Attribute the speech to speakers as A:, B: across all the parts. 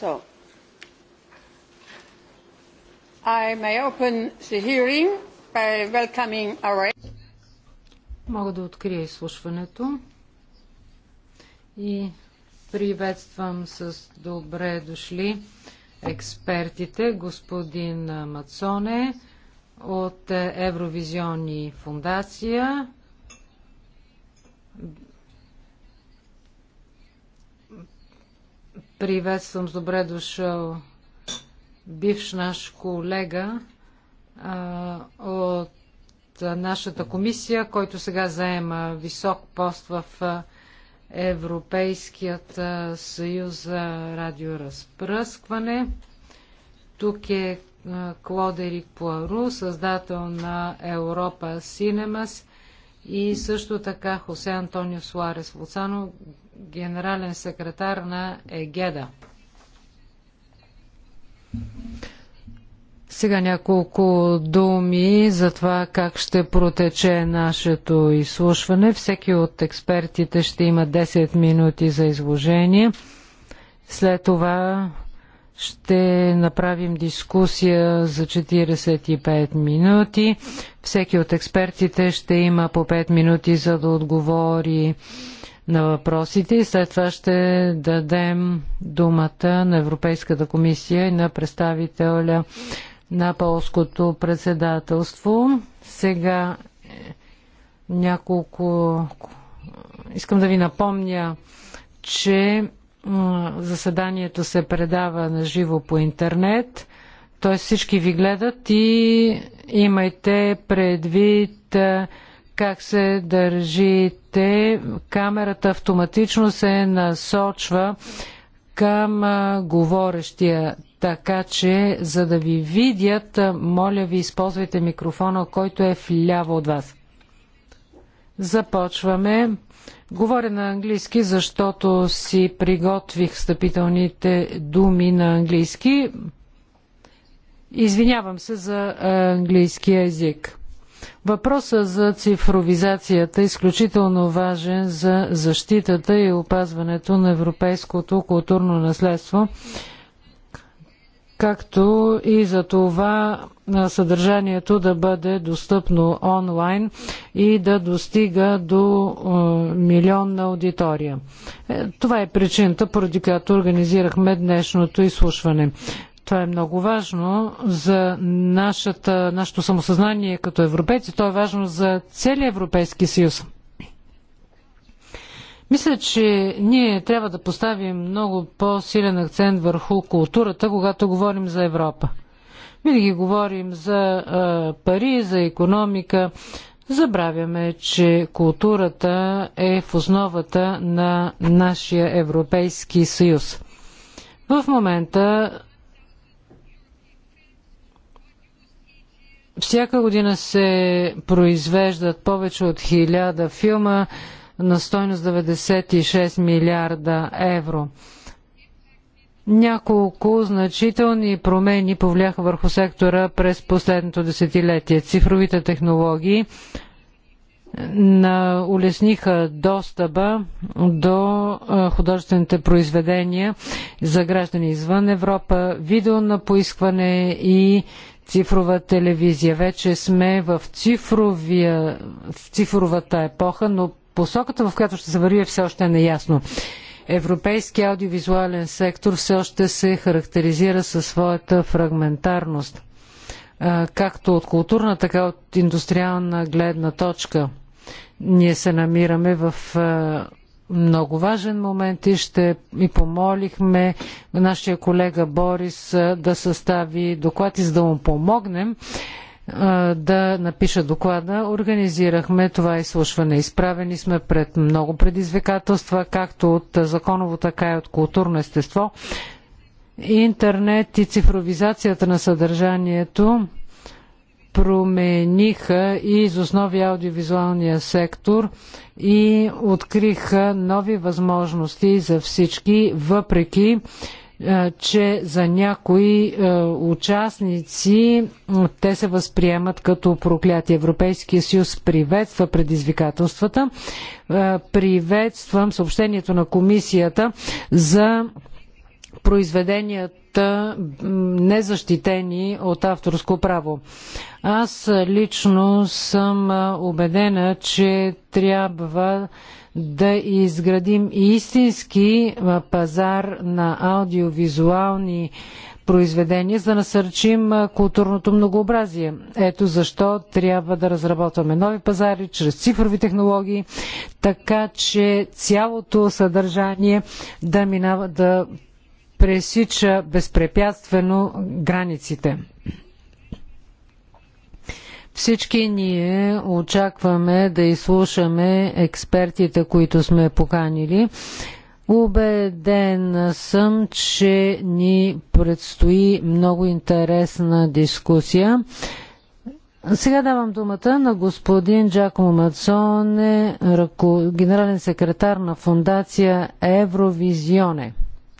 A: So, I may open the hearing by welcoming our...
B: Мога да открия изслушването и приветствам с добре дошли експертите господин Мацоне от Евровизионни фундация Приветствам добре дошъл бивш наш колега а, от нашата комисия, който сега заема висок пост в Европейският съюз за радиоразпръскване. Тук е Клодерик Пуару, създател на Европа Синемас и също така Хосе Антонио Суарес Луцано, генерален секретар на ЕГЕДА. Сега няколко думи за това как ще протече нашето изслушване. Всеки от експертите ще има 10 минути за изложение. След това ще направим дискусия за 45 минути. Всеки от експертите ще има по 5 минути за да отговори на въпросите и след това ще дадем думата на Европейската комисия и на представителя на полското председателство. Сега е, няколко. Искам да ви напомня, че заседанието се предава на живо по интернет. Т.е. всички ви гледат и имайте предвид е, как се държите. Камерата автоматично се насочва към говорещия, така че за да ви видят, моля ви използвайте микрофона, който е вляво от вас. Започваме. Говоря на английски, защото си приготвих стъпителните думи на английски. Извинявам се за английския език. Въпросът за цифровизацията е изключително важен за защитата и опазването на европейското културно наследство, както и за това съдържанието да бъде достъпно онлайн и да достига до милионна аудитория. Е, това е причината, поради която организирахме днешното изслушване. Това е много важно за нашата, нашето самосъзнание като европейци. То е важно за целия Европейски съюз. Мисля, че ние трябва да поставим много по-силен акцент върху културата, когато говорим за Европа. Винаги говорим за а, пари, за економика. Забравяме, че културата е в основата на нашия Европейски съюз. В момента Всяка година се произвеждат повече от 1000 филма на стойност 96 милиарда евро. Няколко значителни промени повлияха върху сектора през последното десетилетие. Цифровите технологии улесниха достъпа до художествените произведения за граждани извън Европа, видео на поискване и цифрова телевизия. Вече сме в, цифровия, в цифровата епоха, но посоката, в която ще се върви, е все още неясно. Европейския аудиовизуален сектор все още се характеризира със своята фрагментарност, както от културна, така от индустриална гледна точка. Ние се намираме в много важен момент и ще и помолихме нашия колега Борис да състави доклад и за да му помогнем да напиша доклада. Организирахме това изслушване. Изправени сме пред много предизвикателства, както от законово, така и от културно естество. Интернет и цифровизацията на съдържанието промениха и из основи аудиовизуалния сектор и откриха нови възможности за всички, въпреки е, че за някои е, участници е, те се възприемат като проклятие. Европейския съюз приветства предизвикателствата. Приветствам съобщението на комисията за произведенията незащитени от авторско право. Аз лично съм убедена, че трябва да изградим истински пазар на аудиовизуални произведения, за да насърчим културното многообразие. Ето защо трябва да разработваме нови пазари чрез цифрови технологии, така че цялото съдържание да, минава, да пресича безпрепятствено границите. Всички ние очакваме да изслушаме експертите, които сме поканили. Убеден съм, че ни предстои много интересна дискусия. Сега давам думата на господин Джакомо Мацоне, генерален секретар на фундация Евровизионе.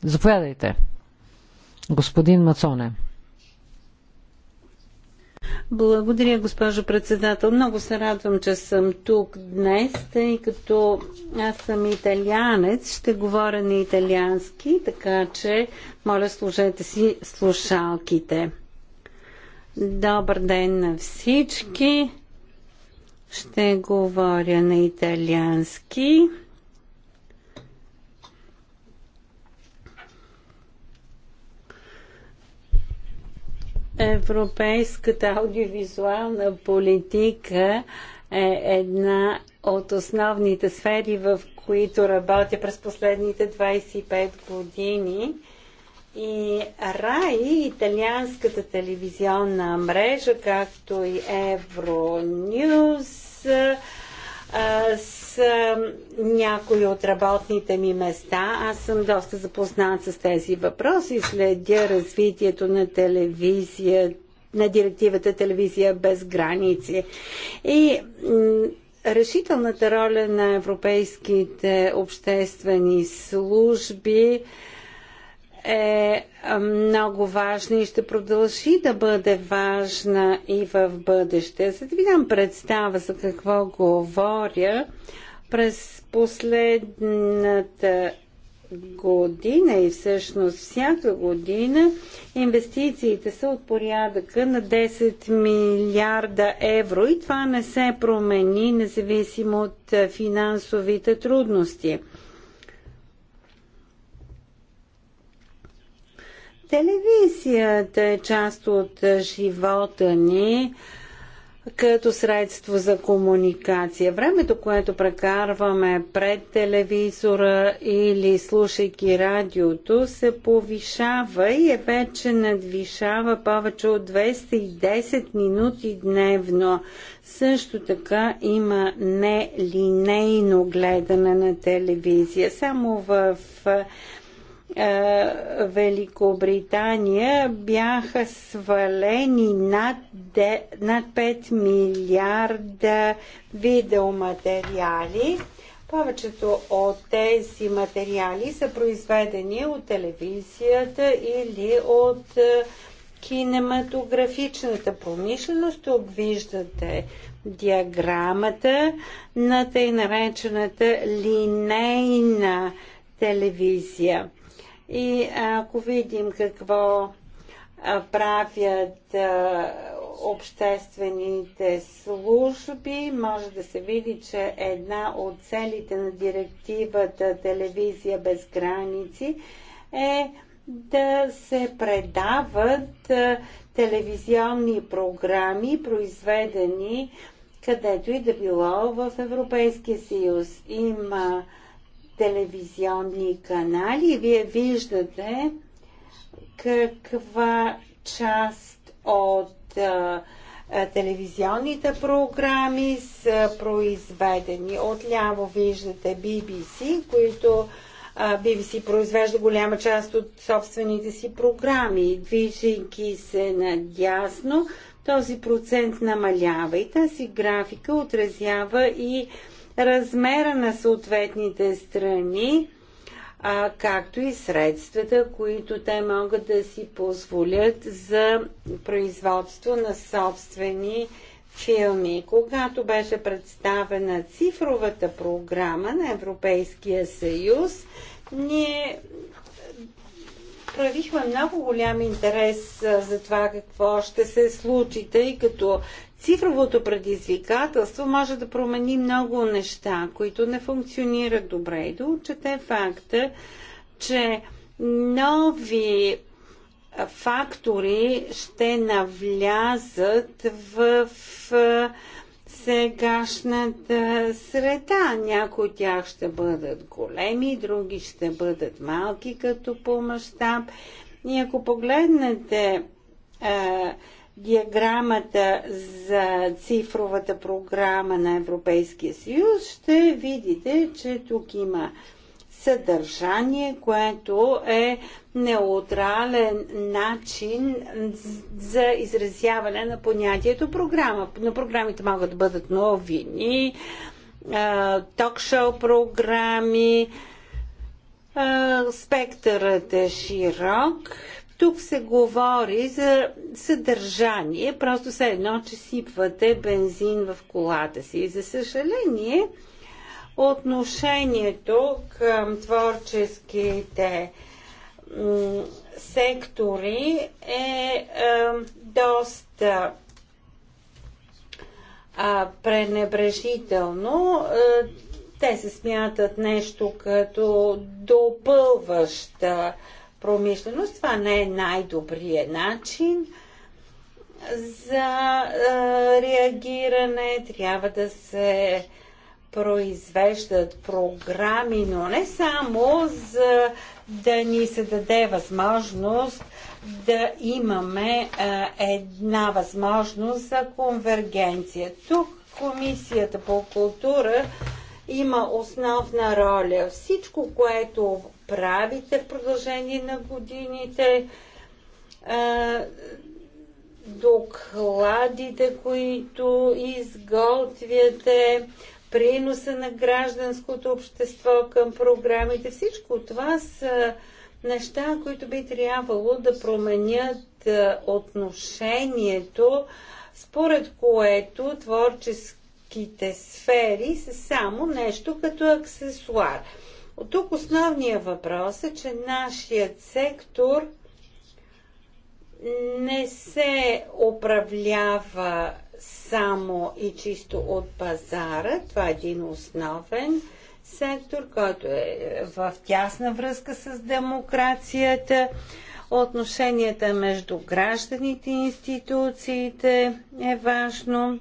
B: Заповядайте, господин Мацоне.
A: Благодаря, госпожо председател. Много се радвам, че съм тук днес, тъй като аз съм италианец, ще говоря на италиански, така че моля служете си слушалките. Добър ден на всички! Ще говоря на италиански. Европейската аудиовизуална политика е една от основните сфери, в които работя през последните 25 години. И РАИ, италианската телевизионна мрежа, както и Евронюс, някои от работните ми места. Аз съм доста запознат с тези въпроси. Следя развитието на телевизията на директивата Телевизия без граници. И решителната роля на европейските обществени служби е много важна и ще продължи да бъде важна и в бъдеще. За да ви дам представа за какво говоря, през последната година и всъщност всяка година инвестициите са от порядъка на 10 милиарда евро и това не се промени независимо от финансовите трудности. Телевизията е част от живота ни като средство за комуникация. Времето, което прекарваме пред телевизора или слушайки радиото, се повишава и е вече надвишава повече от 210 минути дневно. Също така има нелинейно гледане на телевизия. Само в е, Великобритания бяха свалени над, де, над 5 милиарда видеоматериали. Повечето от тези материали са произведени от телевизията или от е, кинематографичната промишленост. Тук виждате диаграмата на тъй наречената линейна телевизия. И ако видим какво правят обществените служби, може да се види, че една от целите на директивата Телевизия без граници е да се предават телевизионни програми, произведени където и да било в Европейския съюз. Има телевизионни канали вие виждате каква част от а, телевизионните програми са произведени. Отляво виждате BBC, които а, BBC произвежда голяма част от собствените си програми. Движейки се надясно, този процент намалява и тази графика отразява и а, размера на съответните страни, а, както и средствата, които те могат да си позволят за производство на собствени филми. Когато беше представена цифровата програма на Европейския съюз, ние правихме много голям интерес за това какво ще се случи, тъй като Цифровото предизвикателство може да промени много неща, които не функционират добре и да отчете факта, че нови фактори ще навлязат в сегашната среда. Някои от тях ще бъдат големи, други ще бъдат малки като по мащаб. И ако погледнете е, диаграмата за цифровата програма на Европейския съюз, ще видите, че тук има съдържание, което е неутрален начин за изразяване на понятието програма. На програмите могат да бъдат новини, ток-шоу програми, спектърът е широк, тук се говори за съдържание, просто се едно, че сипвате бензин в колата си. И за съжаление, отношението към творческите сектори е, е доста а, пренебрежително. Е, те се смятат нещо като допълваща промишленост. Това не е най-добрият начин за реагиране. Трябва да се произвеждат програми, но не само за да ни се даде възможност да имаме е, една възможност за конвергенция. Тук Комисията по култура има основна роля. Всичко, което правите в продължение на годините, докладите, които изготвяте, приноса на гражданското общество към програмите. Всичко това са неща, които би трябвало да променят отношението, според което творческите сфери са само нещо като аксесуар. От тук основният въпрос е, че нашият сектор не се управлява само и чисто от пазара. Това е един основен сектор, който е в тясна връзка с демокрацията, отношенията между гражданите и институциите е важно.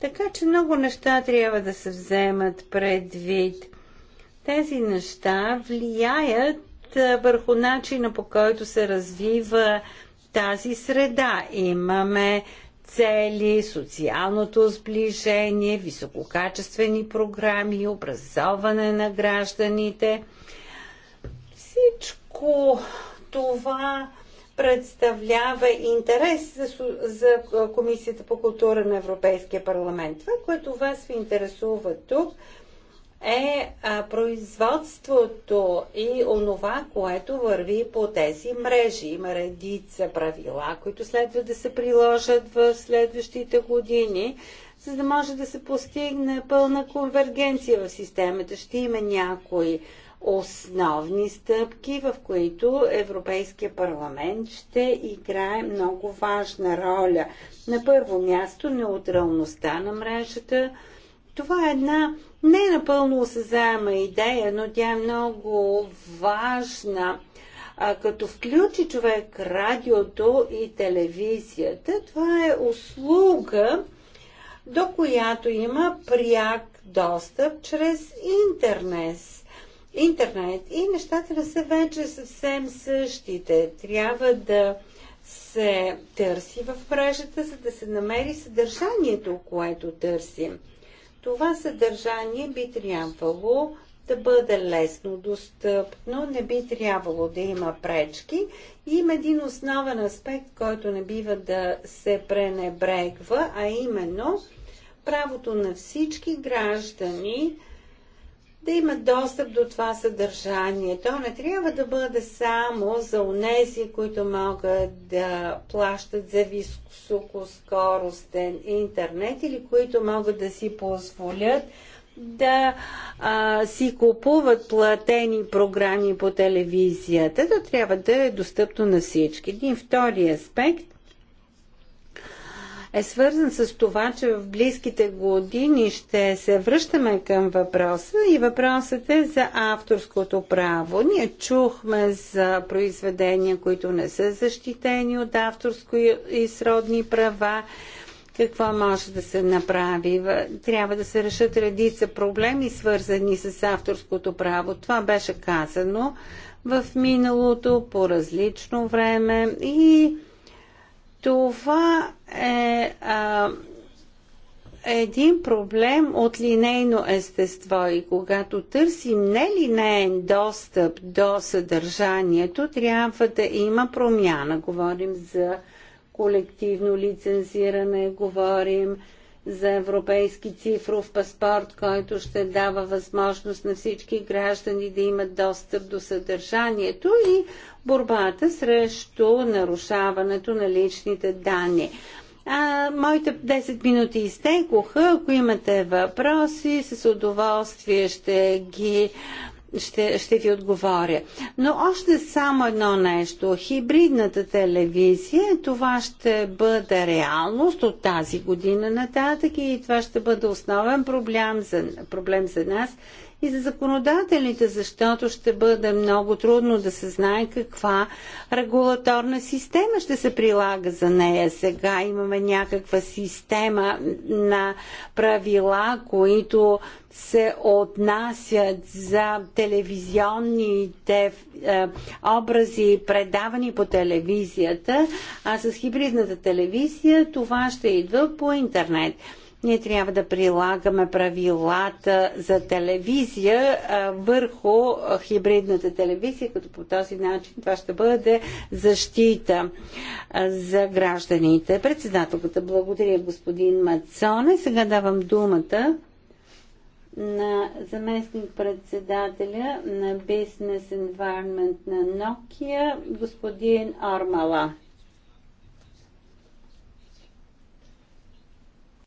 A: Така че много неща трябва да се вземат предвид. Тези неща влияят върху начина по който се развива тази среда. Имаме цели, социалното сближение, висококачествени програми, образоване на гражданите. Всичко това представлява интерес за, за Комисията по култура на Европейския парламент. Това, което вас ви интересува тук, е а, производството и онова, което върви по тези мрежи. Има редица правила, които следва да се приложат в следващите години, за да може да се постигне пълна конвергенция в системата. Ще има някои основни стъпки, в които Европейския парламент ще играе много важна роля. На първо място неутралността на мрежата. Това е една не е напълно осезаема идея, но тя е много важна. А като включи човек радиото и телевизията, това е услуга, до която има пряк достъп чрез интернет. Интернет и нещата не са вече съвсем същите. Трябва да се търси в мрежата, за да се намери съдържанието, което търсим. Това съдържание би трябвало да бъде лесно достъпно, не би трябвало да има пречки. И има един основен аспект, който не бива да се пренебрегва, а именно правото на всички граждани да имат достъп до това съдържание. То не трябва да бъде само за унези, които могат да плащат за високоскоростен интернет или които могат да си позволят да а, си купуват платени програми по телевизията. То трябва да е достъпно на всички. Един втори аспект е свързан с това, че в близките години ще се връщаме към въпроса и въпросът е за авторското право. Ние чухме за произведения, които не са защитени от авторско и сродни права какво може да се направи. Трябва да се решат редица проблеми, свързани с авторското право. Това беше казано в миналото, по различно време и това а, един проблем от линейно естество и когато търсим нелинейен достъп до съдържанието, трябва да има промяна. Говорим за колективно лицензиране, говорим за европейски цифров паспорт, който ще дава възможност на всички граждани да имат достъп до съдържанието и борбата срещу нарушаването на личните данни. А, моите 10 минути изтекоха. Ако имате въпроси, с удоволствие ще ги ще, ще ви отговоря. Но още само едно нещо. Хибридната телевизия, това ще бъде реалност от тази година нататък и това ще бъде основен проблем за, проблем за нас и за законодателите, защото ще бъде много трудно да се знае каква регулаторна система ще се прилага за нея. Сега имаме някаква система на правила, които се отнасят за телевизионните е, образи, предавани по телевизията, а с хибридната телевизия това ще идва по интернет. Ние трябва да прилагаме правилата за телевизия върху хибридната телевизия, като по този начин това ще бъде защита за гражданите. Председателката благодаря господин Мацоне. Сега давам думата на заместник председателя на Business Environment на Nokia, господин Ормала.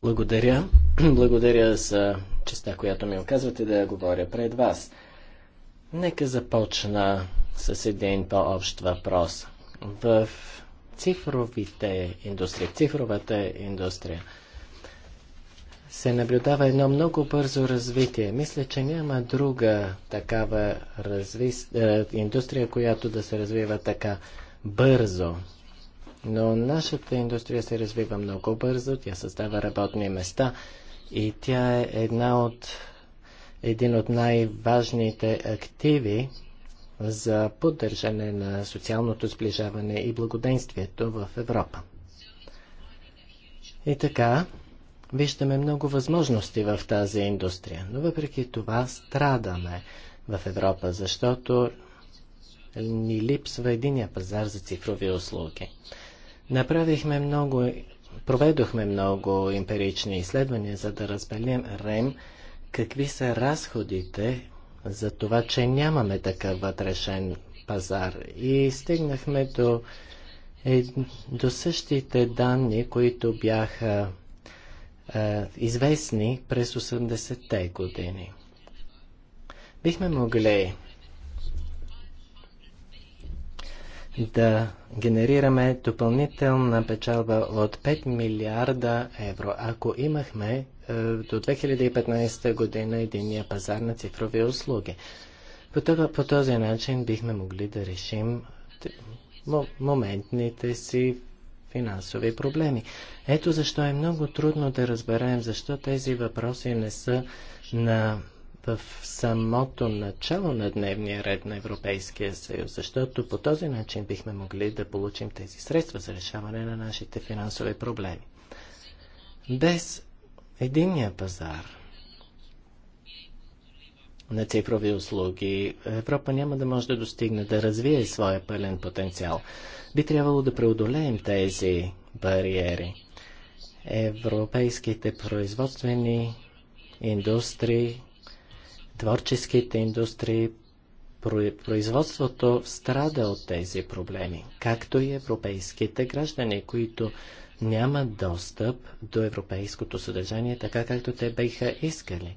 C: Благодаря. Благодаря за честа, която ми оказвате да я говоря пред вас. Нека започна с един по-общ въпрос. В цифровите индустрии, цифровата индустрия, се наблюдава едно много бързо развитие. Мисля, че няма друга такава разви... Е, индустрия, която да се развива така бързо. Но нашата индустрия се развива много бързо, тя създава работни места и тя е една от, един от най-важните активи за поддържане на социалното сближаване и благоденствието в Европа. И така, виждаме много възможности в тази индустрия, но въпреки това страдаме в Европа, защото ни липсва единия пазар за цифрови услуги. Направихме много, проведохме много емпирични изследвания, за да разберем РЕМ какви са разходите за това, че нямаме такъв вътрешен пазар. И стигнахме до, е, до същите данни, които бяха е, известни през 80-те години. Бихме могли да генерираме допълнителна печалба от 5 милиарда евро, ако имахме е, до 2015 година единия пазар на цифрови услуги. По, това, по този начин бихме могли да решим моментните си финансови проблеми. Ето защо е много трудно да разберем защо тези въпроси не са на в самото начало на дневния ред на Европейския съюз, защото по този начин бихме могли да получим тези средства за решаване на нашите финансови проблеми. Без единния пазар на цифрови услуги Европа няма да може да достигне да развие своя пълен потенциал. Би трябвало да преодолеем тези бариери. Европейските производствени индустрии творческите индустрии, производството страда от тези проблеми, както и европейските граждани, които нямат достъп до европейското съдържание, така както те биха искали.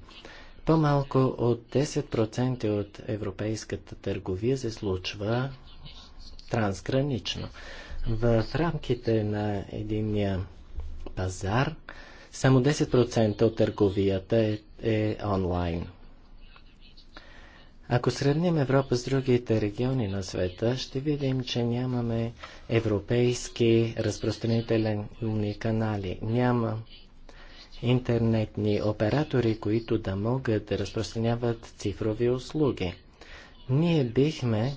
C: По-малко от 10% от европейската търговия се случва трансгранично. В рамките на единия пазар само 10% от търговията е, е онлайн. Ако сравним Европа с другите региони на света, ще видим, че нямаме европейски разпространителни канали. Няма интернетни оператори, които да могат да разпространяват цифрови услуги. Ние бихме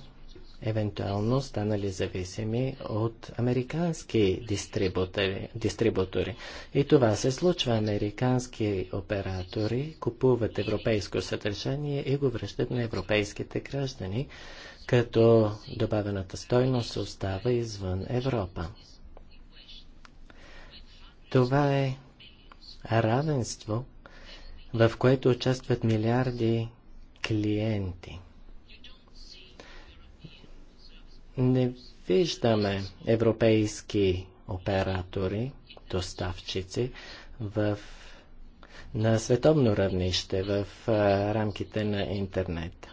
C: евентуално станали зависими от американски дистрибутори. дистрибутори. И това се случва. Американски оператори купуват европейско съдържание и го връщат на европейските граждани, като добавената стойност остава извън Европа. Това е равенство, в което участват милиарди клиенти – не виждаме европейски оператори, доставчици в, на световно равнище в а, рамките на интернет.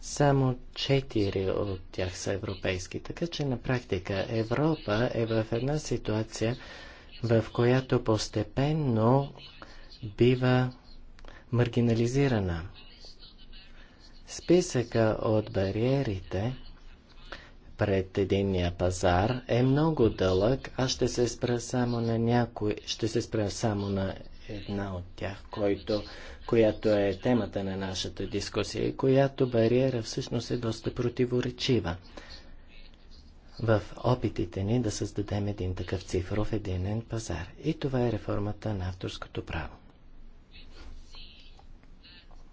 C: Само четири от тях са европейски, така че на практика Европа е в една ситуация, в която постепенно бива маргинализирана. Списъка от бариерите пред единния пазар е много дълъг. Аз ще се спра само на някой, ще се спра само на една от тях, който, която е темата на нашата дискусия и която бариера всъщност е доста противоречива. В опитите ни да създадем един такъв цифров единен пазар. И това е реформата на авторското право.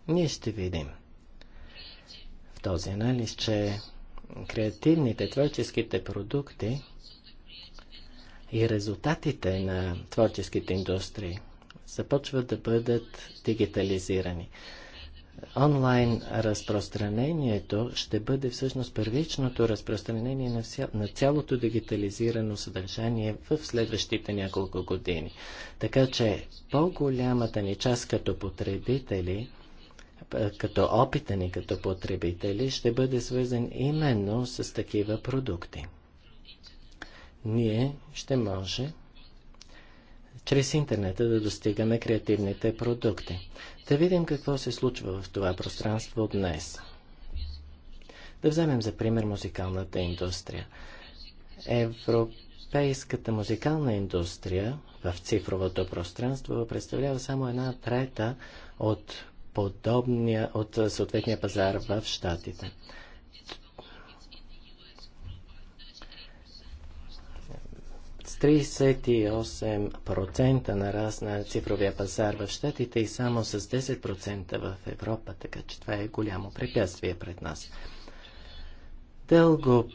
C: Ние ще видим в този анализ, че креативните творческите продукти и резултатите на творческите индустрии започват да бъдат дигитализирани. Онлайн разпространението ще бъде всъщност първичното разпространение на, вся, на цялото дигитализирано съдържание в следващите няколко години. Така че по-голямата ни част като потребители – е, като опита ни като потребители ще бъде свързан именно с такива продукти. Ние ще може чрез интернета да достигаме креативните продукти. Да видим какво се случва в това пространство днес. Да вземем за пример музикалната индустрия. Европейската музикална индустрия в цифровото пространство представлява само една трета от подобния, от съответния пазар в Штатите. С 38% нарасна цифровия пазар в Штатите и само с 10% в Европа, така че това е голямо препятствие пред нас. Дълго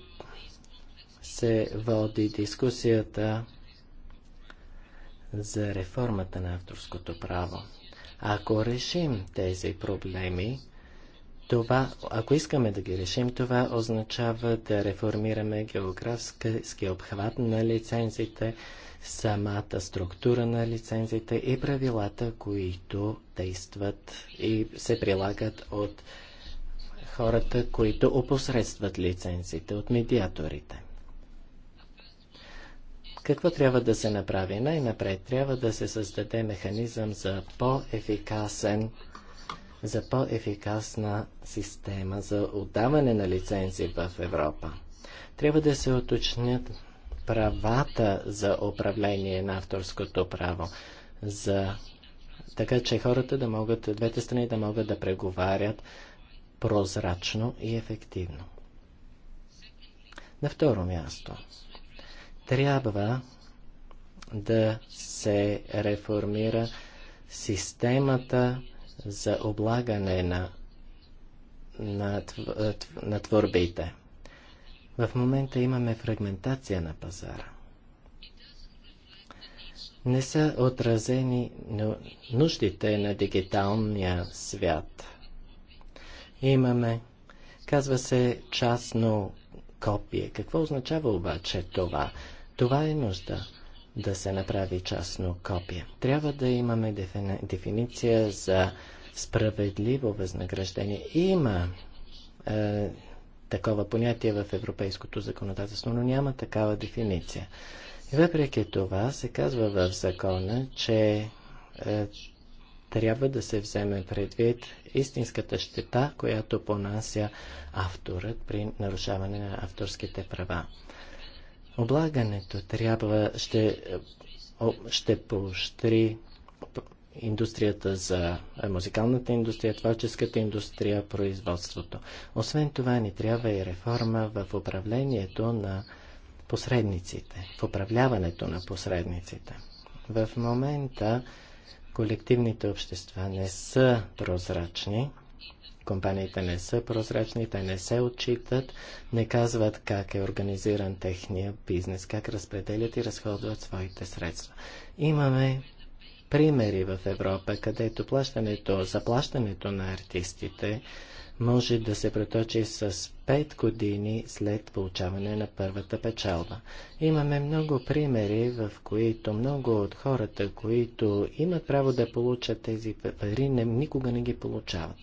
C: се води дискусията за реформата на авторското право. Ако решим тези проблеми, това, ако искаме да ги решим, това означава да реформираме географски обхват на лицензите, самата структура на лицензите и правилата, които действат и се прилагат от хората, които опосредстват лицензите, от медиаторите. Какво трябва да се направи? Най-напред трябва да се създаде механизъм за по-ефикасен за по-ефикасна система за отдаване на лицензи в Европа. Трябва да се уточнят правата за управление на авторското право, за... така че хората да могат, двете страни да могат да преговарят прозрачно и ефективно. На второ място – трябва да се реформира системата за облагане на, на, е, на творбите. В момента имаме фрагментация на пазара. Не са отразени нуждите на дигиталния свят. Имаме, казва се, частно копие. Какво означава обаче това? Това е нужда да се направи частно копие. Трябва да имаме дефини... дефиниция за справедливо възнаграждение. Има е, такова понятие в европейското законодателство, но няма такава дефиниция. И въпреки това се казва в закона, че е, трябва да се вземе предвид истинската щета, която понася авторът при нарушаване на авторските права. Облагането трябва, ще, ще поощри индустрията за е, музикалната индустрия, творческата индустрия, производството. Освен това ни трябва и реформа в управлението на посредниците, в управляването на посредниците. В момента колективните общества не са прозрачни, Компаниите не са прозрачни, те не се отчитат, не казват как е организиран техния бизнес, как разпределят и разходват своите средства. Имаме примери в Европа, където плащането, заплащането на артистите може да се преточи с 5 години след получаване на първата печалба. Имаме много примери, в които много от хората, които имат право да получат тези пари, не, никога не ги получават.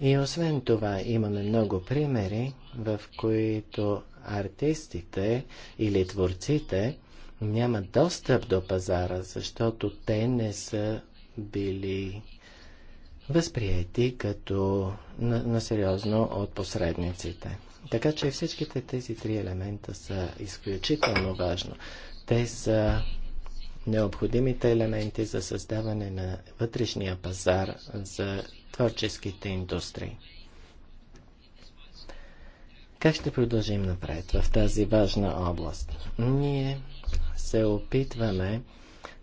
C: И освен това имаме много примери, в които артистите или творците нямат достъп до пазара, защото те не са били възприяти като на, на сериозно от посредниците. Така че всичките тези три елемента са изключително важно. Те са необходимите елементи за създаване на вътрешния пазар за творческите индустрии. Как ще продължим напред в тази важна област? Ние се опитваме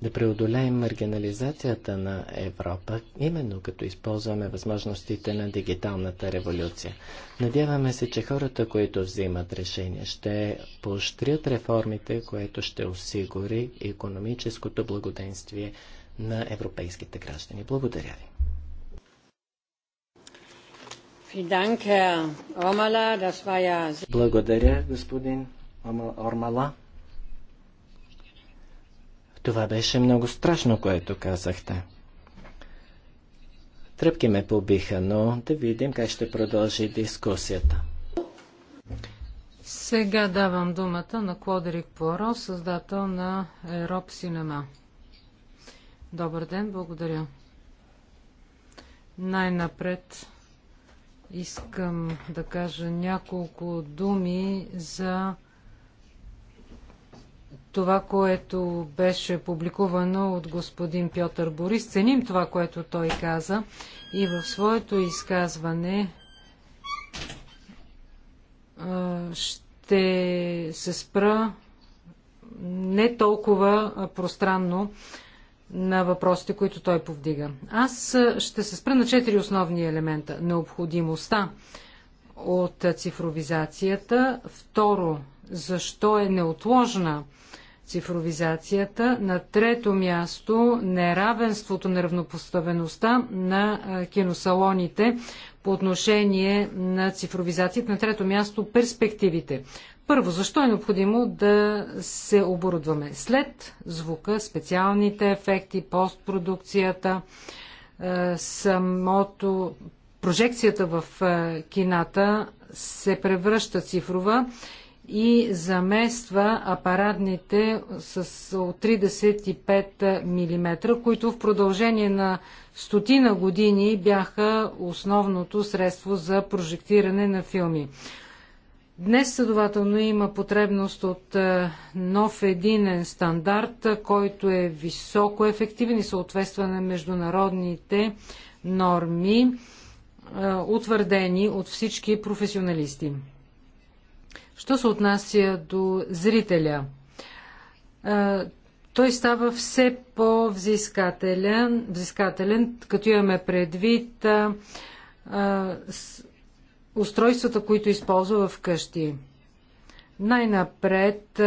C: да преодолеем маргинализацията на Европа, именно като използваме възможностите на дигиталната революция. Надяваме се, че хората, които взимат решения, ще поощрят реформите, което ще осигури економическото благоденствие на европейските граждани. Благодаря ви.
B: Благодаря,
C: господин Ормала. Това беше много страшно, което казахте. Тръпки ме побиха, но да видим как ще продължи дискусията.
B: Сега давам думата на Клодерик Пуаро, създател на Ероп Синема. Добър ден, благодаря. Най-напред Искам да кажа няколко думи за това, което беше публикувано от господин Пьотър Борис. Ценим това, което той каза и в своето изказване ще се спра не толкова пространно на въпросите, които той повдига. Аз ще се спра на четири основни елемента. Необходимостта от цифровизацията. Второ, защо е неотложна цифровизацията. На трето място неравенството, неравнопоставеността на киносалоните по отношение на цифровизацията. На трето място перспективите. Първо, защо е необходимо да се оборудваме? След звука, специалните ефекти, постпродукцията, е, самото прожекцията в е, кината се превръща цифрова и замества апаратните с 35 мм, които в продължение на стотина години бяха основното средство за прожектиране на филми. Днес следователно има потребност от е, нов единен стандарт, който е високо ефективен и съответства на международните норми, е, утвърдени от всички професионалисти. Що се отнася до зрителя? Е, той става все по-взискателен, като имаме предвид устройствата, които използва в къщи. Най-напред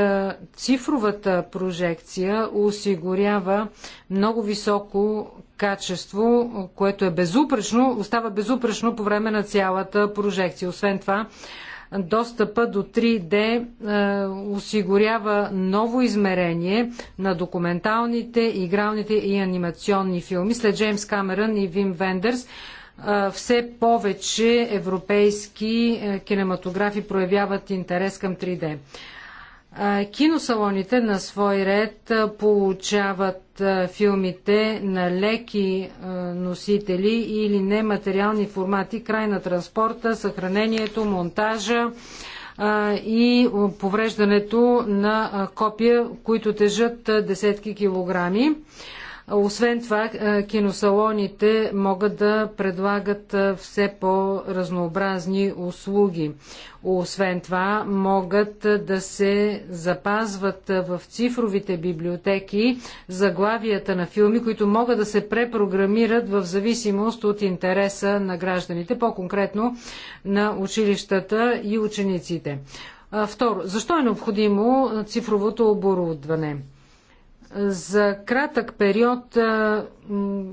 B: цифровата прожекция осигурява много високо качество, което е безупречно, остава безупречно по време на цялата прожекция. Освен това, достъпа до 3D осигурява ново измерение на документалните, игралните и анимационни филми. След Джеймс Камерън и Вим Вендерс все повече европейски кинематографи проявяват интерес към 3D. Киносалоните на свой ред получават филмите на леки носители или нематериални формати, край на транспорта, съхранението, монтажа и повреждането на копия, които тежат десетки килограми. Освен това, е, киносалоните могат да предлагат е, все по-разнообразни услуги. Освен това, могат е, да се запазват в цифровите библиотеки заглавията на филми, които могат да се препрограмират в зависимост от интереса на гражданите, по-конкретно на училищата и учениците. Второ, защо е необходимо цифровото оборудване? За кратък период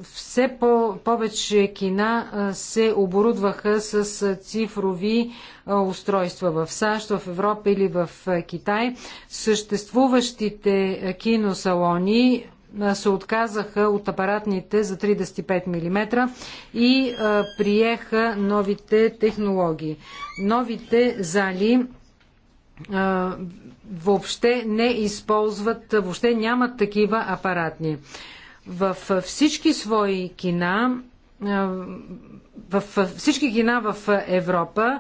B: все по- повече кина се оборудваха с цифрови устройства в САЩ, в Европа или в Китай. Съществуващите киносалони се отказаха от апаратните за 35 мм и приеха новите технологии. Новите зали въобще не използват, въобще нямат такива апаратни. В всички свои кина в всички кина в Европа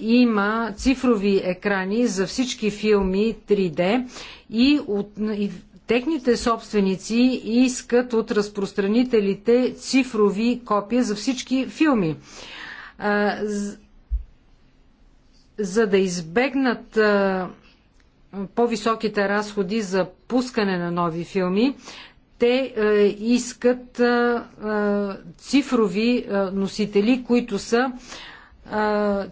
B: има цифрови екрани за всички филми 3D и, от, и техните собственици искат от разпространителите цифрови копия за всички филми за да избегнат по-високите разходи за пускане на нови филми, те искат цифрови носители, които са 3,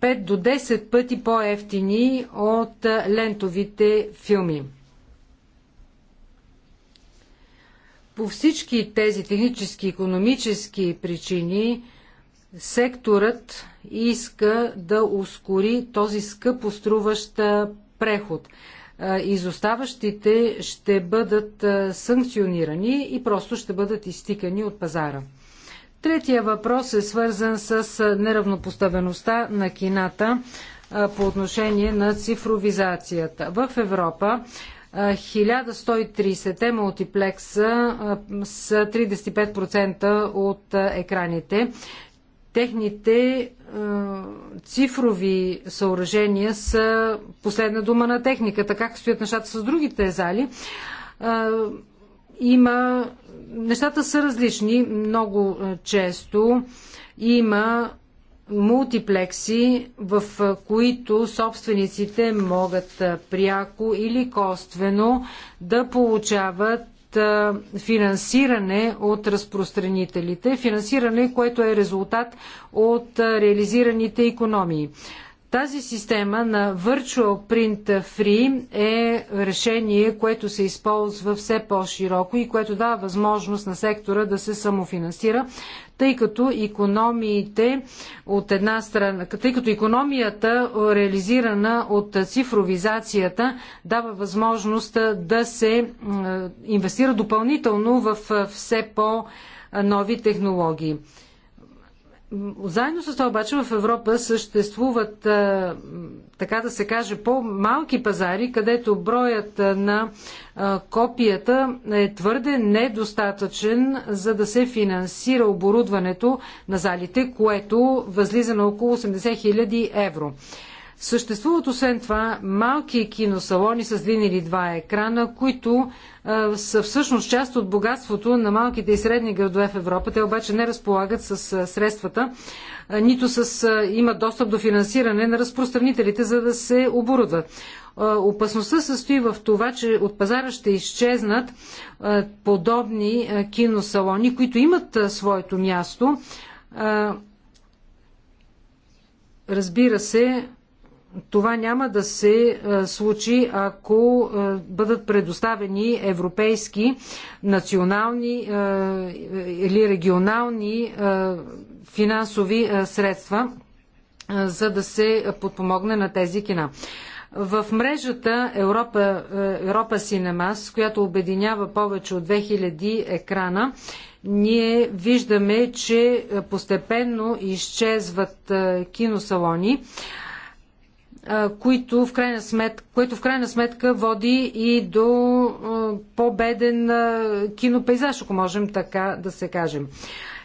B: 5 до 10 пъти по-ефтини от лентовите филми. По всички тези технически и економически причини, Секторът иска да ускори този скъпо струващ преход. Изоставащите ще бъдат санкционирани и просто ще бъдат изтикани от пазара. Третия въпрос е свързан с неравнопоставеността на кината по отношение на цифровизацията. В Европа 1130 мултиплекса с 35% от екраните техните е, цифрови съоръжения са последна дума на техниката. Как стоят нещата с другите зали? Е, има... Нещата са различни. Много е, често има мултиплекси, в които собствениците могат пряко или коствено да получават финансиране от разпространителите, финансиране, което е резултат от реализираните економии. Тази система на Virtual Print Free е решение, което се използва все по-широко и което дава възможност на сектора да се самофинансира, тъй като економиите от една страна, тъй като економията, реализирана от цифровизацията, дава възможност да се инвестира допълнително в все по-нови технологии. Заедно с това обаче в Европа съществуват, така да се каже, по-малки пазари, където броят на копията е твърде недостатъчен, за да се финансира оборудването на залите, което възлиза на около 80 000 евро. Съществуват освен това малки киносалони с един или два екрана, които а, са всъщност част от богатството на малките и средни градове в Европа. Те обаче не разполагат с а, средствата, а, нито с, а, имат достъп до финансиране на разпространителите, за да се оборудват. Опасността състои в това, че от пазара ще изчезнат а, подобни а, киносалони, които имат а, своето място. Разбира се, това няма да се е, случи, ако е, бъдат предоставени европейски, национални е, или регионални финансови средства, за да се подпомогне на тези кина. В мрежата Европа, Европа Cinemas, която обединява повече от 2000 екрана, ние виждаме, че постепенно изчезват киносалони които в крайна сметка, което в крайна сметка води и до по-беден кинопейзаж, ако можем така да се кажем.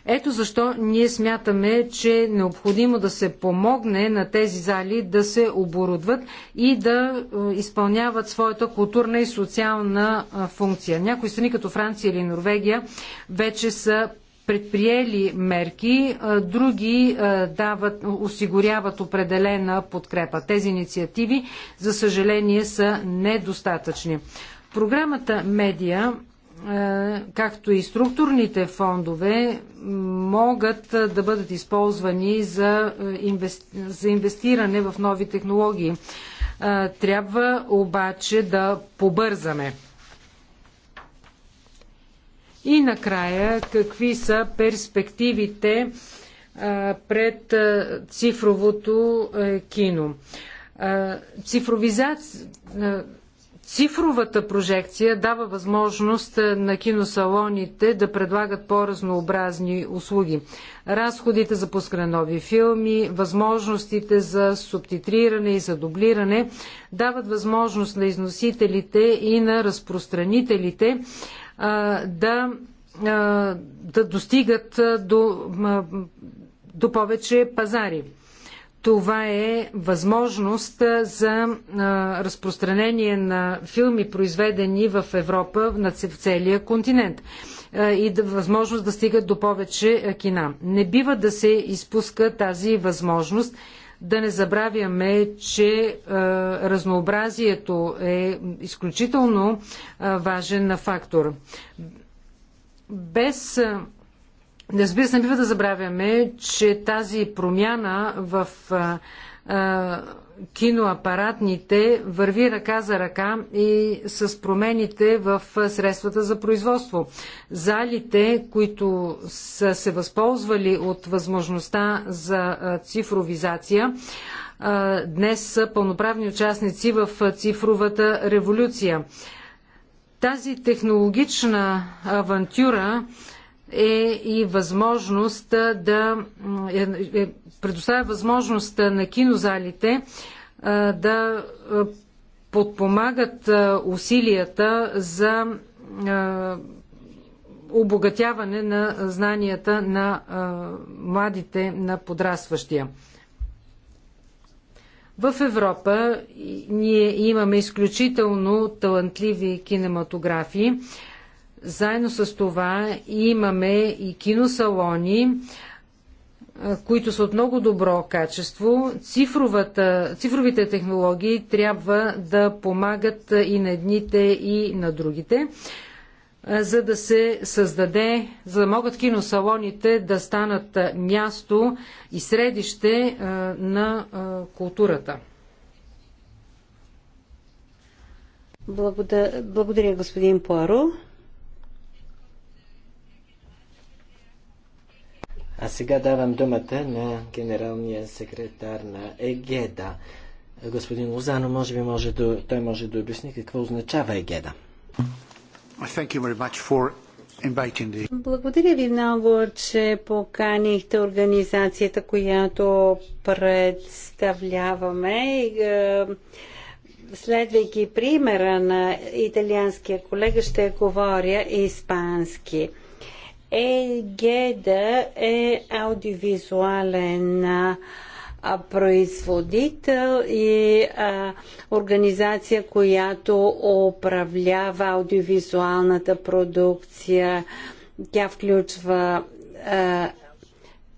B: Ето защо ние смятаме, че е необходимо да се помогне на тези зали да се оборудват и да изпълняват своята културна и социална функция. Някои страни като Франция или Норвегия вече са предприели мерки, други дават, осигуряват определена подкрепа. Тези инициативи, за съжаление, са недостатъчни. Програмата Медия, както и структурните фондове, могат да бъдат използвани за, инвестиране в нови технологии. Трябва обаче да побързаме. И накрая, какви са перспективите пред цифровото кино? Цифровизация, цифровата прожекция дава възможност на киносалоните да предлагат по-разнообразни услуги. Разходите за пускане нови филми, възможностите за субтитриране и за дублиране дават възможност на износителите и на разпространителите да, да достигат до, до повече пазари. Това е възможност за разпространение на филми, произведени в Европа, на целия континент и да, възможност да стигат до повече кина. Не бива да се изпуска тази възможност да не забравяме, че а, е, разнообразието е изключително а, е, важен фактор. Без. Е, разбира се, не бива да забравяме, че тази промяна в. А, а, киноапаратните върви ръка за ръка и с промените в средствата за производство. Залите, които са се възползвали от възможността за цифровизация, днес са пълноправни участници в цифровата революция. Тази технологична авантюра е и възможност да е, е, предоставя възможност на кинозалите да подпомагат усилията за обогатяване на знанията на младите, на подрастващия. В Европа ние имаме изключително талантливи кинематографи. Заедно с това имаме и киносалони, които са от много добро качество, цифровите технологии трябва да помагат и на едните, и на другите, за да се създаде, за да могат киносалоните да станат място и средище на културата.
A: Благодаря, господин Пуаро.
C: А сега давам думата на генералния секретар на ЕГЕДА. Господин Лозано, може би може да, той може да обясни какво означава ЕГЕДА.
A: Благодаря ви много, че поканихте организацията, която представляваме. Е, следвайки примера на италианския колега, ще говоря испански. ЕГД е аудиовизуален производител и а, организация, която управлява аудиовизуалната продукция. Тя включва а,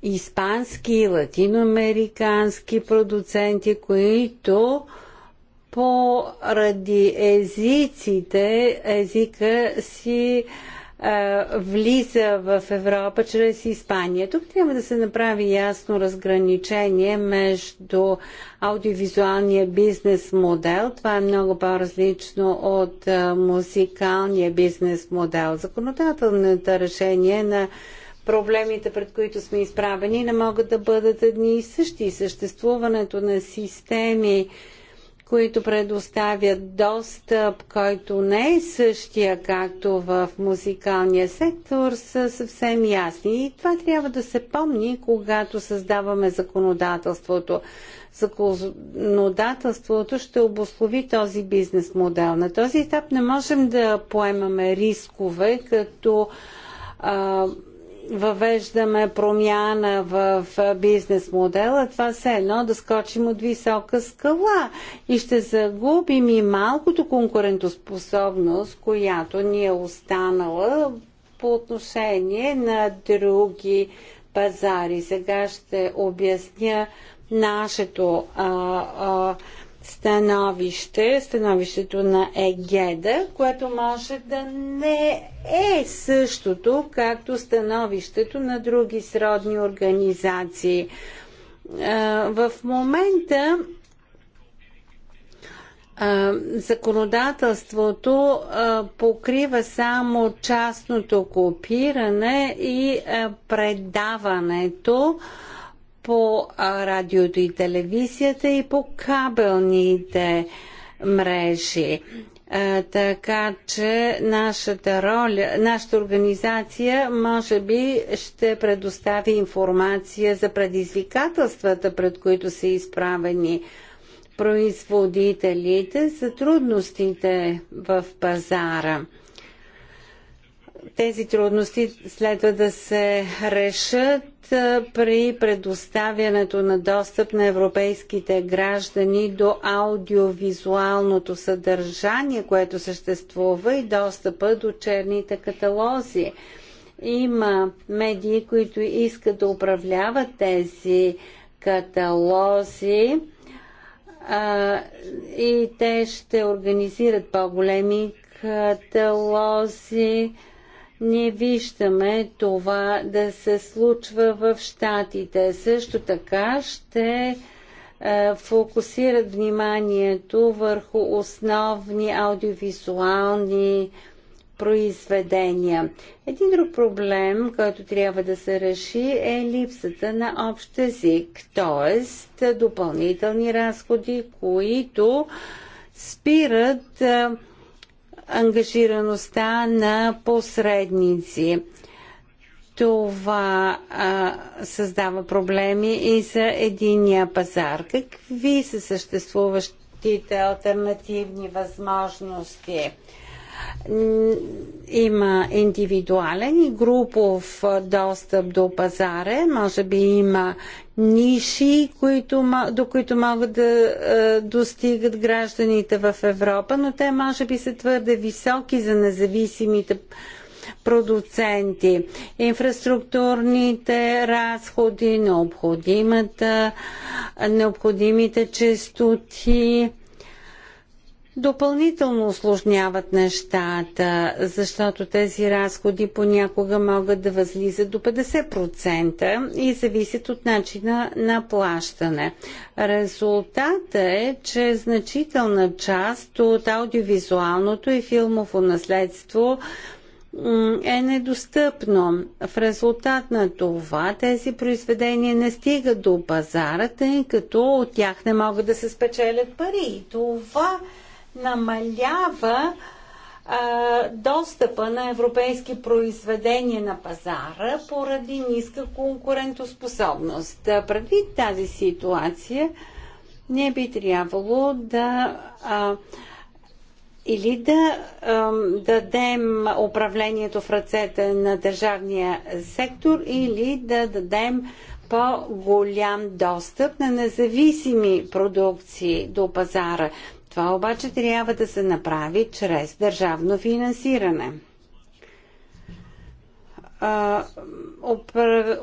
A: испански, латиноамерикански продуценти, които поради езиците, езика си а, влиза в Европа чрез Испания. Тук трябва да се направи ясно разграничение между аудиовизуалния бизнес модел. Това е много по-различно от музикалния бизнес модел. Законодателните решения на проблемите, пред които сме изправени, не могат да бъдат едни и същи. Съществуването на системи, които предоставят достъп, който не е същия, както в музикалния сектор, са съвсем ясни. И това трябва да се помни, когато създаваме законодателството. Законодателството ще обослови този бизнес модел. На този етап не можем да поемаме рискове, като въвеждаме промяна в бизнес модела, това все едно да скочим от висока скала и ще загубим и малкото конкурентоспособност, която ни е останала по отношение на други пазари. Сега ще обясня нашето а, а, становище, становището на Егеда, което може да не е същото, както становището на други сродни организации. В момента законодателството покрива само частното копиране и предаването по радиото и телевизията и по кабелните мрежи. Така че нашата роля, нашата организация може би ще предостави информация за предизвикателствата, пред които са изправени производителите, за трудностите в пазара. Тези трудности следва да се решат при предоставянето на достъп на европейските граждани до аудиовизуалното съдържание, което съществува и достъпа до черните каталози. Има медии, които искат да управляват тези каталози а, и те ще организират по-големи каталози не виждаме това да се случва в щатите, Също така ще е, фокусират вниманието върху основни аудиовизуални произведения. Един друг проблем, който трябва да се реши е липсата на общ език, т.е. допълнителни разходи, които спират е, ангажираността на посредници. Това а, създава проблеми и за единия пазар. Какви са съществуващите альтернативни възможности? има индивидуален и групов достъп до пазара, може би има ниши, които, до които могат да е, достигат гражданите в Европа, но те може би са твърде високи за независимите продуценти, инфраструктурните разходи, необходимата, необходимите честоти, допълнително осложняват нещата, защото тези разходи понякога могат да възлизат до 50% и зависят от начина на плащане. Резултата е, че значителна част от аудиовизуалното и филмово наследство е недостъпно. В резултат на това тези произведения не стигат до пазара, тъй като от тях не могат да се спечелят пари. Това намалява достъпа на европейски произведения на пазара поради ниска конкурентоспособност. Предвид тази ситуация, не би трябвало да а, или да а, дадем управлението в ръцете на държавния сектор, или да дадем по-голям достъп на независими продукции до пазара. Това обаче трябва да се направи чрез държавно финансиране.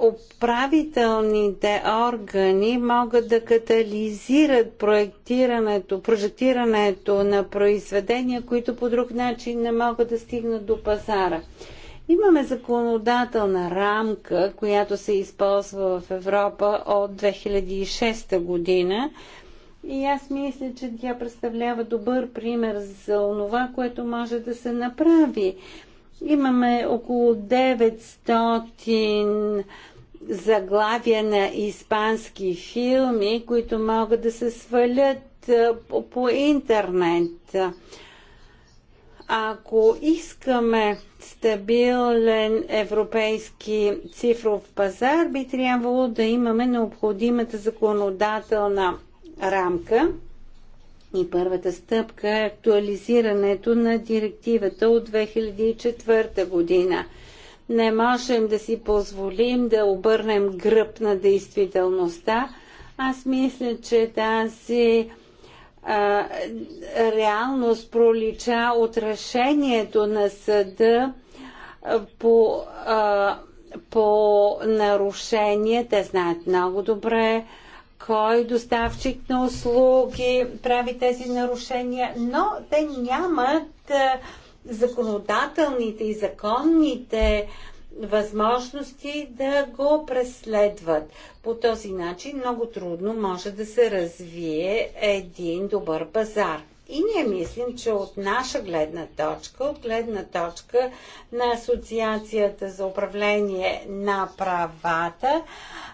A: Управителните органи могат да катализират проектирането, прожектирането на произведения, които по друг начин не могат да стигнат до пазара. Имаме законодателна рамка, която се използва в Европа от 2006 година, и аз мисля, че тя представлява добър пример за това, което може да се направи. Имаме около 900 заглавия на испански филми, които могат да се свалят по, по интернет. Ако искаме стабилен европейски цифров пазар, би трябвало да имаме необходимата законодателна рамка. И първата стъпка е актуализирането на директивата от 2004 година. Не можем да си позволим да обърнем гръб на действителността. Аз мисля, че тази а, реалност пролича от решението на съда по, а, по нарушение. Те знаят много добре кой доставчик на услуги прави тези нарушения, но те нямат законодателните и законните възможности да го преследват. По този начин много трудно може да се развие един добър пазар. И ние мислим, че от наша гледна точка, от гледна точка на Асоциацията за управление на правата,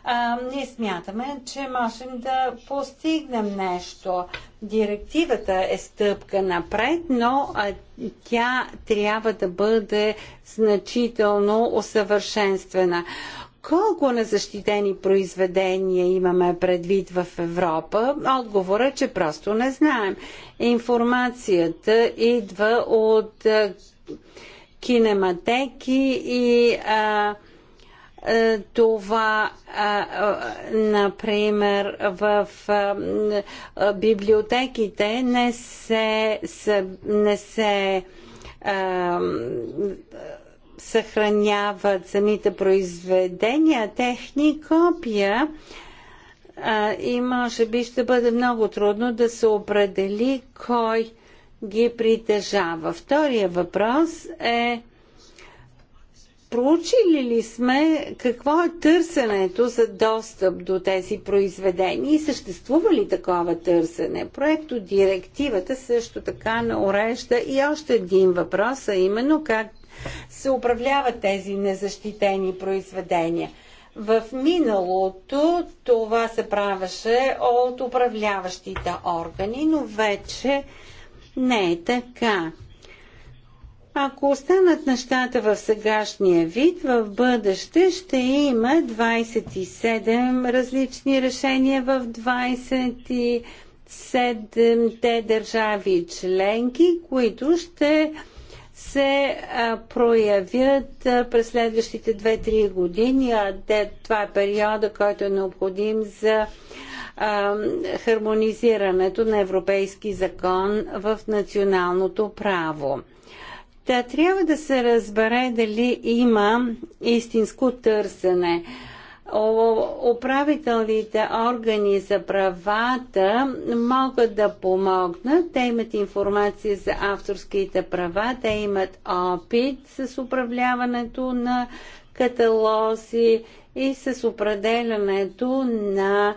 A: а, ние смятаме, че можем да постигнем нещо. Директивата е стъпка напред, но а, тя трябва да бъде значително усъвършенствена. Колко незащитени произведения имаме предвид в Европа? Отговора е, че просто не знаем. Информацията идва от кинематеки и а, това, например, в библиотеките не се, не се съхраняват самите произведения, техни копия а, и може би ще бъде много трудно да се определи кой ги притежава. Втория въпрос е проучили ли сме какво е търсенето за достъп до тези произведения и съществува ли такова търсене? Проекто директивата също така урежда и още един въпрос, а именно как се управляват тези незащитени произведения. В миналото това се правеше от управляващите органи, но вече не е така. Ако останат нещата в сегашния вид, в бъдеще ще има 27 различни решения в 27-те държави членки, които ще се проявят през следващите 2-3 години, а това е периода, който е необходим за хармонизирането на европейски закон в националното право. Та трябва да се разбере дали има истинско търсене управителните органи за правата могат да помогнат. Те имат информация за авторските права, те имат опит с управляването на каталози и с определянето на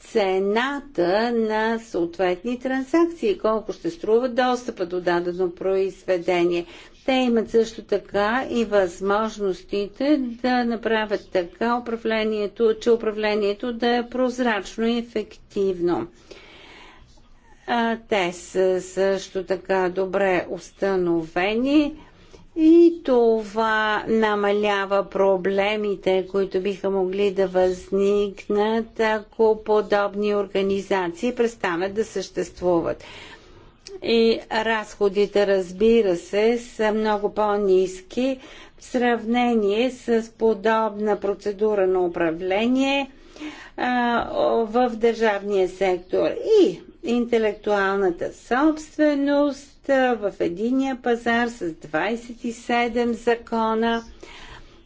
A: цената на съответни транзакции, колко ще струва достъпа до дадено произведение те имат също така и възможностите да направят така управлението, че управлението да е прозрачно и ефективно. А, те са също така добре установени и това намалява проблемите, които биха могли да възникнат, ако подобни организации престанат да съществуват и разходите, разбира се, са много по-низки в сравнение с подобна процедура на управление а, в държавния сектор. И интелектуалната собственост в единия пазар с 27 закона.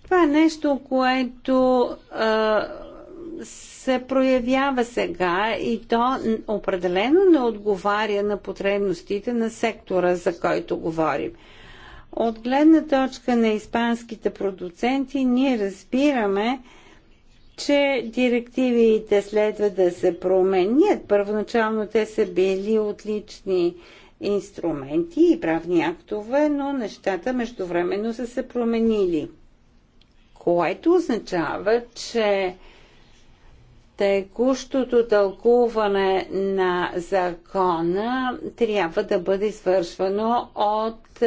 A: Това е нещо, което а, се проявява сега и то определено не отговаря на потребностите на сектора, за който говорим. От гледна точка на испанските продуценти, ние разбираме, че директивите следва да се променят. Първоначално те са били отлични инструменти и правни актове, но нещата междувременно са се променили. Което означава, че текущото тълкуване на закона трябва да бъде свършвано от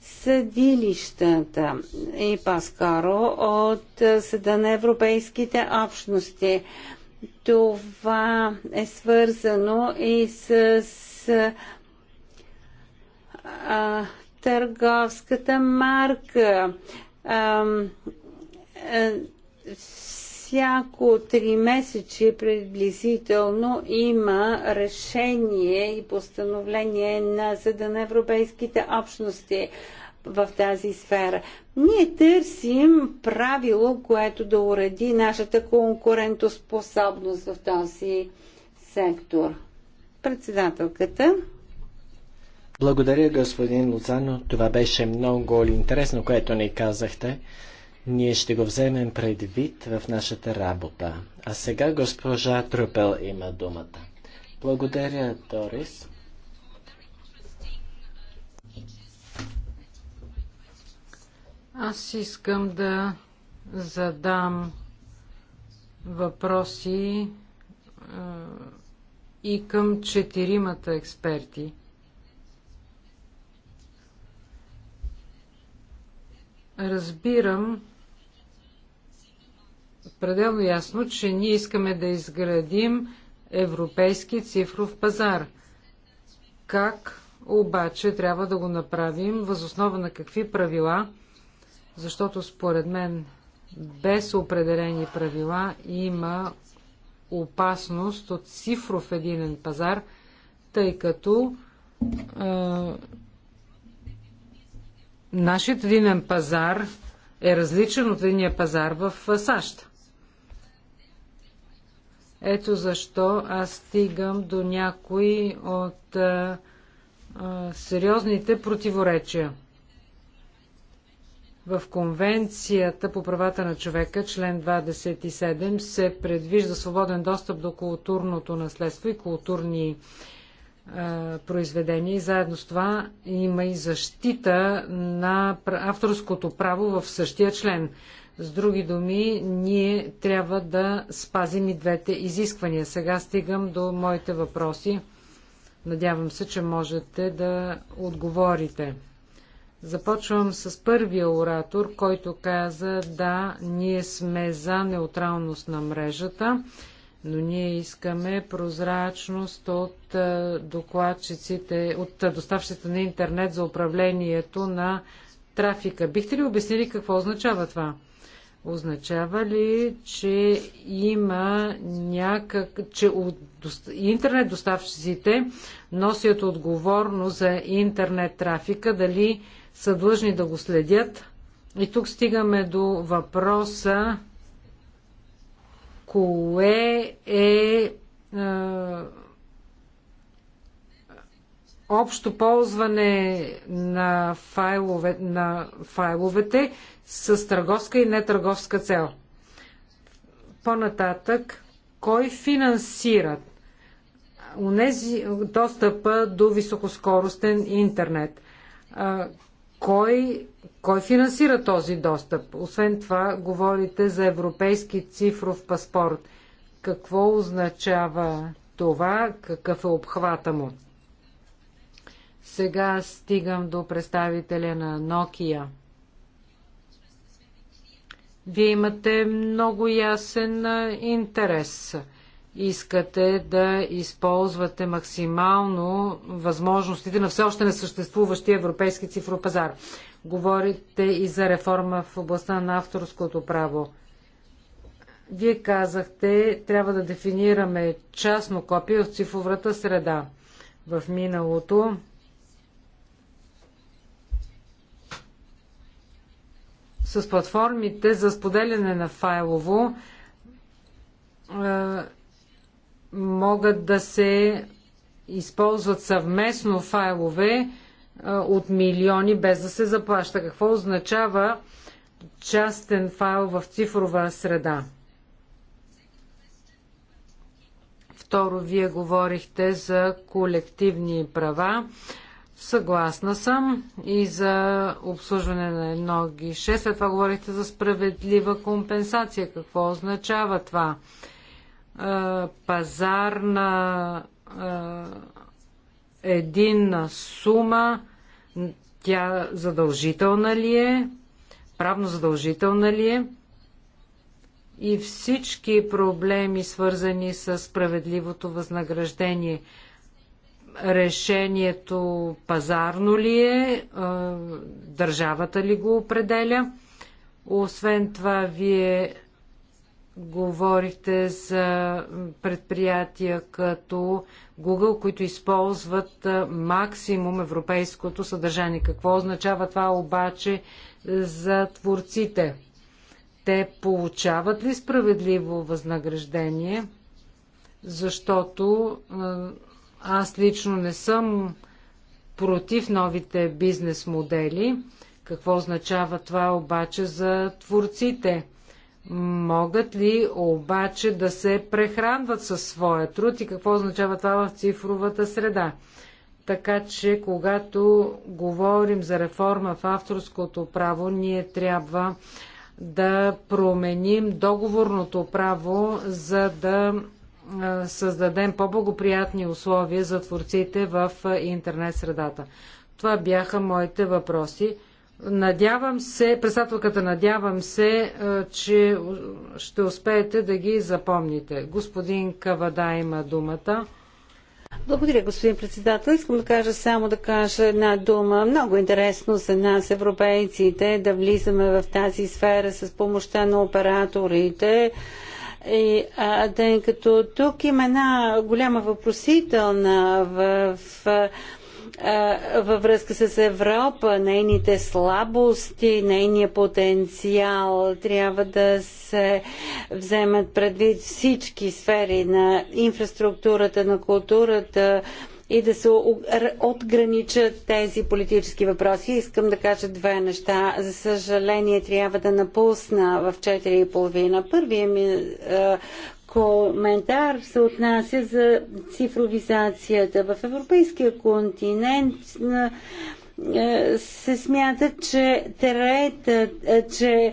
A: съдилищата и по-скоро от Съда на Европейските общности. Това е свързано и с а, търговската марка. А, а, всяко три месече приблизително има решение и постановление на Съда на Европейските общности в тази сфера. Ние търсим правило, което да уреди нашата конкурентоспособност в този сектор. Председателката.
C: Благодаря, господин Луцано. Това беше много интересно, което ни казахте. Ние ще го вземем предвид в нашата работа. А сега госпожа Трупел има думата. Благодаря, Торис.
B: Аз искам да задам въпроси е, и към четиримата експерти. Разбирам, пределно ясно, че ние искаме да изградим европейски цифров пазар. Как обаче трябва да го направим? Възоснова на какви правила? Защото според мен без определени правила има опасност от цифров единен пазар, тъй като е, нашият единен пазар е различен от единия пазар в САЩ. Ето защо аз стигам до някои от а, а, сериозните противоречия. В Конвенцията по правата на човека, член 27, се предвижда свободен достъп до културното наследство и културни Произведение. и заедно с това има и защита на авторското право в същия член. С други думи, ние трябва да спазим и двете изисквания. Сега стигам до моите въпроси. Надявам се, че можете да отговорите. Започвам с първия оратор, който каза да, ние сме за неутралност на мрежата но ние искаме прозрачност от докладчиците, от доставчиците на интернет за управлението на трафика. Бихте ли обяснили какво означава това? Означава ли, че има някак... че от... интернет доставчиците носят отговорност за интернет трафика, дали са длъжни да го следят? И тук стигаме до въпроса кое е общо ползване на, файлове, на файловете с търговска и нетърговска цел. По-нататък, кой финансират унези, достъпа до високоскоростен интернет? А, кой кой финансира този достъп? Освен това, говорите за европейски цифров паспорт. Какво означава това? Какъв е обхвата му? Сега стигам до представителя на Nokia. Вие имате много ясен интерес искате да използвате максимално възможностите на все още не съществуващия европейски цифров пазар. Говорите и за реформа в областта на авторското право. Вие казахте, трябва да дефинираме частно копие в цифровата среда. В миналото с платформите за споделяне на файлово могат да се използват съвместно файлове от милиони без да се заплаща. Какво означава частен файл в цифрова среда? Второ, вие говорихте за колективни права. Съгласна съм и за обслужване на едно гише. След това говорихте за справедлива компенсация. Какво означава това? Пазарна единна сума, тя задължителна ли е, правно задължителна ли е и всички проблеми, свързани с справедливото възнаграждение. Решението пазарно ли е, държавата ли го определя? Освен това, вие Говорихте за предприятия като Google, които използват максимум европейското съдържание. Какво означава това обаче за творците? Те получават ли справедливо възнаграждение? Защото аз лично не съм против новите бизнес модели. Какво означава това обаче за творците? Могат ли обаче да се прехранват със своя труд и какво означава това в цифровата среда? Така че, когато говорим за реформа в авторското право, ние трябва да променим договорното право, за да създадем по-благоприятни условия за творците в интернет средата. Това бяха моите въпроси. Надявам се, председателката, надявам се, че ще успеете да ги запомните. Господин Кавада
A: има думата. Благодаря, господин председател. Искам да кажа само да кажа една дума. Много интересно за нас, европейците, да влизаме в тази сфера с помощта на операторите. И, а, тъй като тук има една голяма въпросителна в, в във връзка с Европа, нейните слабости, нейния потенциал. Трябва да се вземат предвид всички сфери на инфраструктурата, на културата и да се отграничат тези политически въпроси. Искам да кажа две неща. За съжаление трябва да напусна в 4.30. Първият ми е, коментар се отнася за цифровизацията. В европейския континент се смята, че, трета, че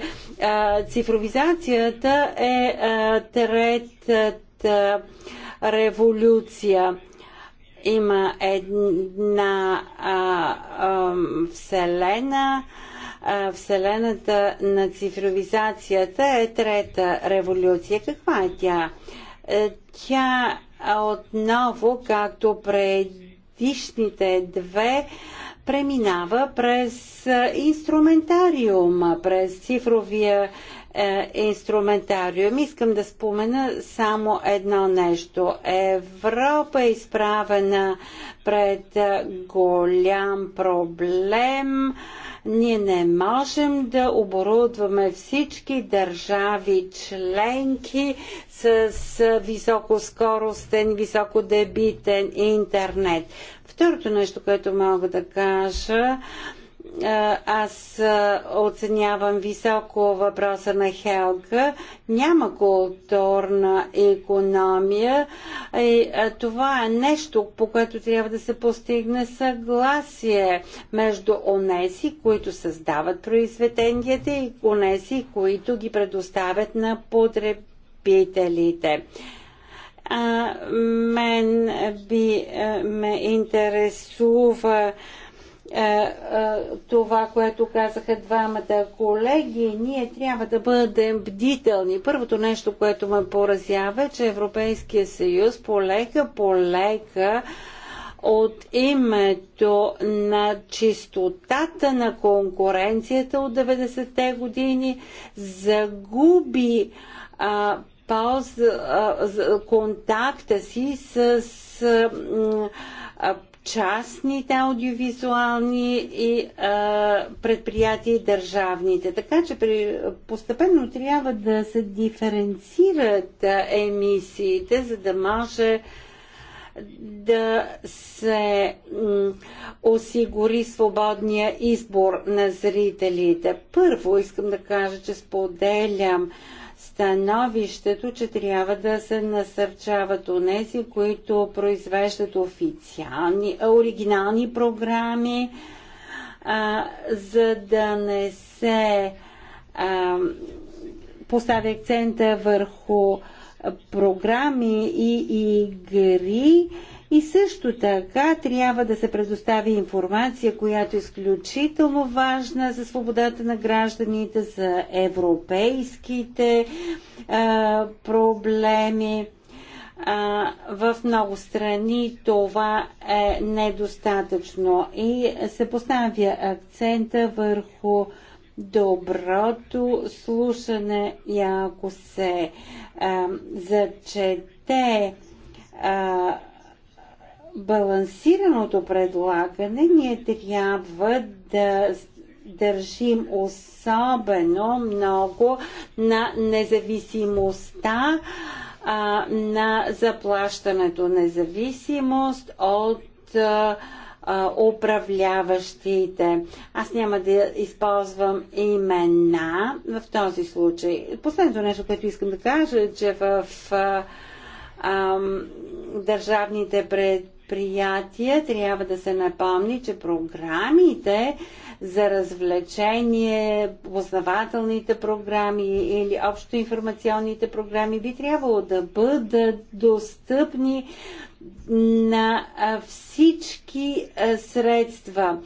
A: цифровизацията е третата революция има една а, а, вселена, Вселената на цифровизацията е трета революция. Каква е тя? Е, тя отново, както предишните две, преминава през е, инструментариум, през цифровия е, инструментариум. Искам да спомена само едно нещо. Европа е изправена пред е, голям проблем. Ние не можем да оборудваме всички държави членки с високоскоростен, високодебитен интернет. Второто нещо, което мога да кажа, аз оценявам високо въпроса на Хелга. Няма културна економия. И това е нещо, по което трябва да се постигне съгласие между онези, които създават произведенията и онези, които ги предоставят на потребителите. А, мен би ме интересува а, е, е, това, което казаха двамата колеги, ние трябва да бъдем бдителни. Първото нещо, което ме поразява е, че Европейския съюз полека, полека от името на чистотата на конкуренцията от 90-те години загуби а, пауз, а, контакта си с а, частните аудиовизуални и а, предприятия и държавните. Така че при, постепенно трябва да се диференцират а, емисиите, за да може да се осигури свободния избор на зрителите. Първо искам да кажа, че споделям а, становището, че трябва да се насърчават онези, които произвеждат официални, оригинални програми, а, за да не се а, поставя акцента върху програми и игри, а, и също така трябва да се предостави информация, която е изключително важна за свободата на гражданите, за европейските а, проблеми. А, в много страни това е недостатъчно и се поставя акцента върху доброто слушане и ако се а, зачете а, балансираното предлагане ние трябва да държим особено много на независимостта а, на заплащането, независимост от а, управляващите. Аз няма да използвам имена в този случай. Последното нещо, което искам да кажа, е, че в а, а, държавните пред предприятия трябва да се напомни, че програмите за развлечение, познавателните програми или общо информационните програми би трябвало да бъдат достъпни на всички средства,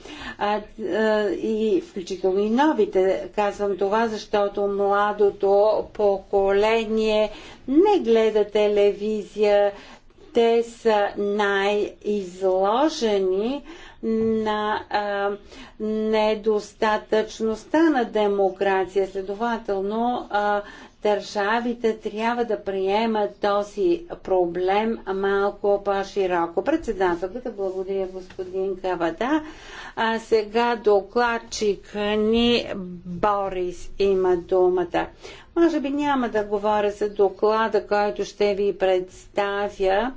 A: и включително и новите. Казвам това, защото младото поколение не гледа телевизия, те са най-изложени на а, недостатъчността на демокрация. Следователно, а, държавите трябва да приемат този проблем малко по-широко. Председателката, благодаря господин Кавада. А сега докладчик ни Борис има думата. Може би няма да говоря за доклада, който ще ви представя,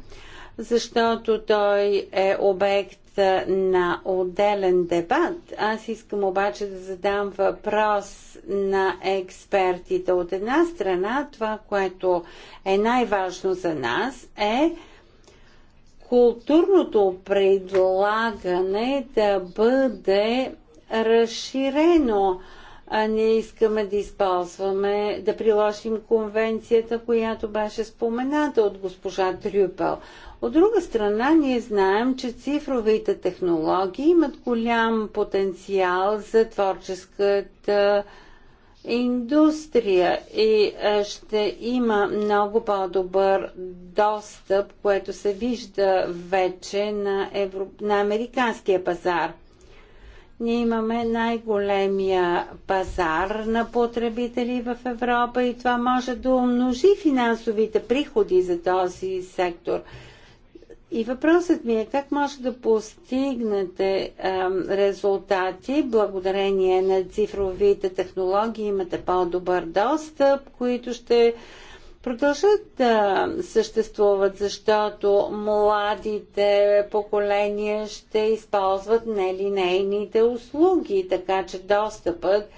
A: защото той е обект на отделен дебат. Аз искам обаче да задам въпрос на експертите. От една страна, това, което е най-важно за нас е културното предлагане да бъде разширено а ние искаме да използваме, да приложим конвенцията, която беше спомената от госпожа Трюпел. От друга страна, ние знаем, че цифровите технологии имат голям потенциал за творческата индустрия и ще има много по-добър достъп, което се вижда вече на, евро... на американския пазар. Ние имаме най-големия пазар на потребители в Европа и това може да умножи финансовите приходи за този сектор. И въпросът ми е как може да постигнете е, резултати благодарение на цифровите технологии, имате по-добър достъп, които ще продължат да съществуват, защото младите поколения ще използват нелинейните услуги, така че достъпът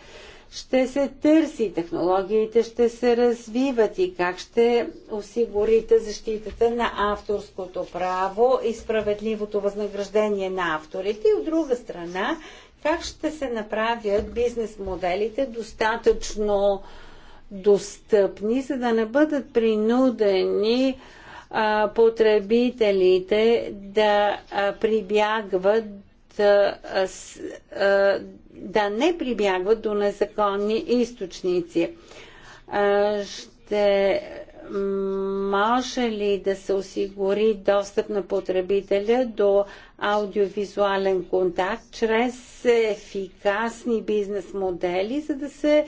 A: ще се търси, технологиите ще се развиват и как ще осигурите защитата на авторското право и справедливото възнаграждение на авторите и от друга страна как ще се направят бизнес моделите достатъчно достъпни, за да не бъдат принудени а, потребителите да а, прибягват да, а, да не прибягват до незаконни източници. Ще може ли да се осигури достъп на потребителя до аудиовизуален контакт чрез ефикасни бизнес модели, за да се а,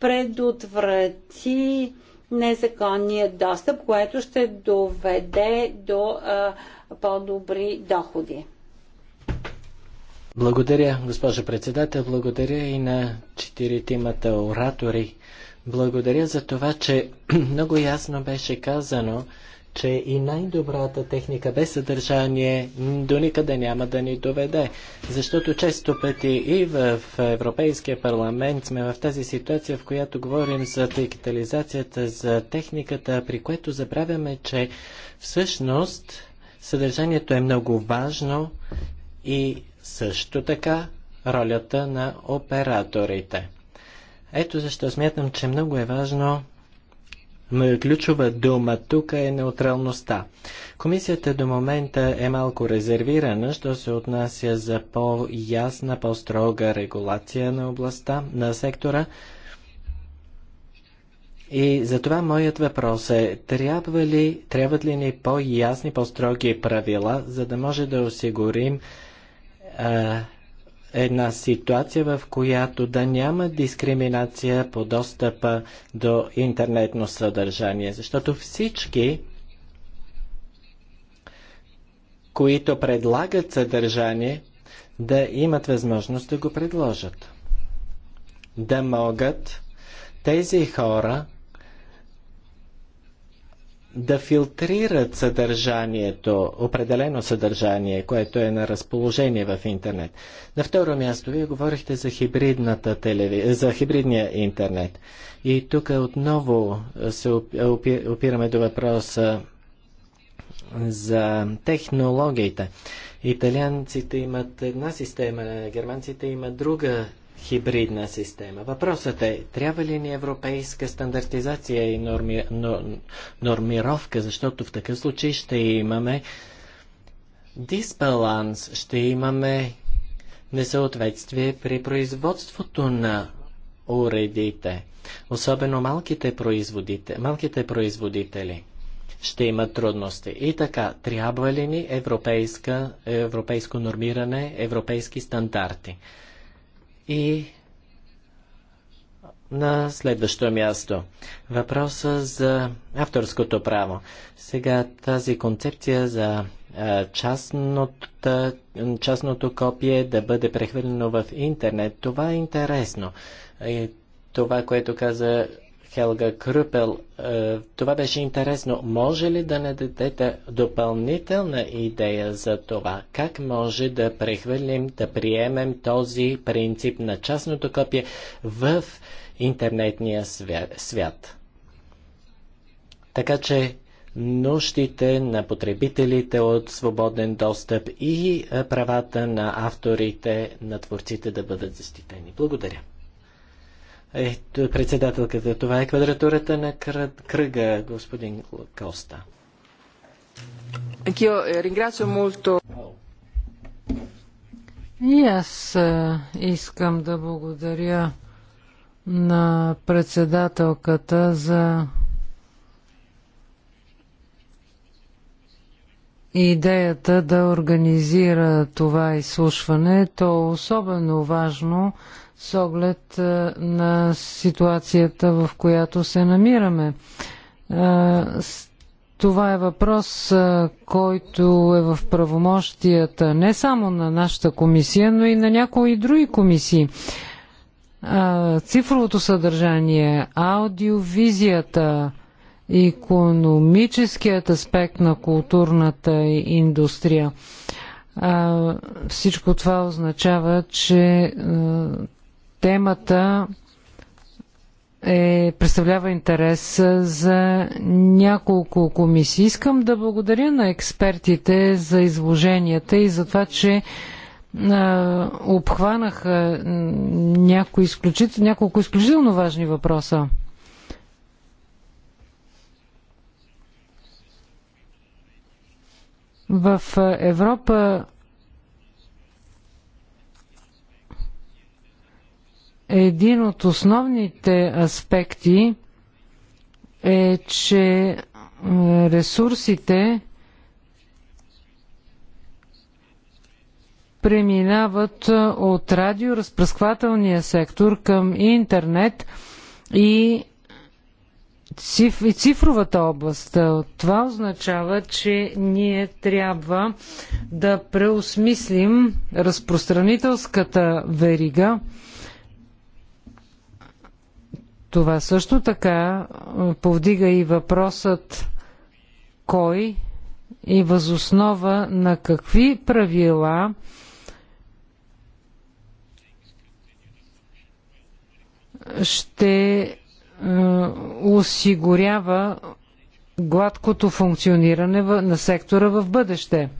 A: предотврати незаконния достъп, което ще доведе до по-добри доходи.
C: Благодаря, госпожо председател. Благодаря и на четиритимата оратори. Благодаря за това, че много ясно беше казано, че и най-добрата техника без съдържание до никъде няма да ни доведе. Защото често пъти и в Европейския парламент сме в тази ситуация, в която говорим за дигитализацията, за техниката, при което забравяме, че всъщност съдържанието е много важно и също така ролята на операторите. Ето защо смятам, че много е важно Ключова дума тук е неутралността. Комисията до момента е малко резервирана, що се отнася за по-ясна, по-строга регулация на областта, на сектора. И затова моят въпрос е, трябва ли, трябват ли ни по-ясни, по-строги правила, за да може да осигурим а, една ситуация, в която да няма дискриминация по достъпа до интернетно съдържание, защото всички, които предлагат съдържание, да имат възможност да го предложат. Да могат тези хора да филтрират съдържанието, определено съдържание, което е на разположение в интернет. На второ място, вие говорихте за, хибридната телеви... за хибридния интернет. И тук отново се опираме до въпроса за технологиите. Италианците имат една система, германците имат друга хибридна система. Въпросът е, трябва ли ни европейска стандартизация и норми, но, нормировка, защото в такъв случай ще имаме дисбаланс, ще имаме несъответствие при производството на уредите, особено малките, производите, малките производители ще имат трудности. И така, трябва ли ни европейска, европейско нормиране, европейски стандарти? И на следващо място. Въпроса за авторското право. Сега тази концепция за частното, частното копие да бъде прехвърлено в интернет. Това е интересно. И това, което каза Хелга Кръпел. Е, това беше интересно. Може ли да не дадете допълнителна идея за това? Как може да прехвърлим, да приемем този принцип на частното копие в интернетния свят? Така че нуждите на потребителите от свободен достъп и е, правата на авторите, на творците да бъдат защитени. Благодаря. Ето, председателката, това е квадратурата на кръга, господин Коста.
B: Eh, И аз eh, искам да благодаря на председателката за идеята да организира това изслушване. То е особено важно, с оглед на ситуацията, в която се намираме. Това е въпрос, който е в правомощията не само на нашата комисия, но и на някои други комисии. Цифровото съдържание, аудиовизията, економическият аспект на културната индустрия. Всичко това означава, че Темата е, представлява интерес за няколко комисии. Искам да благодаря на експертите за изложенията и за това, че а, обхванаха някои изключител, няколко изключително важни въпроса. В Европа Един от основните аспекти е, че ресурсите преминават от радиоразпръсквателния сектор към интернет и и цифровата област. Това означава, че ние трябва да преосмислим разпространителската верига това също така повдига и въпросът кой и възоснова на какви правила ще осигурява гладкото функциониране на сектора в бъдеще –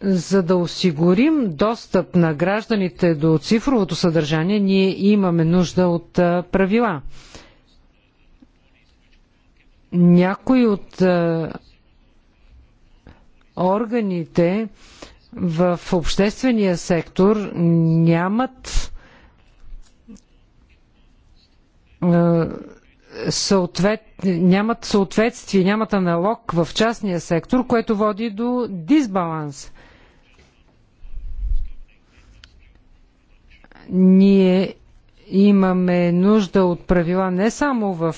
B: За да осигурим достъп на гражданите до цифровото съдържание, ние имаме нужда от правила. Някои от органите в обществения сектор нямат съответ, нямат съответствие, нямат аналог в частния сектор, което води до дисбаланс. ние имаме нужда от правила не само в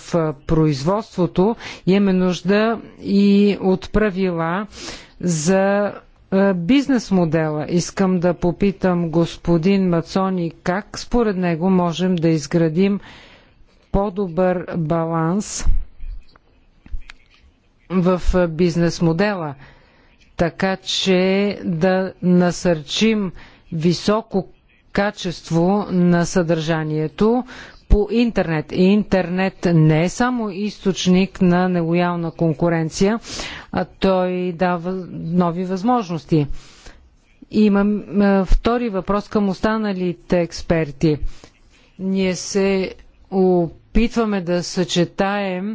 B: производството, имаме нужда и от правила за бизнес модела. Искам да попитам господин Мацони как според него можем да изградим по-добър баланс в бизнес модела, така че да насърчим високо качество на съдържанието по интернет. интернет не е само източник на нелоялна конкуренция, а той дава нови възможности. имам е, втори въпрос към останалите експерти. Ние се опитваме да съчетаем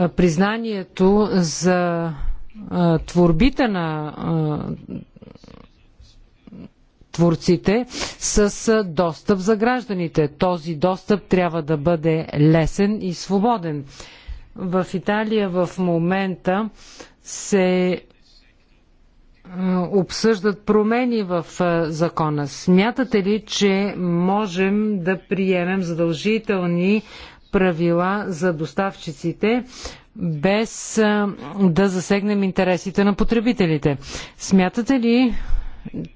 B: е, признанието за е, творбите на творците с достъп за гражданите. Този достъп трябва да бъде лесен и свободен. В Италия в момента се обсъждат промени в закона. Смятате ли, че можем да приемем задължителни правила за доставчиците, без да засегнем интересите на потребителите? Смятате ли,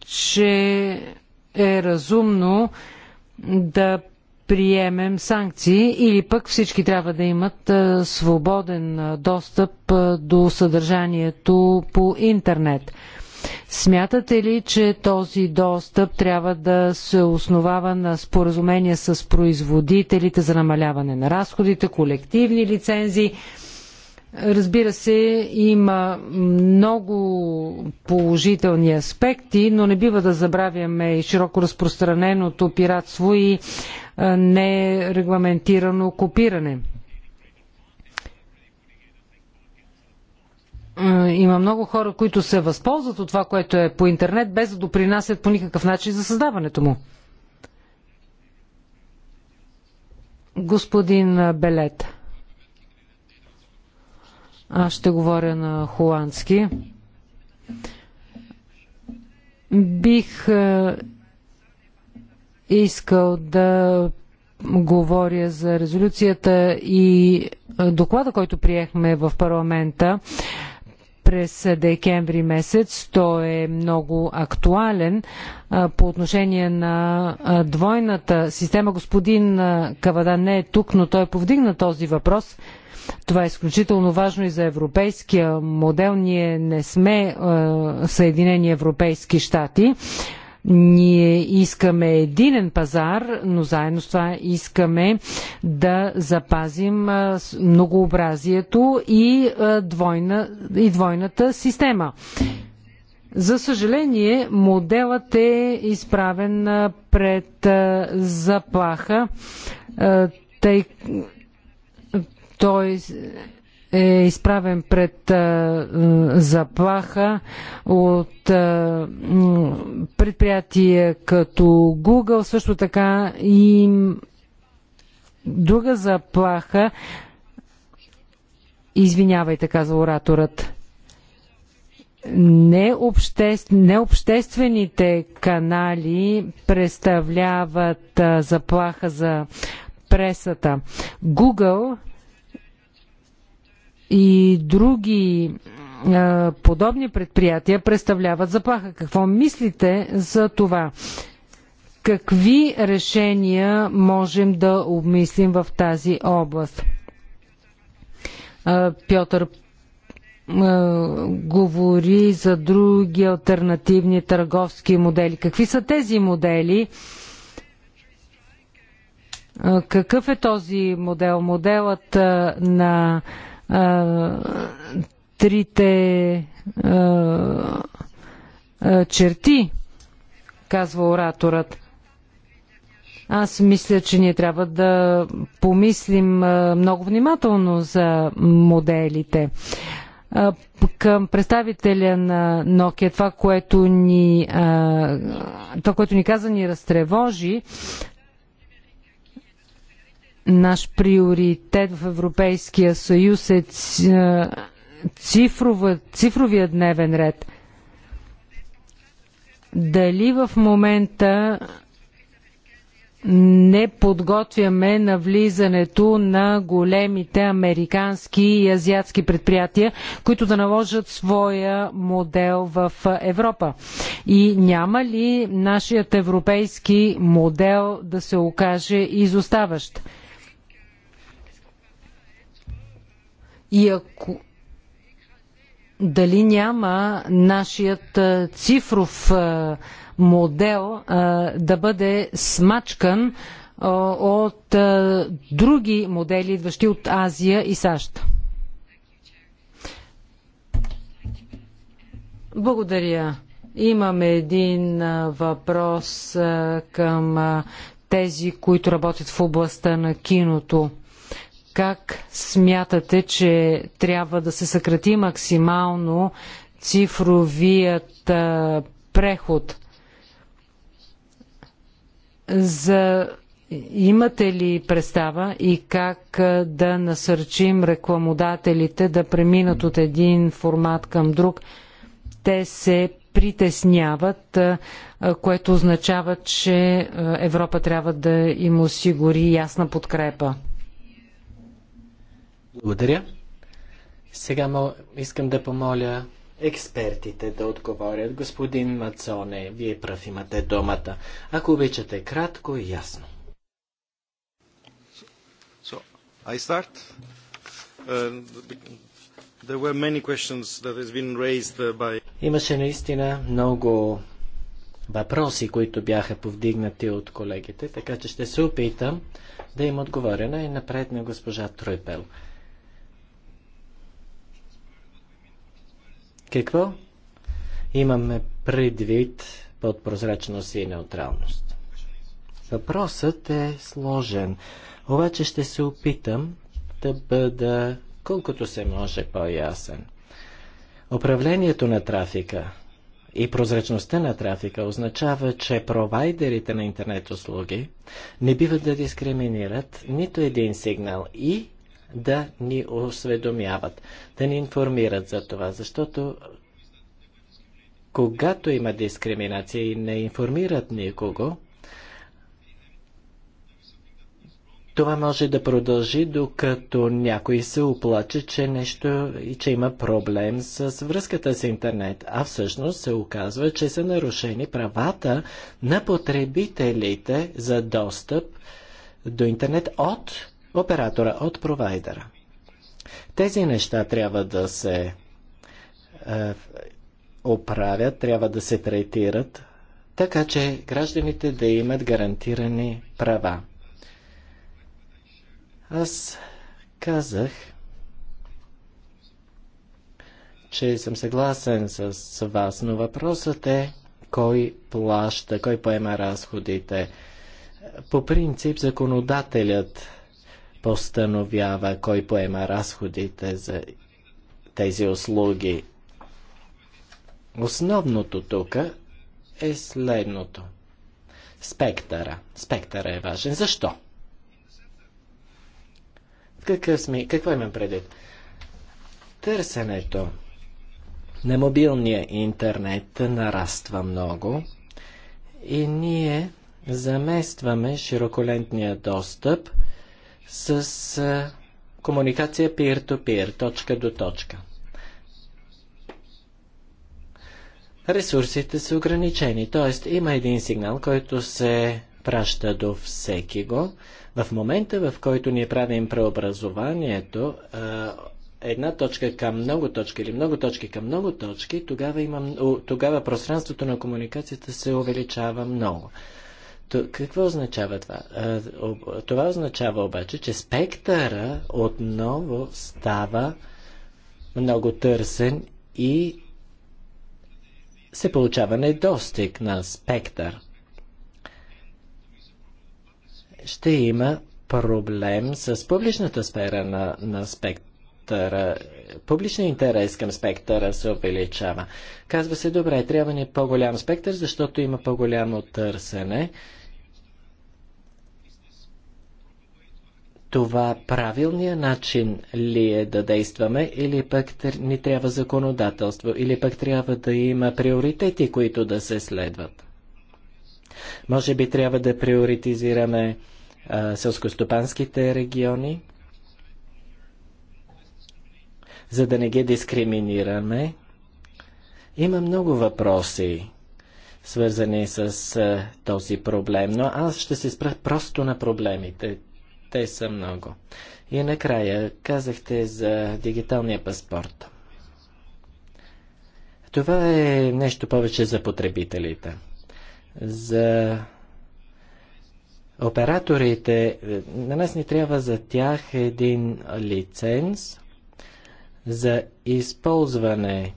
B: че е разумно да приемем санкции или пък всички трябва да имат свободен достъп до съдържанието по интернет. Смятате ли, че този достъп трябва да се основава на споразумения с производителите за намаляване на разходите, колективни лицензии? Разбира се, има много положителни аспекти, но не бива да забравяме и широко разпространеното пиратство и нерегламентирано копиране. Има много хора, които се възползват от това, което е по интернет, без да допринасят по никакъв начин за създаването му. Господин Белет. Аз ще говоря на холандски. Бих е, искал да говоря за резолюцията и е, доклада, който приехме в парламента през декември месец. Той е много актуален е, по отношение на двойната система. Господин Кавада не е тук, но той повдигна този въпрос. Това е изключително важно и за европейския модел. Ние не сме е, Съединени Европейски щати. Ние искаме единен пазар, но заедно с това искаме да запазим е, многообразието и, е, двойна, и двойната система. За съжаление, моделът е изправен е, пред заплаха, тъй той е изправен пред а, заплаха от а, предприятия като Google, също така и друга заплаха. Извинявайте, каза ораторът. Не, обще... не обществените канали представляват а, заплаха за пресата. Google и други подобни предприятия представляват заплаха. Какво мислите за това? Какви решения можем да обмислим в тази област? Пьотър говори за други альтернативни търговски модели. Какви са тези модели? Какъв е този модел? Моделът на трите черти, казва ораторът. Аз мисля, че ние трябва да помислим много внимателно за моделите. Към представителя на Nokia това, което ни, това, което ни каза, ни разтревожи, Наш приоритет в Европейския съюз е цифрова, цифровия дневен ред. Дали в момента не подготвяме навлизането на големите американски и азиатски предприятия, които да наложат своя модел в Европа. И няма ли нашият европейски модел да се окаже изоставащ? И ако дали няма нашият цифров модел да бъде смачкан от други модели, идващи от Азия и САЩ. Благодаря. Имаме един въпрос към тези, които работят в областта на киното как смятате, че трябва да се съкрати максимално цифровият преход? За Имате ли представа и как да насърчим рекламодателите да преминат от един формат към друг? Те се притесняват, което означава, че Европа трябва да им осигури
C: ясна подкрепа. Благодаря. Сега искам да помоля експертите да отговорят. Господин Мацоне, вие прав имате думата. Ако обичате кратко и ясно. So, I start. Uh, there were many questions that has been raised uh, by... Имаше наистина много въпроси, които бяха повдигнати от колегите, така че ще се опитам да им отговоря най-напред на госпожа Тройпел. Uh, Какво имаме предвид под прозрачност и неутралност? Въпросът е сложен, обаче ще се опитам да бъда колкото се може по-ясен. Управлението на трафика и прозрачността на трафика означава, че провайдерите на интернет услуги не биват да дискриминират нито един сигнал и да ни осведомяват, да ни информират за това, защото когато има дискриминация и не информират никого, това може да продължи, докато някой се оплаче, че нещо и че има проблем с връзката с интернет. А всъщност се оказва, че са нарушени правата на потребителите за достъп до интернет от оператора, от провайдера. Тези неща трябва да се е, оправят, трябва да се третират, така че гражданите да имат гарантирани права. Аз казах, че съм съгласен с вас, но въпросът е кой плаща, кой поема разходите. По принцип, законодателят постановява кой поема разходите за тези услуги. Основното тук е следното. Спектъра. Спектъра е важен. Защо? Какъв сме, какво имам предвид? Търсенето на мобилния интернет нараства много и ние заместваме широколентния достъп – с комуникация peer-to-peer, -to -peer, точка до точка. Ресурсите са ограничени, т.е. има един сигнал, който се праща до всеки го. В момента, в който ние правим преобразованието, една точка към много точки или много точки към много точки, тогава, имам, тогава пространството на комуникацията се увеличава много. Какво означава това? Това означава обаче, че спектъра отново става много търсен и се получава недостиг на спектър. Ще има проблем с публичната сфера на, на спектъра. Публичният интерес към спектъра се увеличава. Казва се, добре, трябва ни по-голям спектър, защото има по-голямо търсене. това правилния начин ли е да действаме или пък ни трябва законодателство, или пък трябва да има приоритети, които да се следват. Може би трябва да приоритизираме селскостопанските региони, за да не ги дискриминираме. Има много въпроси, свързани с този проблем, но аз ще се спра просто на проблемите. Те са много. И накрая казахте за дигиталния паспорт. Това е нещо повече за потребителите. За операторите, на нас ни трябва за тях един лиценз за използване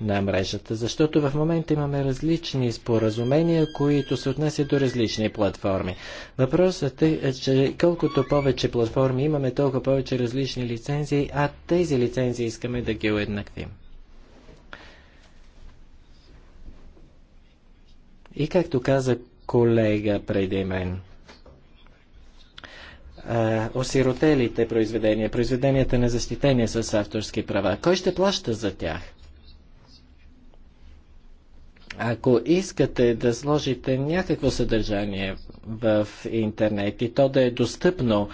C: на мрежата, защото в момента имаме различни споразумения, които се отнесят до различни платформи. Въпросът е, е, че колкото повече платформи имаме, толкова повече различни лицензии, а тези лицензии искаме да ги уеднаквим. И както каза колега преди мен, осиротелите произведения, произведенията на защитение с авторски права, кой ще плаща за тях? Ако искате да сложите някакво съдържание в интернет и то да е достъпно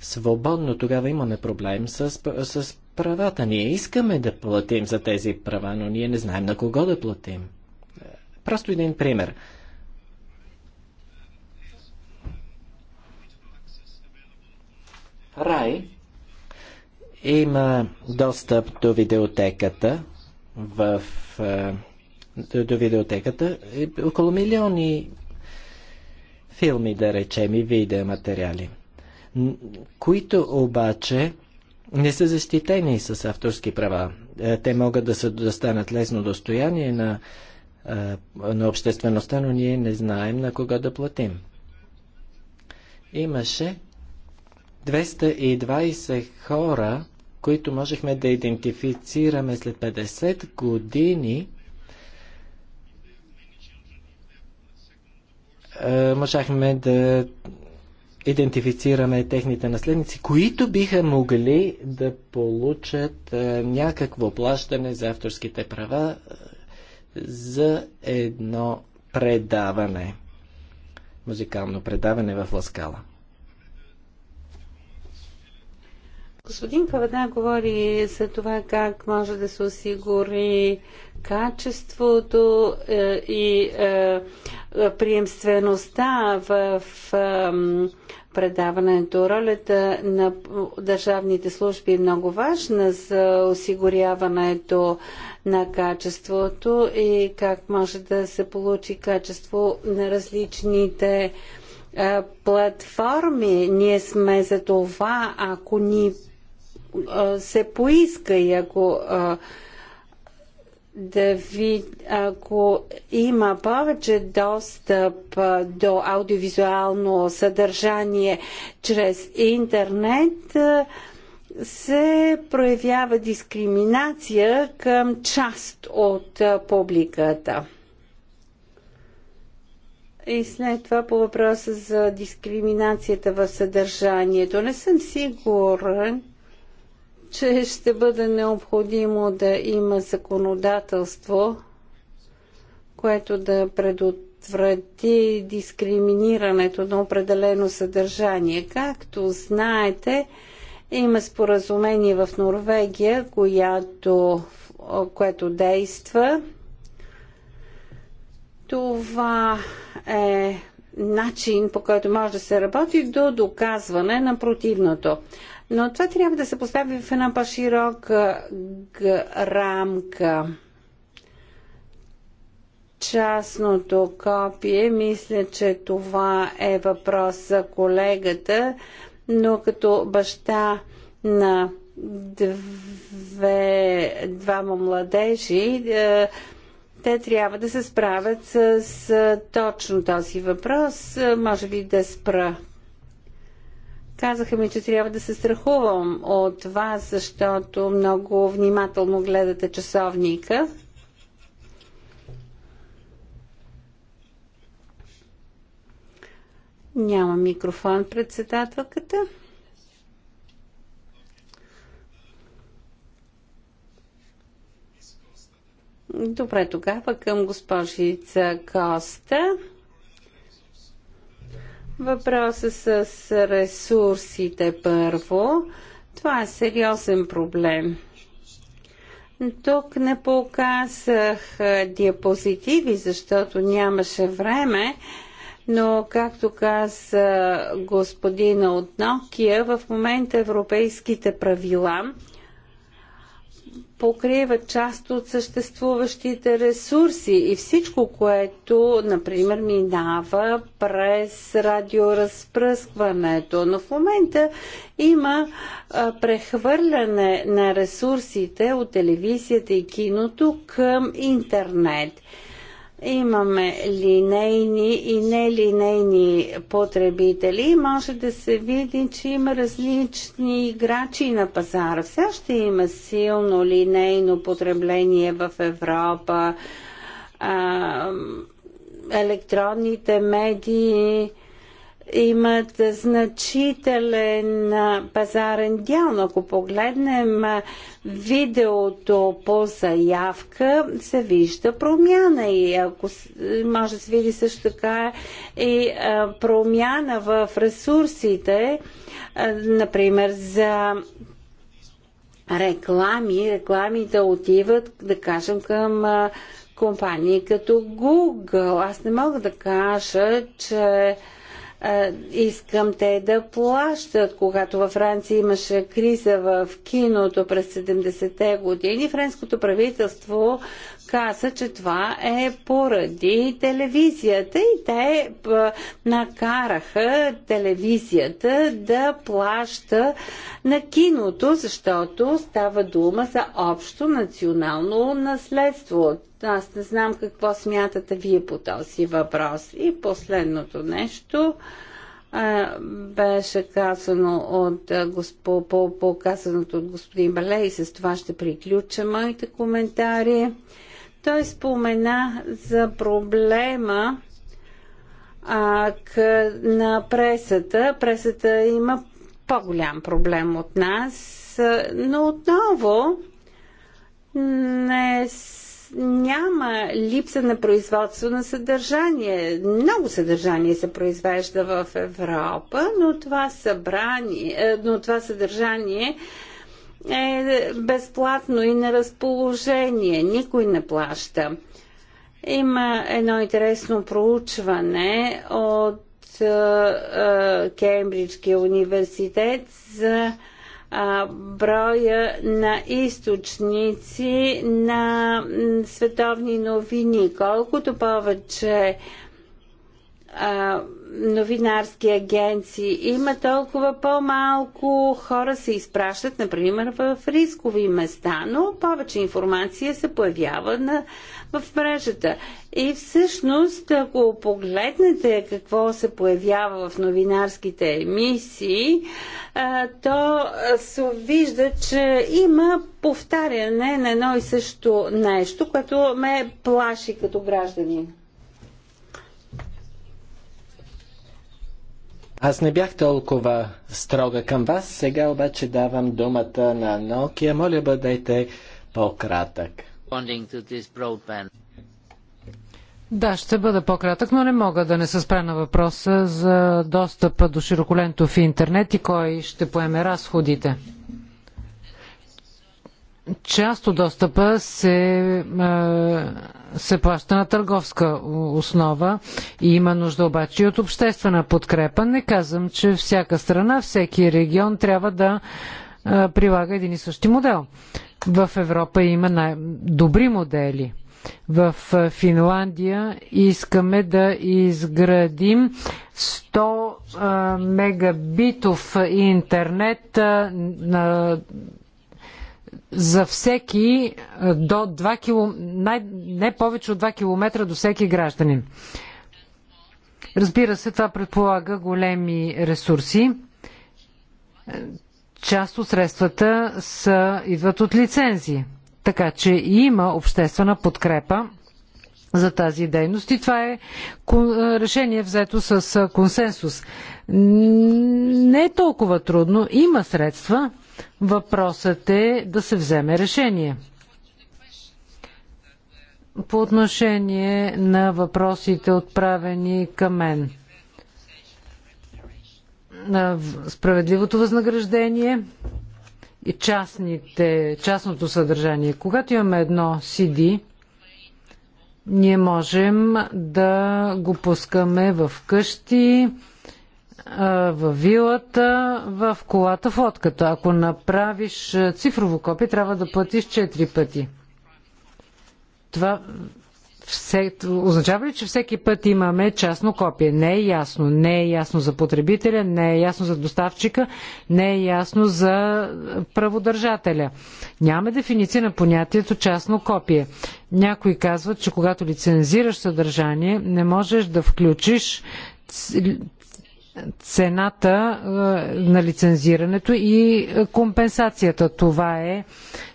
C: свободно, тогава имаме проблем с, с правата. Ние искаме да платим за тези права, но ние не знаем на кого да платим. Просто един пример. Рай има достъп до видеотеката в е, до, видеотеката. Е, около милиони филми, да речем, и видеоматериали, които обаче не са защитени с авторски права. Е, те могат да, са, да станат лесно достояние на, е, на обществеността, но ние не знаем на кога да платим. Имаше 220 хора, които можехме да идентифицираме след 50 години Е, можахме да идентифицираме техните наследници, които биха могли да получат е, някакво плащане за авторските права е, за едно предаване, музикално предаване в Ласкала.
A: Господин Кавада говори за това как може да се осигури качеството е, и е, приемствеността в предаването. Ролята на държавните служби е много важна за осигуряването на качеството и как може да се получи качество на различните е, платформи. Ние сме за това, ако ни се поиска и ако да ви, ако има повече достъп до аудиовизуално съдържание чрез интернет, се проявява дискриминация към част от публиката. И след това по въпроса за дискриминацията в съдържанието. Не съм сигурен, че ще бъде необходимо да има законодателство, което да предотврати дискриминирането на определено съдържание. Както знаете, има споразумение в Норвегия, която, което действа. Това е начин, по който може да се работи до доказване на противното. Но това трябва да се постави в една по-широка рамка. Частното копие, мисля, че това е въпрос за колегата, но като баща на две, двама младежи, е, те трябва да се справят с, с точно този въпрос. Е, може би да спра Казаха ми, че трябва да се страхувам от вас, защото много внимателно гледате часовника. Няма микрофон председателката. Добре, тогава към госпожица Коста. Въпроса с ресурсите първо. Това е сериозен проблем. Тук не показах диапозитиви, защото нямаше време, но както каза господина от Nokia, в момента европейските правила покриват част от съществуващите ресурси и всичко, което, например, минава през радиоразпръскването. Но в момента има а, прехвърляне на ресурсите от телевизията и киното към интернет. Имаме линейни и нелинейни потребители. Може да се види, че има различни играчи на пазара. Все още има силно линейно потребление в Европа. електронните медии имат значителен пазарен дял. Но ако погледнем видеото по заявка, се вижда промяна и ако може да се види също така и промяна в ресурсите, например за реклами, рекламите отиват, да кажем, към компании като Google. Аз не мога да кажа, че искам те да плащат. Когато във Франция имаше криза в киното през 70-те години, френското правителство каза, че това е поради телевизията и те накараха телевизията да плаща на киното, защото става дума за общо национално наследство. Аз не знам какво смятате вие по този въпрос. И последното нещо беше казано от по, по от господин Бале и с това ще приключа моите коментари. Той спомена за проблема а, къ, на пресата. Пресата има по-голям проблем от нас, но отново не няма липса на производство на съдържание. Много съдържание се произвежда в Европа, но това, събрание, но това съдържание е безплатно и на разположение. Никой не плаща. Има едно интересно проучване от е, е, Кембриджския университет за броя на източници на световни новини. Колкото повече а, новинарски агенции. Има толкова по-малко хора се изпращат, например, в рискови места, но повече информация се появява на, в мрежата. И всъщност, ако погледнете какво се появява в новинарските емисии, а, то се вижда, че има повтаряне на едно и също нещо, което ме плаши като гражданин.
C: Аз не бях толкова строга към вас, сега обаче давам думата на Nokia. Моля бъдете по-кратък. Да,
B: ще бъда по-кратък, но не мога да не се спра на въпроса за достъпа до широколентов интернет и кой ще поеме разходите част от достъпа се, е, се плаща на търговска основа и има нужда обаче и от обществена подкрепа. Не казвам, че всяка страна, всеки регион трябва да е, прилага един и същи модел. В Европа има най- добри модели. В е, Финландия искаме да изградим 100 мегабитов интернет на за всеки до 2 км, най- не повече от 2 км до всеки гражданин. Разбира се, това предполага големи ресурси. Е, част от средствата са, идват от лицензии. Така че има обществена подкрепа за тази дейност и това е, е решение взето с е, консенсус. Не е толкова трудно. Има средства, Въпросът е да се вземе решение. По отношение на въпросите отправени към мен. Справедливото възнаграждение и частните, частното съдържание. Когато имаме едно CD, ние можем да го пускаме в къщи, в вилата, в колата, в отката. Ако направиш цифрово копие, трябва да платиш 4 пъти. Това все, означава ли, че всеки път имаме частно копие? Не е ясно. Не е ясно за потребителя, не е ясно за доставчика, не е ясно за праводържателя. Нямаме дефиниция на понятието частно копие. Някои казват, че когато лицензираш съдържание, не можеш да включиш цената е, на лицензирането и е, компенсацията. Това е,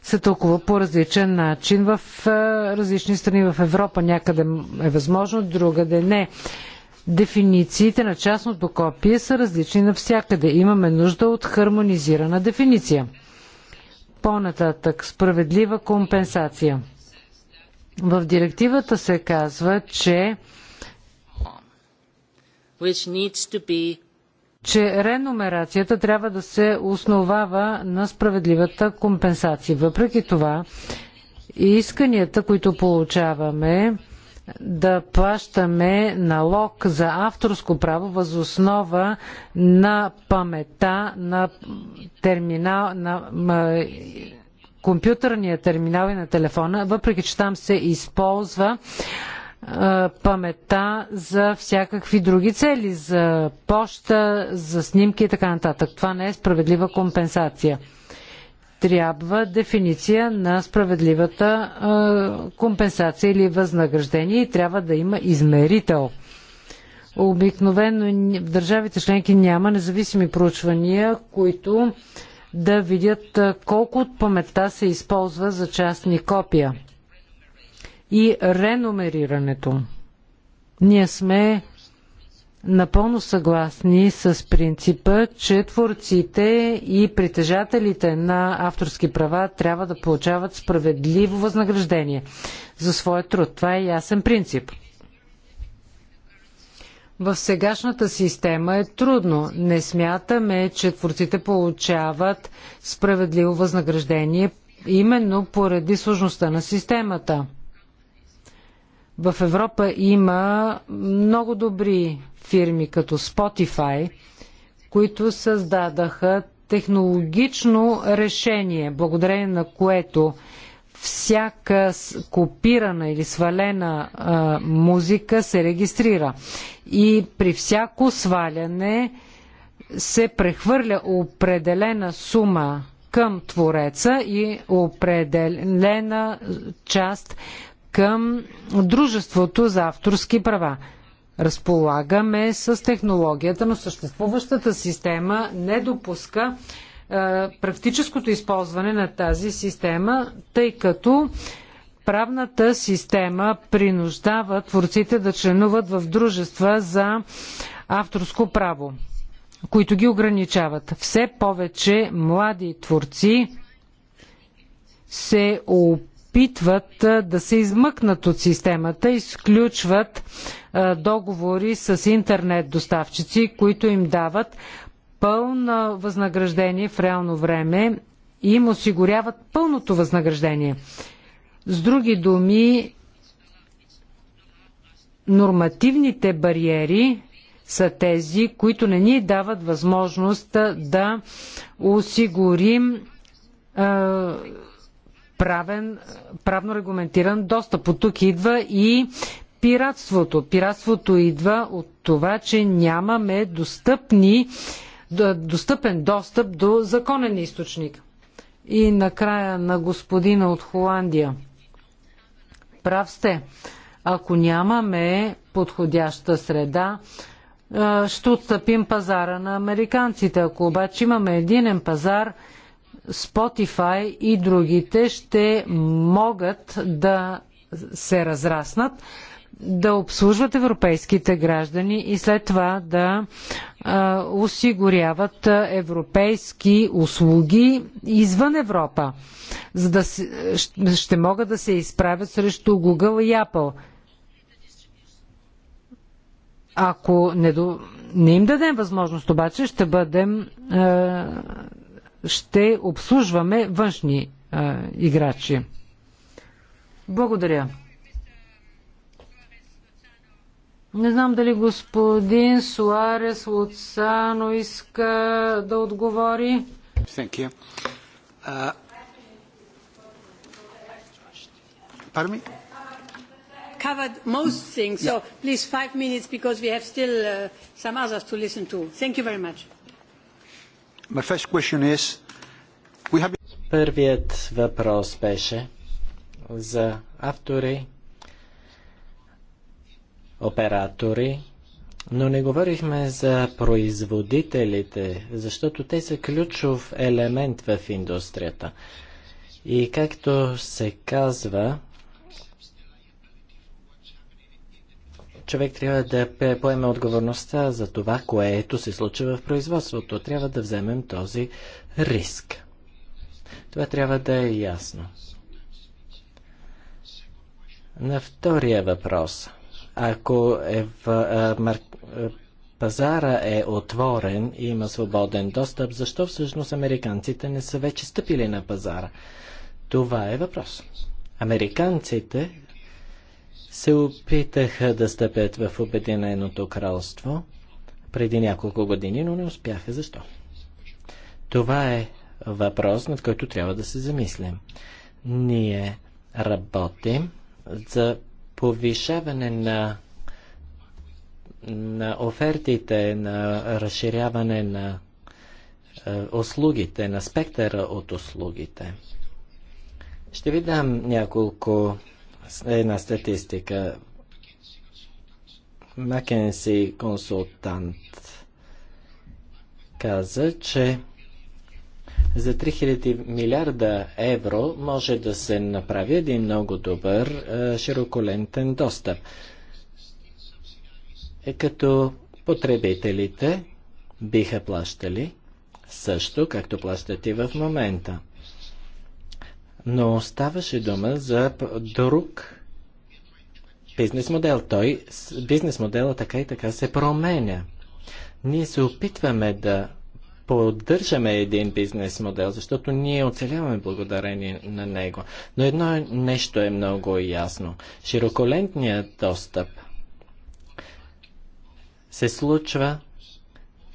B: се тълкува по различен начин в е, различни страни в Европа. Някъде е възможно, другаде не. Дефинициите на частното копие са различни навсякъде. Имаме нужда от хармонизирана дефиниция. По-нататък, справедлива компенсация. В директивата се казва, че че реномерацията трябва да се основава на справедливата компенсация. Въпреки това, исканията, които получаваме, да плащаме налог за авторско право въз основа на памета на терминал, на компютърния терминал и на телефона, въпреки че там се използва памета за всякакви други цели, за поща, за снимки и така нататък. Това не е справедлива компенсация. Трябва дефиниция на справедливата компенсация или възнаграждение и трябва да има измерител. Обикновено в държавите членки няма независими проучвания, които да видят колко от паметта се използва за частни копия и реномерирането. Ние сме напълно съгласни с принципа, че творците и притежателите на авторски права трябва да получават справедливо възнаграждение за своя труд. Това е ясен принцип. В сегашната система е трудно. Не смятаме, че творците получават справедливо възнаграждение именно поради сложността на системата. В Европа има много добри фирми като Spotify, които създадаха технологично решение, благодарение на което всяка копирана или свалена а, музика се регистрира. И при всяко сваляне се прехвърля определена сума към твореца и определена част към Дружеството за авторски права. Разполагаме с технологията, но съществуващата система не допуска е, практическото използване на тази система, тъй като правната система принуждава творците да членуват в дружества за авторско право, които ги ограничават. Все повече млади творци се опитват опитват да се измъкнат от системата, изключват договори с интернет доставчици, които им дават пълно възнаграждение в реално време и им осигуряват пълното възнаграждение. С други думи, нормативните бариери са тези, които не ни дават възможност да осигурим правен, правно регламентиран достъп. От тук идва и пиратството. Пиратството идва от това, че нямаме достъпни, достъпен достъп до законен източник. И накрая на господина от Холандия. Прав сте. Ако нямаме подходяща среда, ще отстъпим пазара на американците. Ако обаче имаме единен пазар, Spotify и другите ще могат да се разраснат, да обслужват европейските граждани и след това да а, осигуряват европейски услуги извън Европа, за да ще могат да се изправят срещу Google и Apple. Ако не, до... не им дадем възможност, обаче ще бъдем ще обслужваме външни а, играчи. Благодаря. Не знам дали господин Суарес Луцано иска да отговори. Thank you. Uh, pardon me?
A: covered most things, so please five minutes because we have still uh, some others to listen to. Thank you very much.
C: My first question is, we have... Първият въпрос беше за автори, оператори, но не говорихме за производителите, защото те са ключов елемент в индустрията. И както се казва, човек трябва да поеме отговорността за това, което се случва в производството. Трябва да вземем този риск. Това трябва да е ясно. На втория въпрос. Ако е в, мар... пазара е отворен и има свободен достъп, защо всъщност американците не са вече стъпили на пазара? Това е въпрос. Американците се опитаха да стъпят в Обединеното кралство преди няколко години, но не успяха. Защо? Това е въпрос, над който трябва да се замислим. Ние работим за повишаване на, на офертите, на разширяване на е, услугите, на спектъра от услугите. Ще ви дам няколко е, една статистика. Макенси консултант каза, че за 3000 милиарда евро може да се направи един много добър е, широколентен достъп. Е като потребителите биха плащали също, както плащат и в момента но ставаше дума за друг бизнес модел. Той, бизнес модела така и така се променя. Ние се опитваме да поддържаме един бизнес модел, защото ние оцеляваме благодарение на него. Но едно е, нещо е много ясно. Широколентният достъп се случва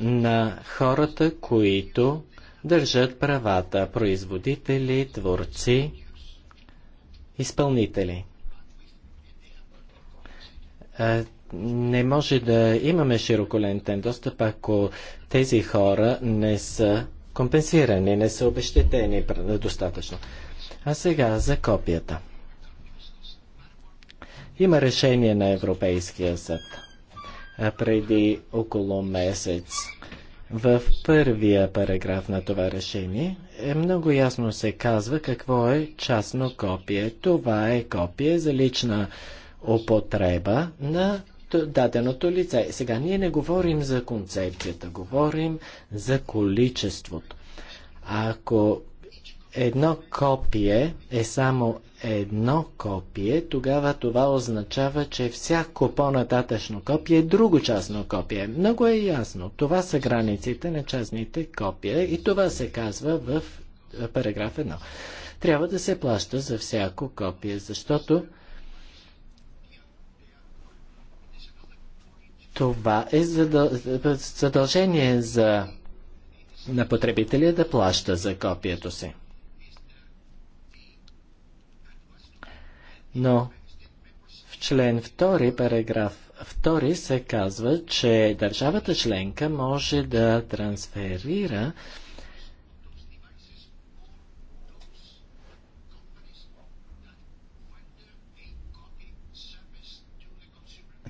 C: на хората, които държат правата производители, творци, изпълнители. Не може да имаме широколентен достъп, ако тези хора не са компенсирани, не са обещетени достатъчно. А сега за копията. Има решение на Европейския съд. преди около месец в първия параграф на това решение е много ясно се казва какво е частно копие. Това е копие за лична употреба на даденото лице. Сега ние не говорим за концепцията, говорим за количеството. Ако едно копие е само едно копие, тогава това означава, че всяко по-нататъчно копие е друго частно копие. Много е ясно. Това са границите на частните копия и това се казва в параграф 1. Трябва да се плаща за всяко копие, защото това е задължение за... на потребителя да плаща за копието си. Но в член 2, параграф 2 се казва, че държавата членка може да трансферира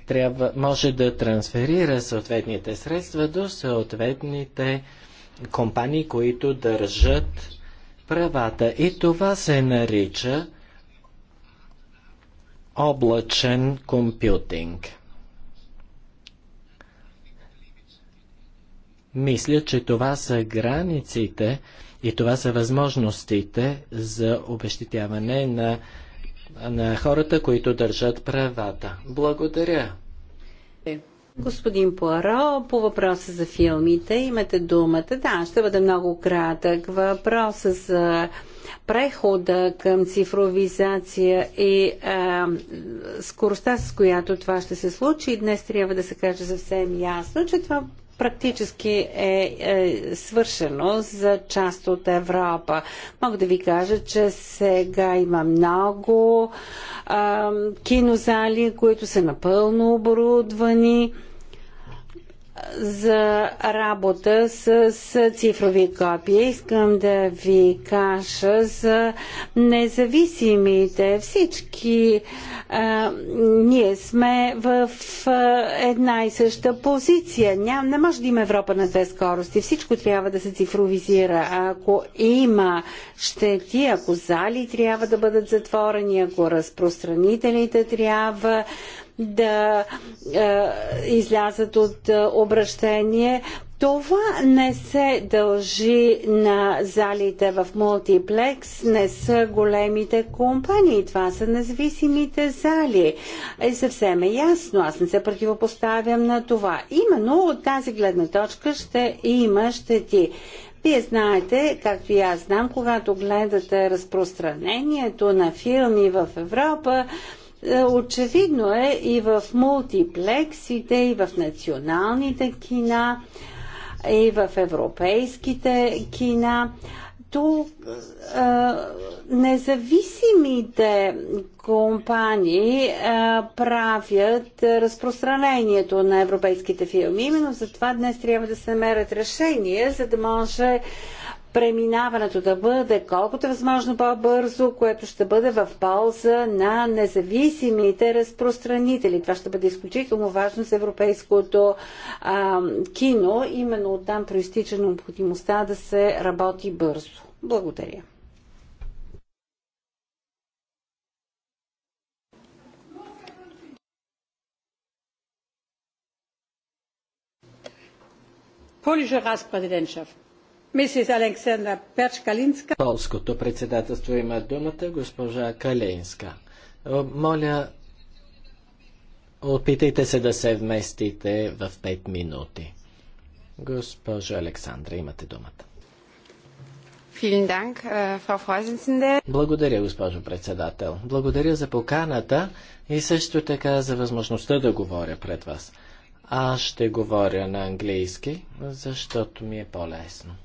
C: трябва, може да трансферира съответните средства до съответните компании, които държат правата. И това се нарича облачен компютинг. Мисля, че това са границите и това са възможностите за обещетяване на, на хората, които държат правата. Благодаря.
A: Е. Господин Пуаро, по въпроса за филмите имате думата. Да, ще бъде много кратък. Въпроса за прехода към цифровизация и а, скоростта, с която това ще се случи, днес трябва да се каже съвсем ясно, че това практически е, е свършено за част от Европа. Мога да ви кажа, че сега има много е, кинозали, които са напълно оборудвани за работа с, цифрови копия. Искам да ви кажа за независимите. Всички а, ние сме в а, една и съща позиция. Ня, не може да има Европа на две скорости. Всичко трябва да се цифровизира. Ако има щети, ако зали трябва да бъдат затворени, ако разпространителите трябва да е, излязат от е, обращение. Това не се дължи на залите в мултиплекс, не са големите компании, това са независимите зали. и е, съвсем е ясно, аз не се противопоставям на това. Именно от тази гледна точка ще има щети. Вие знаете, както и аз знам, когато гледате разпространението на филми в Европа, е, очевидно е и в мултиплексите, и в националните кина, и в европейските кина. Тук е, независимите компании е, правят разпространението на европейските филми. Именно за това днес трябва да се намерят решения, за да може преминаването да бъде колкото е възможно по-бързо, което ще бъде в полза на независимите разпространители. Това ще бъде изключително важно за европейското а, кино. Именно оттам проистича необходимостта да се работи бързо. Благодаря. Polnische Ratspräsidentschaft.
C: Полското председателство има думата госпожа Калинска. Моля, опитайте се да се вместите в 5 минути. Госпожо Александра, имате думата.
B: Äh,
C: Благодаря, госпожо председател. Благодаря за поканата и също така за възможността да говоря пред вас. Аз ще говоря на английски, защото ми е по-лесно.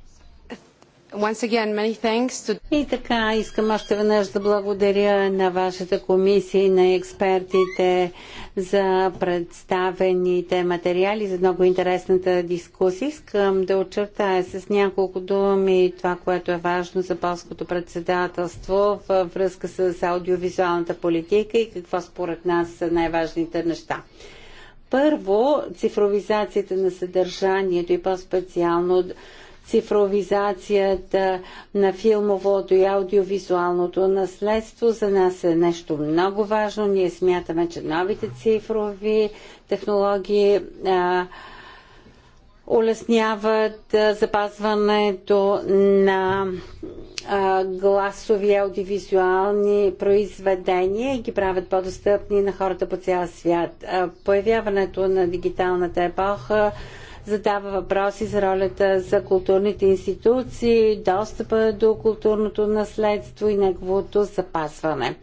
A: Again, и така, искам още веднъж да благодаря на вашата комисия и на експертите за представените материали, за много интересната дискусия. Искам да очертая с няколко думи това, което е важно за полското председателство във връзка с аудиовизуалната политика и какво според нас са най-важните неща. Първо, цифровизацията на съдържанието и по-специално цифровизацията на филмовото и аудиовизуалното наследство за нас е нещо много важно. Ние смятаме, че новите цифрови технологии а, улесняват запазването на гласови аудиовизуални произведения и ги правят по-достъпни на хората по цял свят. Появяването на дигиталната епоха задава въпроси за ролята за културните институции, достъпа до културното наследство и неговото запазване.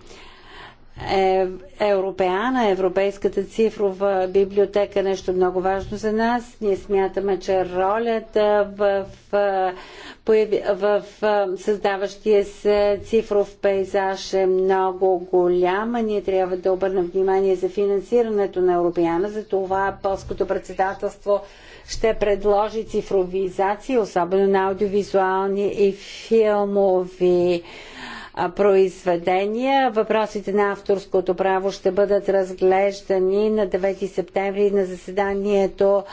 A: Е, европеана, Европейската цифрова библиотека е нещо много важно за нас. Ние смятаме, че ролята в, в, в създаващия се цифров пейзаж е много голяма. Ние трябва да обърнем внимание за финансирането на Европеана. За това полското председателство ще предложи цифровизация, особено на аудиовизуални и филмови произведения. Въпросите на авторското право ще бъдат разглеждани на 9 септември на заседанието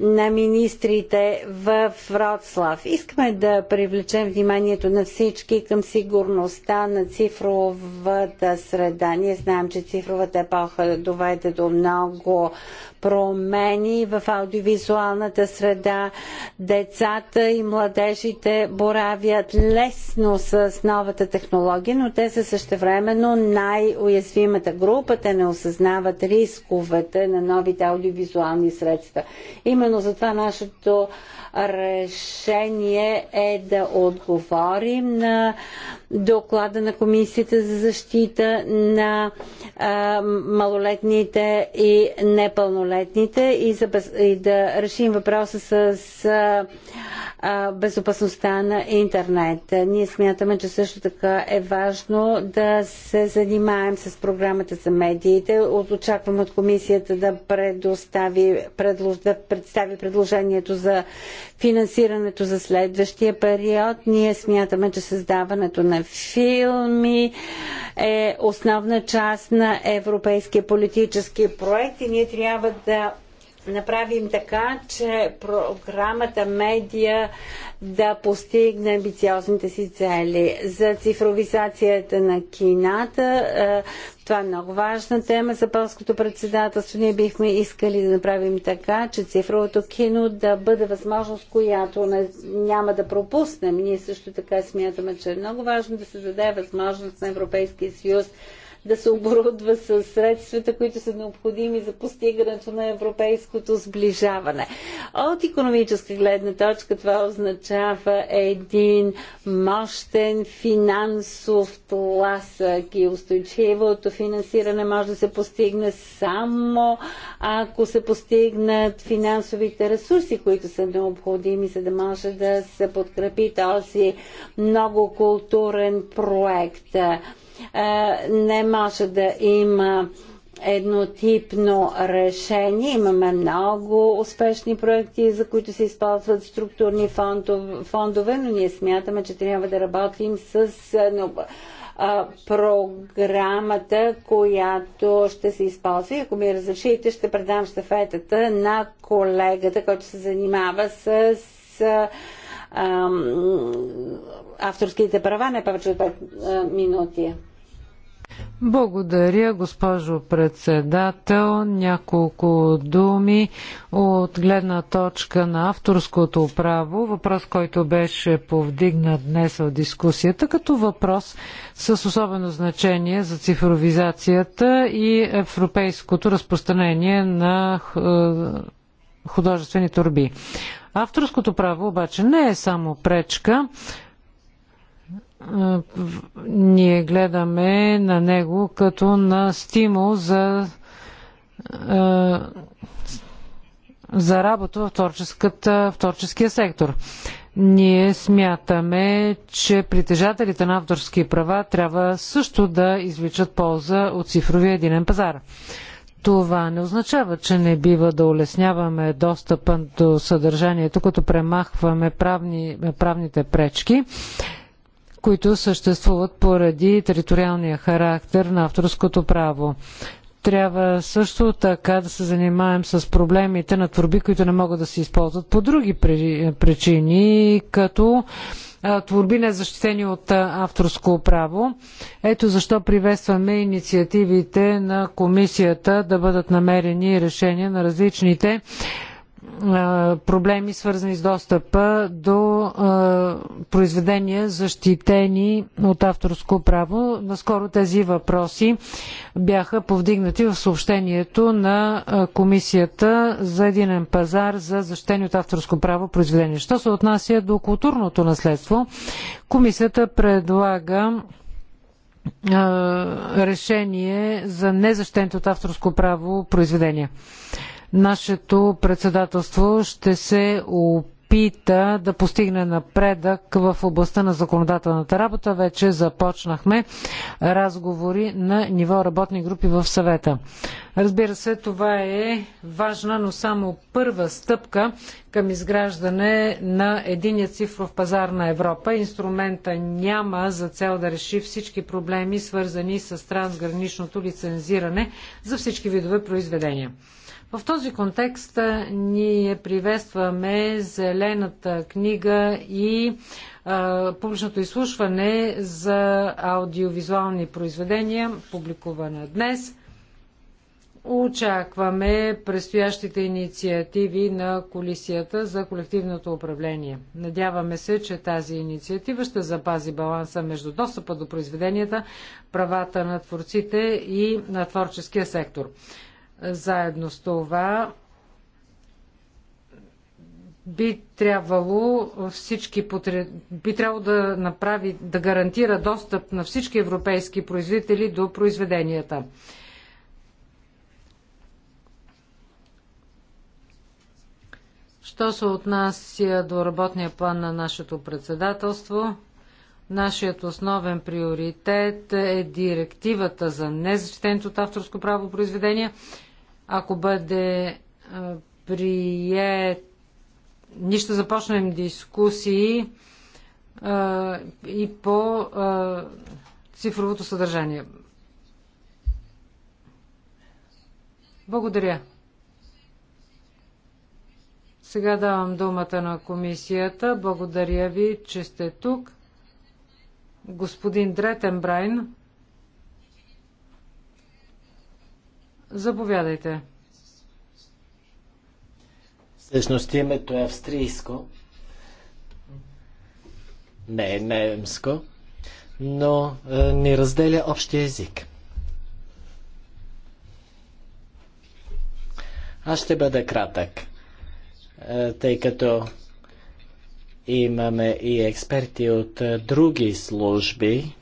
A: на министрите в Вроцлав. Искаме да привлечем вниманието на всички към сигурността на цифровата среда. Ние знаем, че цифровата епоха доведе до много промени в аудиовизуалната среда. Децата и младежите боравят лесно с новата технология, но те са същевременно най-уязвимата група. Те не осъзнават рисковете на новите аудиовизуални средства. Именно затова нашето решение е да отговорим на доклада на Комисията за защита на а, малолетните и непълнолетните и, за, и да решим въпроса с а, безопасността на интернет. Ние смятаме, че също така е важно да се занимаем с програмата за медиите. Очакваме от Комисията да предостави, предлож, да представи предложението за финансирането за следващия период. Ние смятаме, че създаването на филми е основна част на европейския политически проект и ние трябва да направим така, че програмата медия да постигне амбициозните си цели. За цифровизацията на кината, е, това е много важна тема за полското председателство. Ние бихме искали да направим така, че цифровото кино да бъде възможност, която не, няма да пропуснем. Ние също така смятаме, че е много важно да се даде възможност на Европейския съюз да се оборудва с средствата, които са необходими за постигането на европейското сближаване. От економическа гледна точка това означава един мощен финансов тласък и устойчивото финансиране може да се постигне само ако се постигнат финансовите ресурси, които са необходими, за да може да се подкрепи този много културен проект. Е, не може да има еднотипно решение. Имаме много успешни проекти, за които се използват структурни фондове, но ние смятаме, че трябва да работим с е, програмата, която ще се използва. И ако ми разрешите, ще предам щафетата на колегата, който се занимава с авторските права не повече от 5 минути.
B: Благодаря, госпожо председател. Няколко думи от гледна точка на авторското право. Въпрос, който беше повдигнат днес в дискусията, като въпрос с особено значение за цифровизацията и европейското разпространение на е, художествени турби. Авторското право обаче не е само пречка. Е, ние гледаме на него като на стимул за, е, за работа в, в творческия сектор. Ние смятаме, че притежателите на авторски права трябва също да извличат полза от цифровия единен пазар. Това не означава, че не бива да улесняваме достъпа до съдържанието, като премахваме правни, правните пречки, които съществуват поради териториалния характер на авторското право. Трябва също така да се занимаем с проблемите на творби, които не могат да се използват по други причини, като творби незащитени от авторско право. Ето защо приветстваме инициативите на комисията да бъдат намерени решения на различните проблеми, свързани с достъпа до произведения, защитени от авторско право. Наскоро тези въпроси бяха повдигнати в съобщението на Комисията за единен пазар за защитени от авторско право произведения. Що се отнася до културното наследство, Комисията предлага решение за незащитените от авторско право произведения. Нашето председателство ще се опита да постигне напредък в областта на законодателната работа. Вече започнахме разговори на ниво работни групи в съвета. Разбира се, това е важна, но само първа стъпка към изграждане на единия цифров пазар на Европа. Инструмента няма за цел да реши всички проблеми, свързани с трансграничното лицензиране за всички видове произведения. В този контекст ние приветстваме Зелената книга и а, публичното изслушване за аудиовизуални произведения, публикувана днес – Очакваме предстоящите инициативи на Колисията за колективното управление. Надяваме се, че тази инициатива ще запази баланса между достъпа до произведенията, правата на творците и на творческия сектор. Заедно с това би трябвало всички би трябвало да направи, да гарантира достъп на всички европейски производители до произведенията. Що се отнася до работния план на нашето председателство, нашият основен приоритет е директивата за незащитеното авторско право произведение. Ако бъде прият, ние ще започнем дискусии а, и по а, цифровото съдържание. Благодаря. Сега давам думата на комисията. Благодаря ви, че сте тук. Господин Дретенбрайн, заповядайте.
C: Всъщност името е австрийско. Не е немско, но е, ни разделя общия език. Аз ще бъда кратък. Е, тъй като имаме и експерти от е, други служби.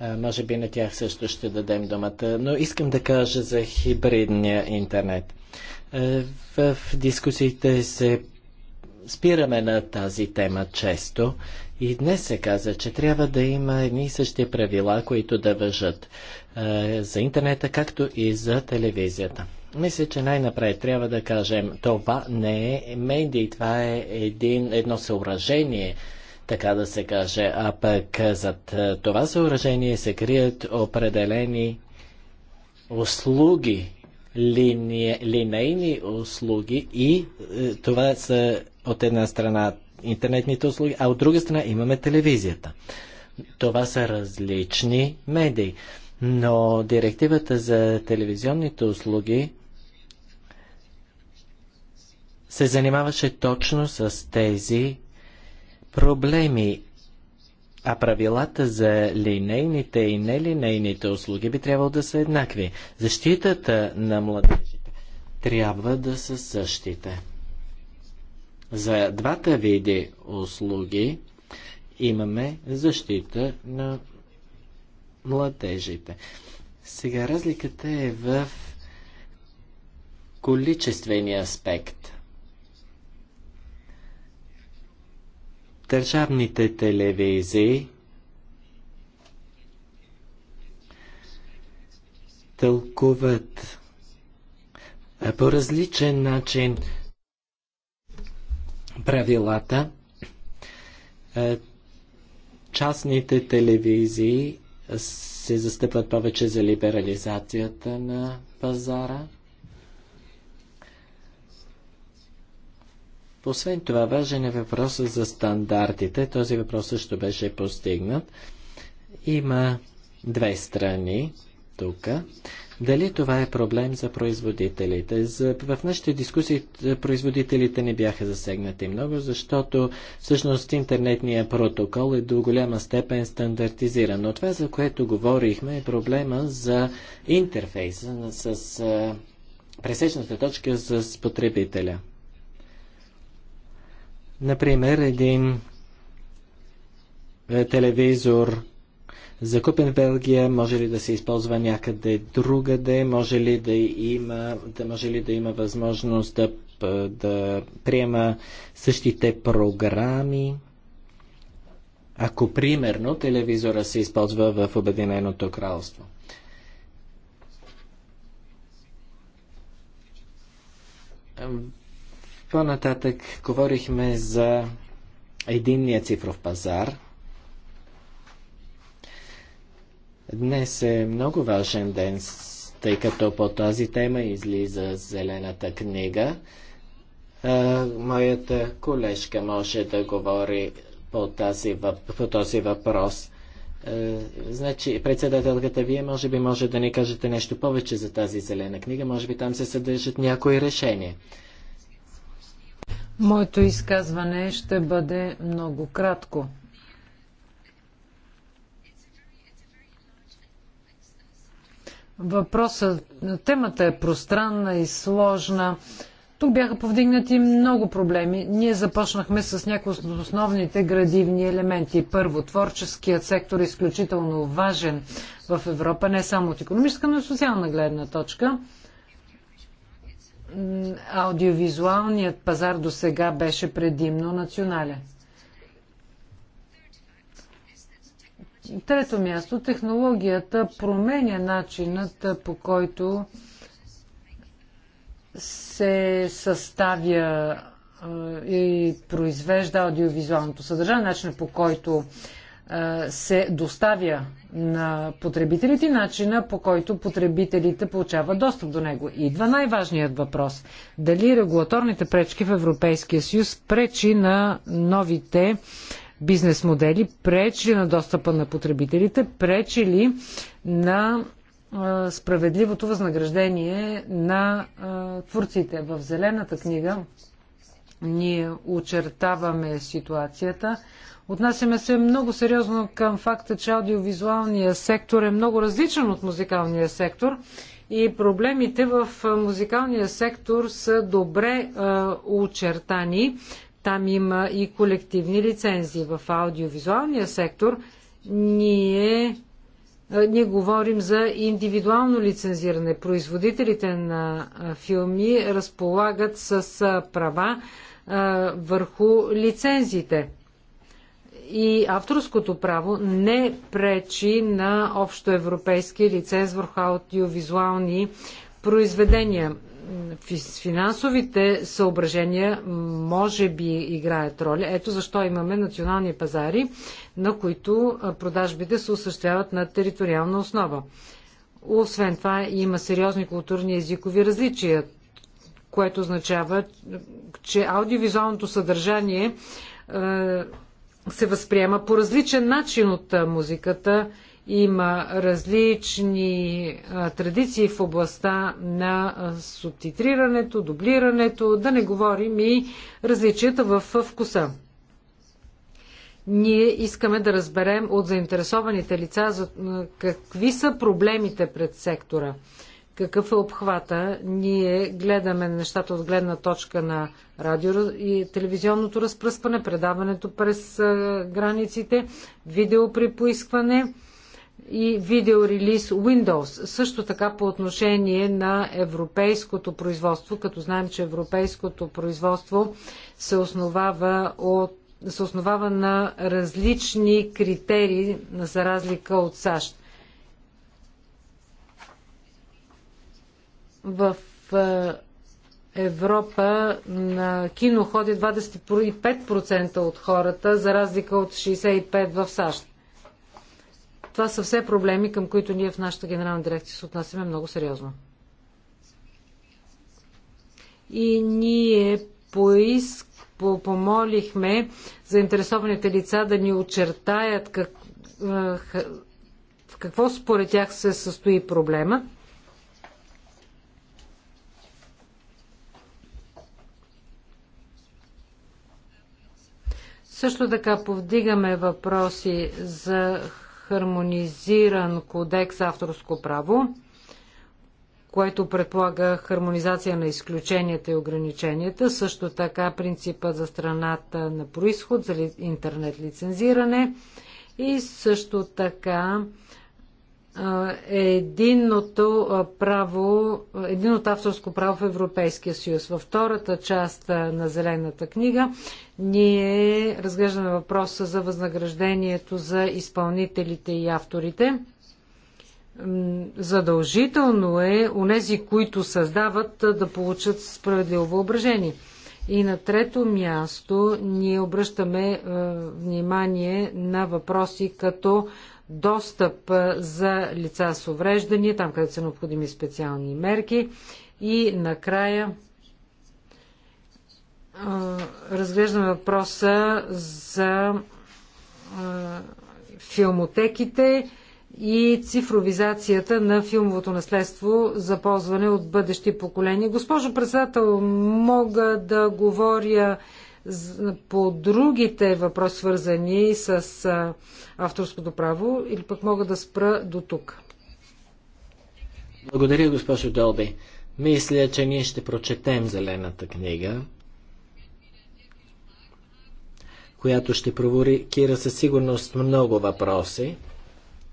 C: Е, може би на тях също ще дадем думата, но искам да кажа за хибридния интернет. В дискусиите се спираме на тази тема често и днес се каза, че трябва да има едни и същи правила, които да въжат за интернета, както и за телевизията. Мисля, че най-напред трябва да кажем, това не е медий, това е един, едно съоръжение, така да се каже, а пък зад това съоръжение се крият определени услуги, линия, линейни услуги и е, това са от една страна интернетните услуги, а от друга страна имаме телевизията. Това са различни медии. Но директивата за телевизионните услуги се занимаваше точно с тези проблеми. А правилата за линейните и нелинейните услуги би трябвало да са еднакви. Защитата на младежите трябва да са същите. За двата види услуги имаме защита на младежите. Сега разликата е в количествения аспект. държавните телевизии тълкуват по различен начин правилата. Частните телевизии се застъпват повече за либерализацията на пазара. Освен това, важен е въпросът за стандартите. Този въпрос също беше постигнат. Има две страни тук. Дали това е проблем за производителите? За, в нашите дискусии е, производителите не бяха засегнати много, защото всъщност интернетният протокол е до голяма степен стандартизиран. Но това, за което говорихме, е проблема за интерфейса с е, пресечната точка с потребителя. Например, един е, телевизор закупен в Белгия, може ли да се използва някъде другаде, може ли да има, да, може ли да има възможност да, да приема същите програми. Ако примерно телевизора се използва в Обединеното кралство. По-нататък говорихме за единния цифров пазар. Днес е много важен ден, тъй като по тази тема излиза зелената книга. моята колежка може да говори по, тази, по този въпрос. Значи, председателката, вие може би може да ни кажете нещо повече за тази зелена книга, може би там се съдържат някои решения.
B: Моето изказване ще бъде много кратко. Въпросът, темата е пространна и сложна. Тук бяха повдигнати много проблеми. Ние започнахме с някои от основните градивни елементи. Първо, творческият сектор е изключително важен в Европа, не само от економическа, но и социална гледна точка аудиовизуалният пазар до сега беше предимно национален. Трето място, технологията променя начинът по който се съставя и произвежда аудиовизуалното съдържание, начинът по който се доставя на потребителите и начина по който потребителите получават достъп до него. Идва най-важният въпрос. Дали регулаторните пречки в Европейския съюз пречи на новите бизнес модели, пречи ли на достъпа на потребителите, пречи ли на справедливото възнаграждение на творците. В Зелената книга ние очертаваме ситуацията. Отнасяме се много сериозно към факта, че аудиовизуалния сектор е много различен от музикалния сектор и проблемите в музикалния сектор са добре а, очертани. Там има и колективни лицензии. В аудиовизуалния сектор ние, а, ние говорим за индивидуално лицензиране. Производителите на а, филми разполагат с а, права върху лицензите. И авторското право не пречи на общоевропейски лиценз върху аудиовизуални произведения. Финансовите съображения може би играят роля. Ето защо имаме национални пазари, на които продажбите се осъществяват на териториална основа. Освен това има сериозни културни езикови различия което означава, че аудиовизуалното съдържание е, се възприема по различен начин от е, музиката. Има различни е, традиции в областта на субтитрирането, дублирането, да не говорим и различията в вкуса. Ние искаме да разберем от заинтересованите лица какви са проблемите пред сектора какъв е обхвата. Ние гледаме нещата от гледна точка на радио и телевизионното разпръскване, предаването през границите, видео при поискване и релиз Windows. Също така по отношение на европейското производство, като знаем, че европейското производство се основава от се основава на различни критерии за разлика от САЩ. В е, Европа на кино ходи 25% от хората, за разлика от 65% в САЩ. Това са все проблеми, към които ние в нашата генерална дирекция се отнасяме много сериозно. И ние поиск, по, помолихме заинтересованите лица да ни очертаят как, е, в какво според тях се състои проблема Също така повдигаме въпроси за хармонизиран кодекс авторско право, което предполага хармонизация на изключенията и ограниченията, също така принципа за страната на происход, за интернет лицензиране и също така е единното право, авторско право в Европейския съюз. Във втората част на Зелената книга ние разглеждаме въпроса за възнаграждението за изпълнителите и авторите. Задължително е нези, които създават, да получат справедливо въображение. И на трето място ние обръщаме внимание на въпроси като достъп за лица с увреждания, там където са необходими специални мерки. И накрая разглеждаме въпроса за филмотеките и цифровизацията на филмовото наследство за ползване от бъдещи поколения. Госпожо председател, мога да говоря по другите въпроси, свързани с авторското право, или пък мога да спра до тук.
C: Благодаря, госпожо Долби. Мисля, че ние ще прочетем зелената книга, която ще провокира със сигурност много въпроси.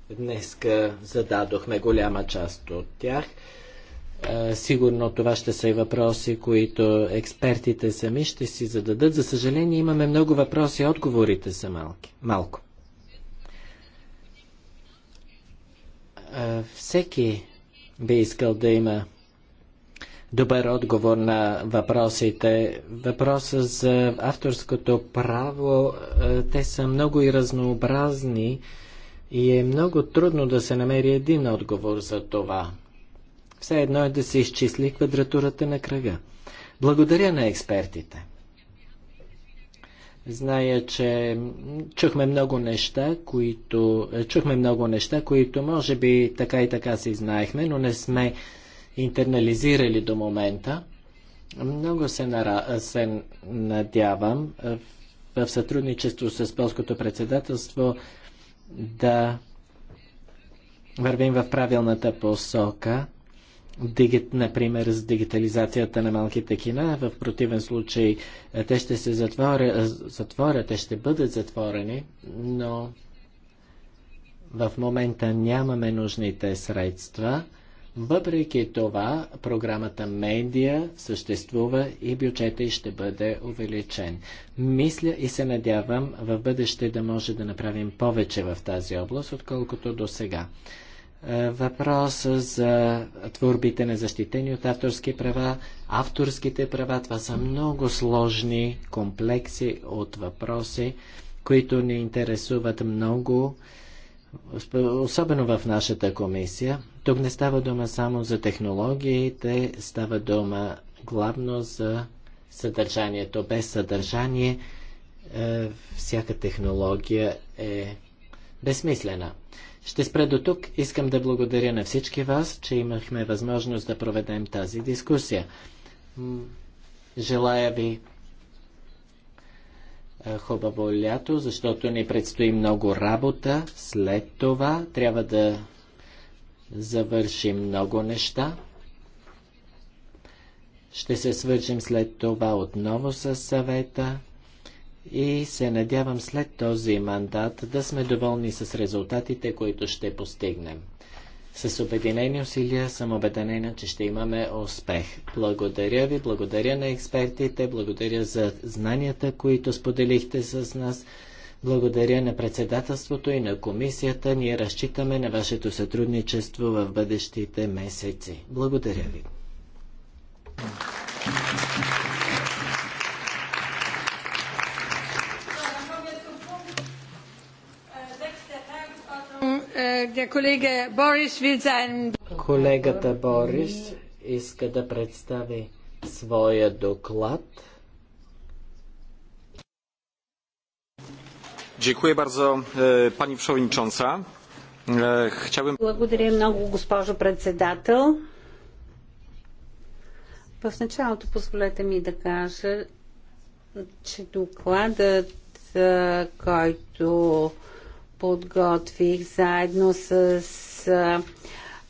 C: Днес зададохме голяма част от тях. Сигурно това ще са и въпроси, които експертите сами ще си зададат. За съжаление имаме много въпроси, отговорите са малки. малко. Всеки би искал да има добър отговор на въпросите. Въпроса за авторското право, те са много и разнообразни и е много трудно да се намери един отговор за това. Все едно е да се изчисли квадратурата на кръга. Благодаря на експертите. Зная, че чухме много неща, които, чухме много неща, които може би така и така си знаехме, но не сме интернализирали до момента. Много се, нара... се надявам в, в сътрудничество с Полското председателство да вървим в правилната посока дигит, например, с дигитализацията на малките кина. В противен случай е, те ще се затворят, е, затворят, те ще бъдат затворени, но в момента нямаме нужните средства. Въпреки това, програмата Медия съществува и бюджета и ще бъде увеличен. Мисля и се надявам в бъдеще да може да направим повече в тази област, отколкото до сега. Е, въпроса за творбите на защитени от авторски права. Авторските права, това са много сложни комплекси от въпроси, които ни интересуват много, особено в нашата комисия. Тук не става дума само за технологиите, става дума главно за съдържанието. Без съдържание е, всяка технология е безсмислена. Ще спра до тук. Искам да благодаря на всички вас, че имахме възможност да проведем тази дискусия. Желая ви хубаво лято, защото ни предстои много работа. След това трябва да завършим много неща. Ще се свържим след това отново с съвета и се надявам след този мандат да сме доволни с резултатите, които ще постигнем. С обединени усилия съм обеденена, че ще имаме успех. Благодаря ви, благодаря на експертите, благодаря за знанията, които споделихте с нас. Благодаря на председателството и на комисията. Ние разчитаме на вашето сътрудничество в бъдещите месеци. Благодаря ви.
A: Е, Колегата Борис
C: иска да представи своя доклад. E, e, Благодаря
A: много, госпожо председател. В началото позволете ми да кажа, че докладът, е, който подготвих заедно с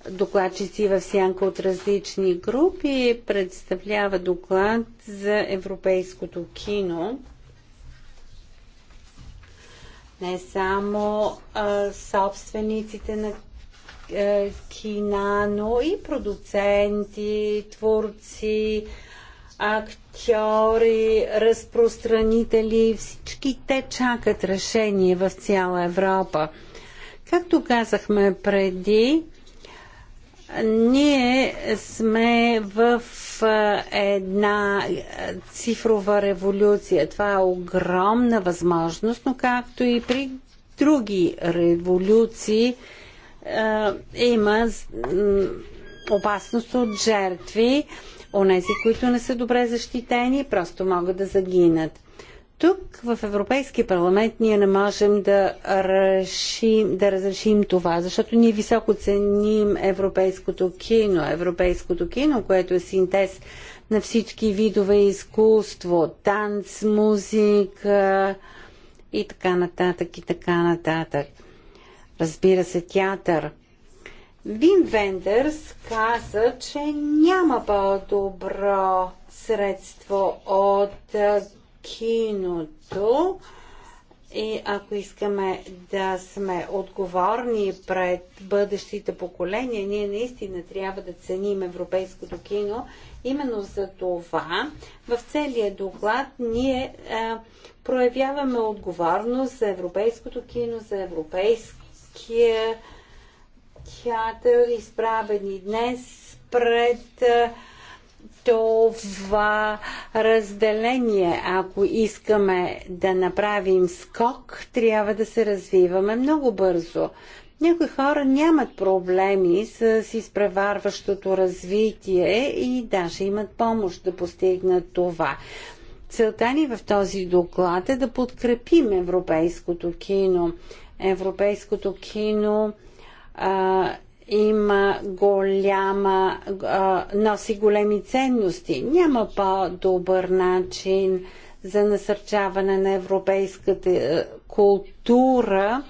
A: докладчици в сянка от различни групи, представлява доклад за европейското кино. Не само а, собствениците на а, кина, но и продуценти, творци, а, актьори, разпространители, всички те чакат решение в цяла Европа. Както казахме преди, ние сме в една цифрова революция. Това е огромна възможност, но както и при други революции има опасност от жертви. Онези, които не са добре защитени, просто могат да загинат. Тук в Европейския парламент ние не можем да, решим, да разрешим това, защото ние високо ценим европейското кино. Европейското кино, което е синтез на всички видове изкуство, танц, музика и така нататък и така нататък. Разбира се, театър – Вин Вендърс каза, че няма по-добро средство от киното. И ако искаме да сме отговорни пред бъдещите поколения, ние наистина трябва да ценим европейското кино. Именно за това в целия доклад ние проявяваме отговорност за европейското кино, за европейския театър, изправени днес пред това разделение. Ако искаме да направим скок, трябва да се развиваме много бързо. Някои хора нямат проблеми с изпреварващото развитие и даже имат помощ да постигнат това. Целта ни в този доклад е да подкрепим европейското кино. Европейското кино а, има голяма, а, носи големи ценности. Няма по-добър начин за насърчаване на европейската култура.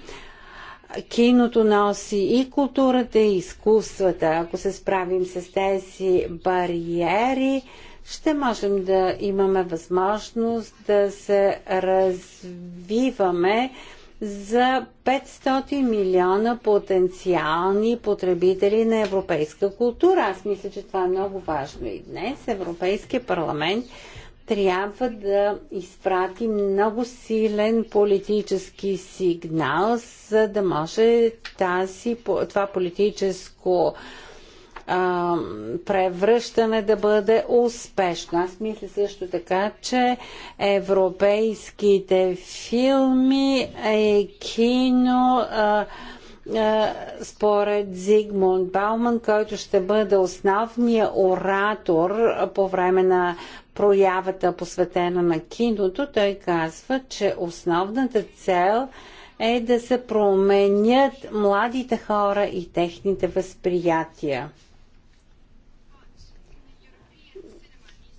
A: Киното носи и културата, и изкуствата. Ако се справим с тези бариери, ще можем да имаме възможност да се развиваме за 500 милиона потенциални потребители на европейска култура. Аз мисля, че това е много важно и днес. Европейския парламент трябва да изпрати много силен политически сигнал, за да може тази, това политическо а, превръщане да бъде успешно. Аз мисля също така, че европейските филми и е, кино а, според Зигмунд Бауман, който ще бъде основният оратор по време на проявата посветена на киното, той казва, че основната цел е да се променят младите хора и техните възприятия.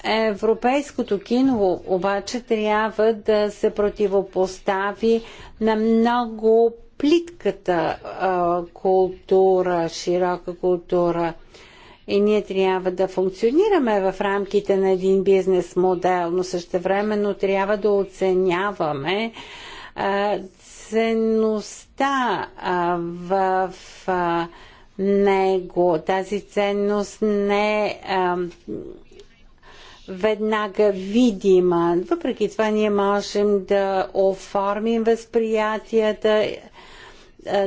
A: Европейското кино обаче трябва да се противопостави на много плитката а, култура, широка култура. И ние трябва да функционираме в рамките на един бизнес модел, но същевременно трябва да оценяваме а, ценността а, в. А, него. Тази ценност не а, веднага видима. Въпреки това ние можем да оформим възприятията, е,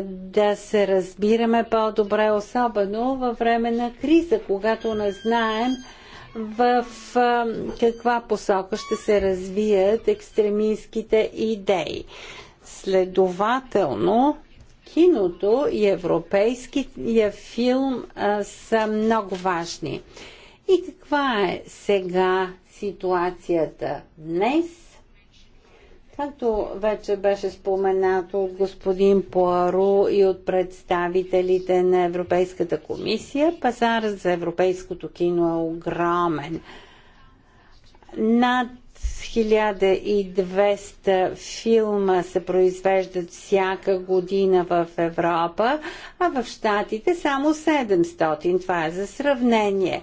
A: да се разбираме по-добре, особено във време на криза, когато не знаем в е, каква посока ще се развият екстремистските идеи. Следователно, киното и европейския филм а, е, са много важни. И каква е сега ситуацията днес? Както вече беше споменато от господин Пуаро и от представителите на Европейската комисия, пазарът за европейското кино е огромен. Над 1200 филма се произвеждат всяка година в Европа, а в Штатите само 700. Това е за сравнение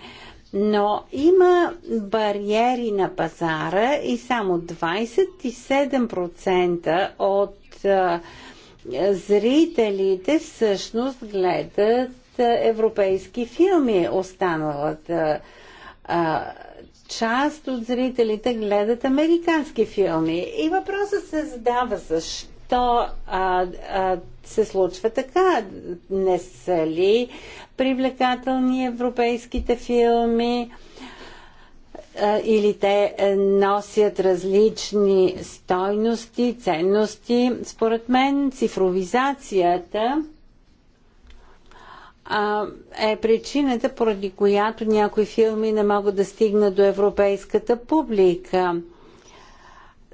A: но има бариери на пазара и само 27% от зрителите всъщност гледат европейски филми. Останалата част от зрителите гледат американски филми. И въпросът се задава защо а, а, се случва така. Не са ли привлекателни европейските филми или те е, носят различни стойности, ценности. Според мен цифровизацията е причината, поради която някои филми не могат да стигнат до европейската публика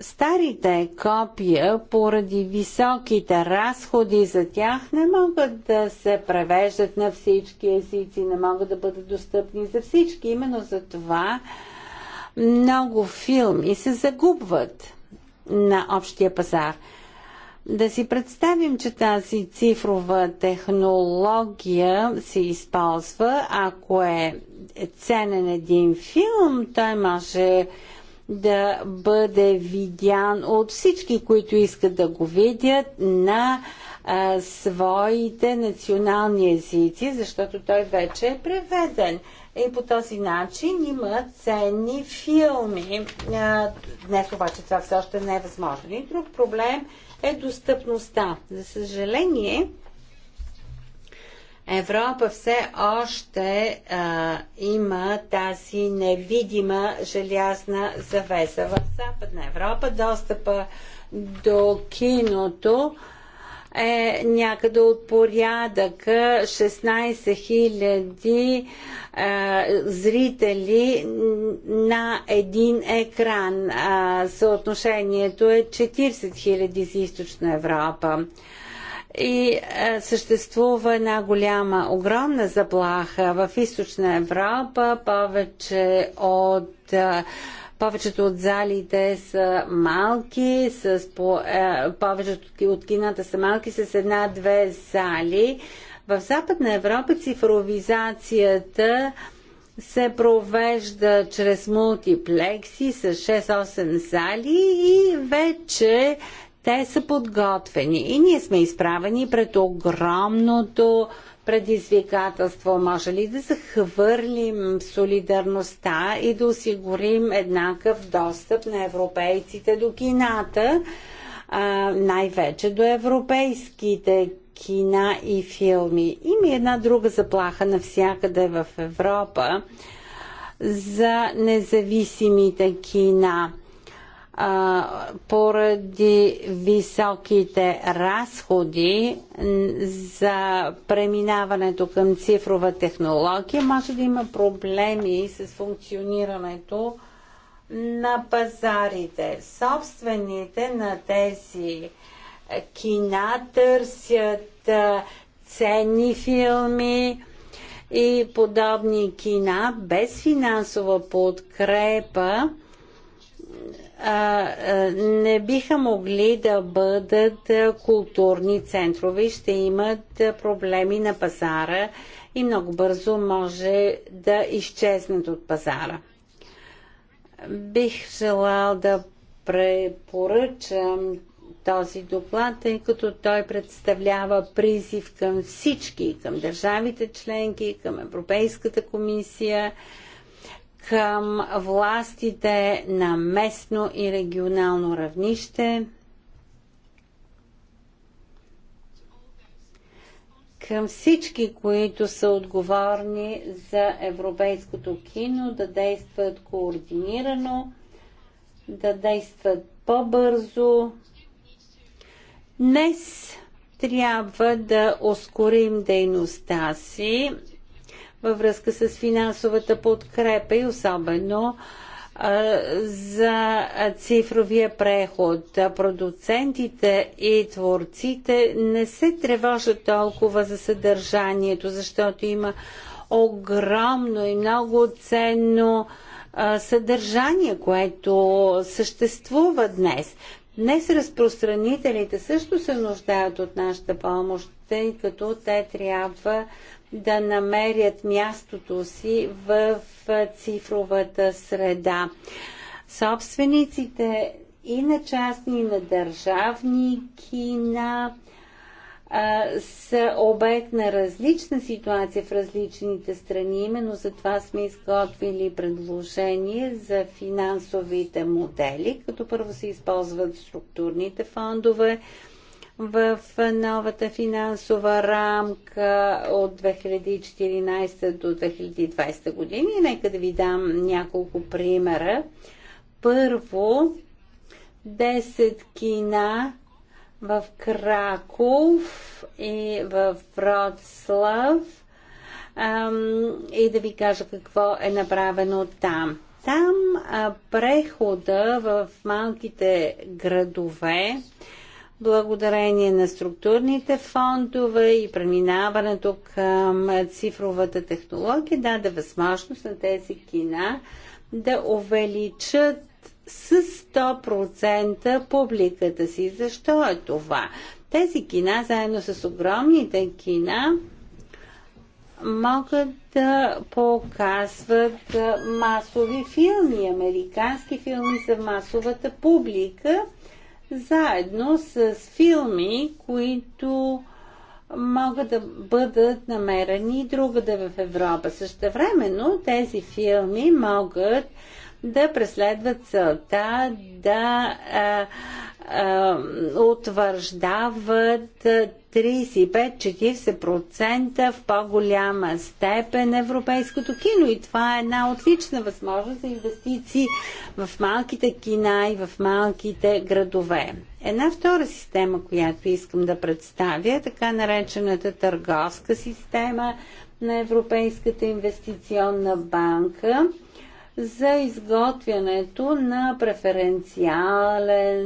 A: старите копия, поради високите разходи за тях, не могат да се превеждат на всички езици, не могат да бъдат достъпни за всички. Именно за това много филми се загубват на общия пазар. Да си представим, че тази цифрова технология се използва, ако е ценен един филм, той може да бъде видян от всички, които искат да го видят на а, своите национални езици, защото той вече е преведен. И по този начин има ценни филми. А, днес обаче това все още не е възможно. И друг проблем е достъпността. За съжаление, Европа все още а, има тази невидима желязна завеса. В Западна Европа достъпа до киното е някъде от порядъка 16 000 зрители на един екран. съотношението е 40 000 за източна Европа и е, съществува една голяма, огромна заплаха в източна Европа. Повече от е, повечето от залите са малки, с по, е, повечето от кината са малки с една-две зали. В Западна Европа цифровизацията се провежда чрез мултиплекси с 6-8 зали и вече те са подготвени и ние сме изправени пред огромното предизвикателство. Може ли да захвърлим солидарността и да осигурим еднакъв достъп на европейците до кината, най-вече до европейските кина и филми. Има една друга заплаха навсякъде в Европа за независимите кина поради високите разходи за преминаването към цифрова технология може да има проблеми с функционирането на пазарите. Собствените на тези кина търсят ценни филми, и подобни кина без финансова подкрепа не биха могли да бъдат културни центрове ще имат проблеми на пазара и много бързо може да изчезнат от пазара. Бих желал да препоръчам този доклад, тъй като той представлява призив към всички, към държавите членки, към Европейската комисия, към властите на местно и регионално равнище, към всички, които са отговорни за европейското кино, да действат координирано, да действат по-бързо. Днес трябва да ускорим дейността си във връзка с финансовата подкрепа и особено за цифровия преход. Продуцентите и творците не се тревожат толкова за съдържанието, защото има огромно и много ценно съдържание, което съществува днес. Днес разпространителите също се нуждаят от нашата помощ, тъй като те трябва да намерят мястото си в цифровата среда. Собствениците и на частни, и на държавни кина а, са обект на различна ситуация в различните страни. Именно за това сме изготвили предложение за финансовите модели, като първо се използват структурните фондове, в новата финансова рамка от 2014 до 2020 години. Нека да ви дам няколко примера. Първо, 10 кина в Краков и в Вроцлав и да ви кажа какво е направено там. Там прехода в малките градове благодарение на структурните фондове и преминаването към цифровата технология даде възможност на тези кина да увеличат с 100% публиката си. Защо е това? Тези кина, заедно с огромните кина, могат да показват масови филми. Американски филми за масовата публика – заедно с филми, които могат да бъдат намерени другаде в Европа. Също времено тези филми могат да преследват целта да а, е, утвърждават 35-40% в по-голяма степен европейското кино. И това е една отлична възможност за инвестиции в малките кина и в малките градове. Една втора система, която искам да представя, е така наречената търговска система на Европейската инвестиционна банка – за изготвянето на преференциален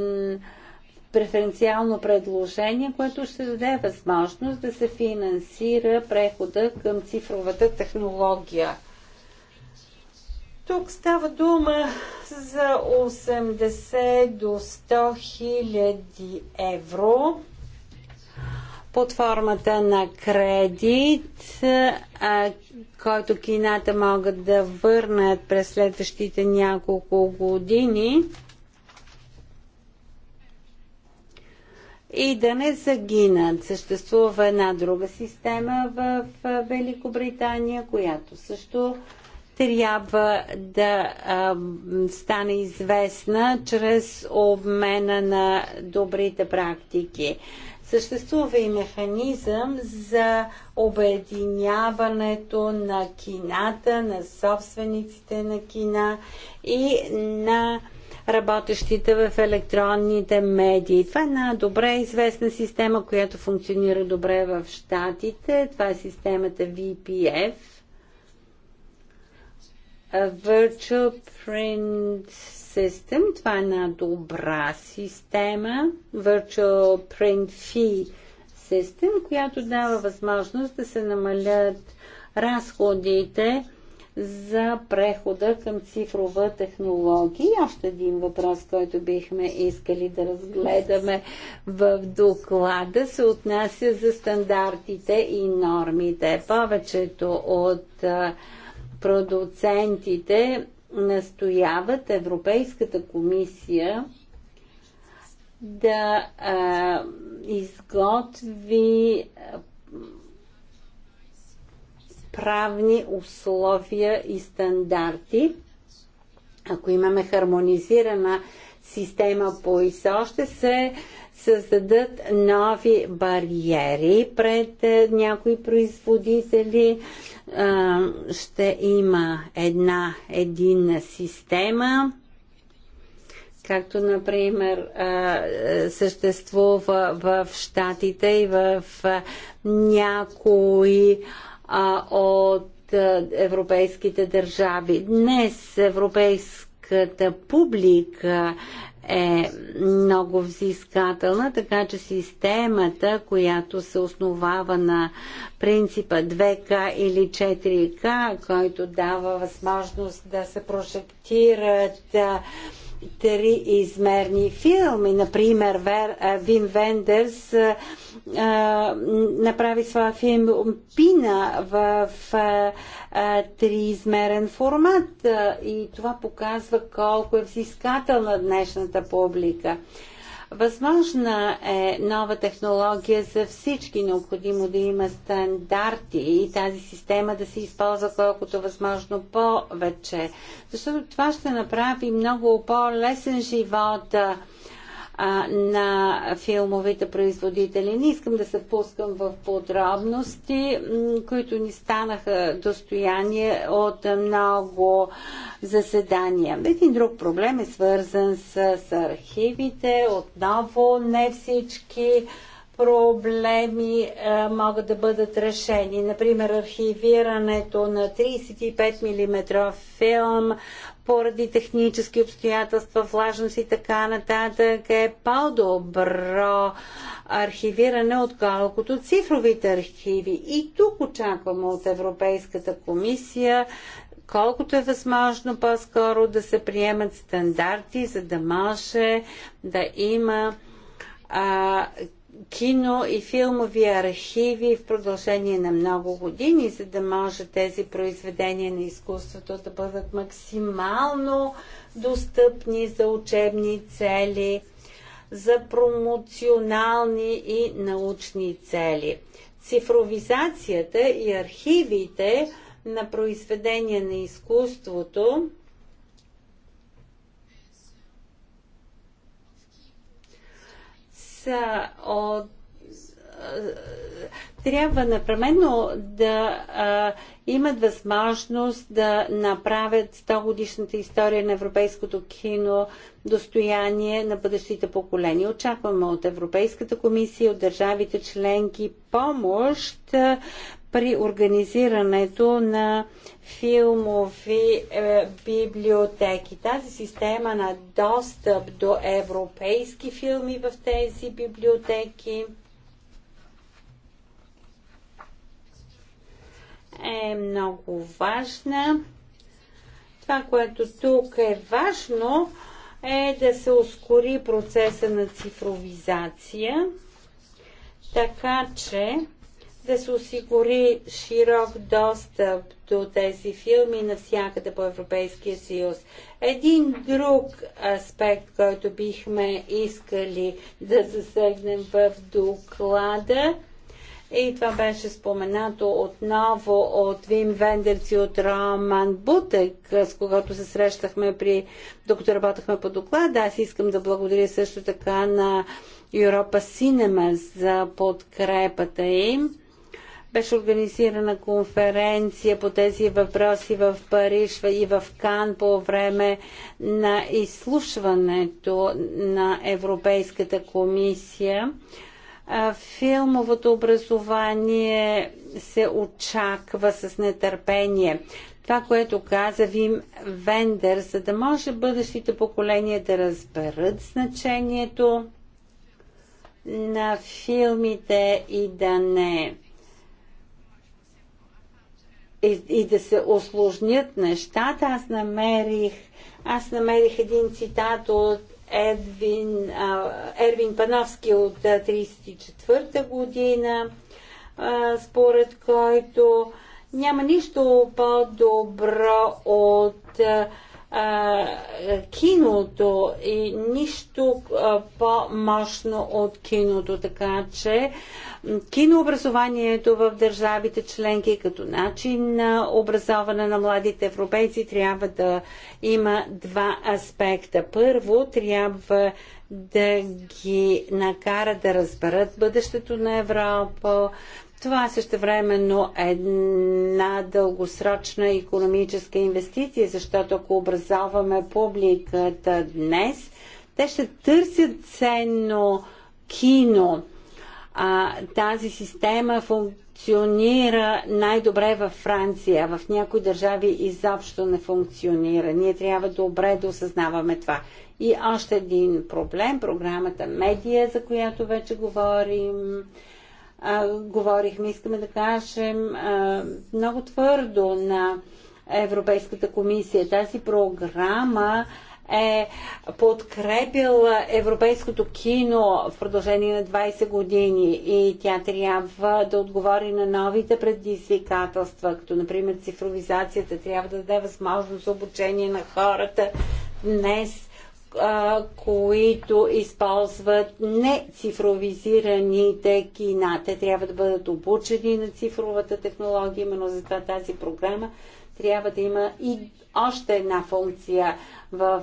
A: преференциално предложение, което ще даде възможност да се финансира прехода към цифровата технология. Тук става дума за 80 до 100 хиляди евро под формата на кредит, който кината могат да върнат през следващите няколко години и да не загинат. Съществува една друга система в Великобритания, която също трябва да а, стане известна чрез обмена на добрите практики. Съществува и механизъм за обединяването на кината, на собствениците на кина и на работещите в електронните медии. Това е една добре известна система, която функционира добре в Штатите. Това е системата VPF, Virtual Print System. Това е една добра система. Virtual Print Fee System, която дава възможност да се намалят разходите за прехода към цифрова технология. И още един въпрос, който бихме искали да разгледаме в доклада, се отнася за стандартите и нормите. Повечето от продуцентите настояват Европейската комисия да а, изготви правни условия и стандарти. Ако имаме хармонизирана система по ИСО, ще се а, създадат нови бариери пред е, някои производители. Ще има една единна система, както, например, съществува в Штатите и в някои от европейските държави. Днес европейската публика е много взискателна, така че системата, която се основава на принципа 2К или 4К, който дава възможност да се прожектират триизмерни филми. Например, Вер, Вин Вендерс а, а, направи своя филм Пина в а, а, триизмерен формат а, и това показва колко е взискателна днешната публика. Възможна е нова технология за всички. Необходимо да има стандарти и тази система да се използва колкото възможно повече. Защото това ще направи много по-лесен живота а, на филмовите производители. Не искам да се впускам в подробности, които ни станаха достояние от много заседания. Един друг проблем е свързан с, с архивите. Отново не всички проблеми а, могат да бъдат решени. Например, архивирането на 35 мм филм поради технически обстоятелства, влажност и така нататък е по-добро архивиране, отколкото цифровите архиви. И тук очакваме от Европейската комисия колкото е възможно по-скоро да се приемат стандарти, за да може да има а, кино и филмови архиви в продължение на много години, за да може тези произведения на изкуството да бъдат максимално достъпни за учебни цели, за промоционални и научни цели. Цифровизацията и архивите на произведения на изкуството от трябва напременно да а, имат възможност да направят 100 годишната история на европейското кино достояние на бъдещите поколения. Очакваме от Европейската комисия, от държавите членки помощ при организирането на филмови е, библиотеки. Тази система на достъп до европейски филми в тези библиотеки е много важна. Това, което тук е важно, е да се ускори процеса на цифровизация, така че да се осигури широк достъп до тези филми навсякъде по Европейския съюз. Един друг аспект, който бихме искали да засегнем в доклада, и това беше споменато отново от Вим Вендерци и от Роман Бутек, с когато се срещахме при, докато работахме по доклада. Аз искам да благодаря също така на Европа Синема за подкрепата им. Беше организирана конференция по тези въпроси в Париж и в Кан по време на изслушването на Европейската комисия филмовото образование се очаква с нетърпение. Това, което каза Вим Вендер, за да може бъдещите поколения да разберат значението на филмите и да не и, и да се осложнят нещата, аз намерих аз намерих един цитат от Едвин, а, Ервин Пановски от 1934-та година, а, според който няма нищо по-добро от а, киното и нищо по-мощно от киното. Така че кинообразованието в държавите членки като начин на образоване на младите европейци трябва да има два аспекта. Първо, трябва да ги накара да разберат бъдещето на Европа, това е времено една дългосрочна економическа инвестиция, защото ако образоваме публиката днес, те ще търсят ценно кино а, тази система функционира най-добре във Франция, в някои държави изобщо не функционира. Ние трябва добре да осъзнаваме това. И още един проблем, програмата Медия, за която вече говорим, а, говорихме, искаме да кажем а, много твърдо на Европейската комисия. Тази програма е подкрепил европейското кино в продължение на 20 години и тя трябва да отговори на новите предизвикателства, като например цифровизацията, трябва да даде възможност за обучение на хората днес, които използват не цифровизираните кина. Те трябва да бъдат обучени на цифровата технология, именно за това тази програма трябва да има и още една функция в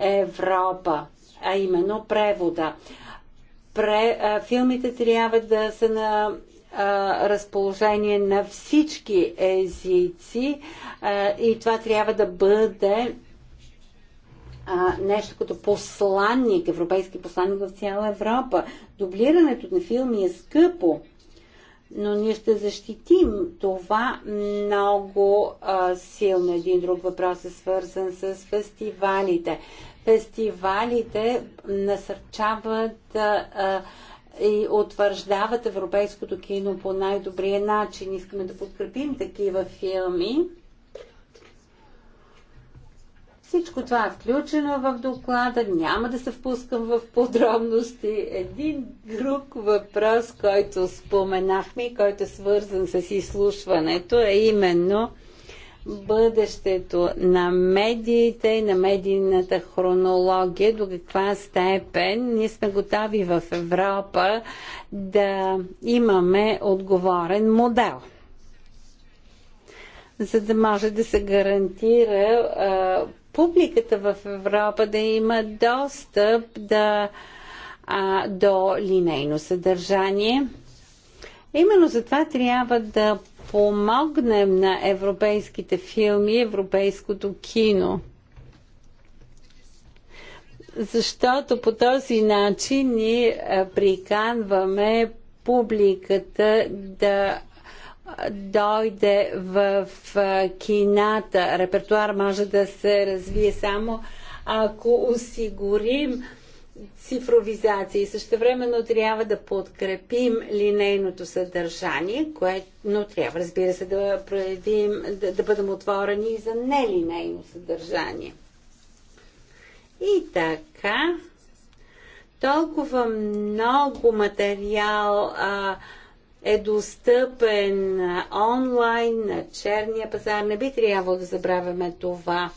A: Европа, а именно превода. Пре, а, филмите трябва да са на а, разположение на всички езици а, и това трябва да бъде нещо като посланник, европейски посланник в цяла Европа. Дублирането на филми е скъпо но ние ще защитим това много а, силно. Един друг въпрос е свързан с фестивалите. Фестивалите насърчават а, и утвърждават европейското кино по най-добрия начин. Искаме да подкрепим такива филми. Всичко това е включено в доклада, няма да се впускам в подробности. Един друг въпрос, който споменахме и който е свързан с изслушването, е именно бъдещето на медиите и на медийната хронология, до каква степен ние сме готови в Европа да имаме отговорен модел за да може да се гарантира а, публиката в Европа да има достъп да, а, до линейно съдържание. Именно за това трябва да помогнем на европейските филми, европейското кино. Защото по този начин ни приканваме публиката да дойде в кината. Репертуар може да се развие само ако осигурим цифровизация и същевременно трябва да подкрепим линейното съдържание, което, но трябва, разбира се, да проявим, да, да бъдем отворени и за нелинейно съдържание. И така, толкова много материал а, е достъпен онлайн на черния пазар. Не би трябвало да забравяме това.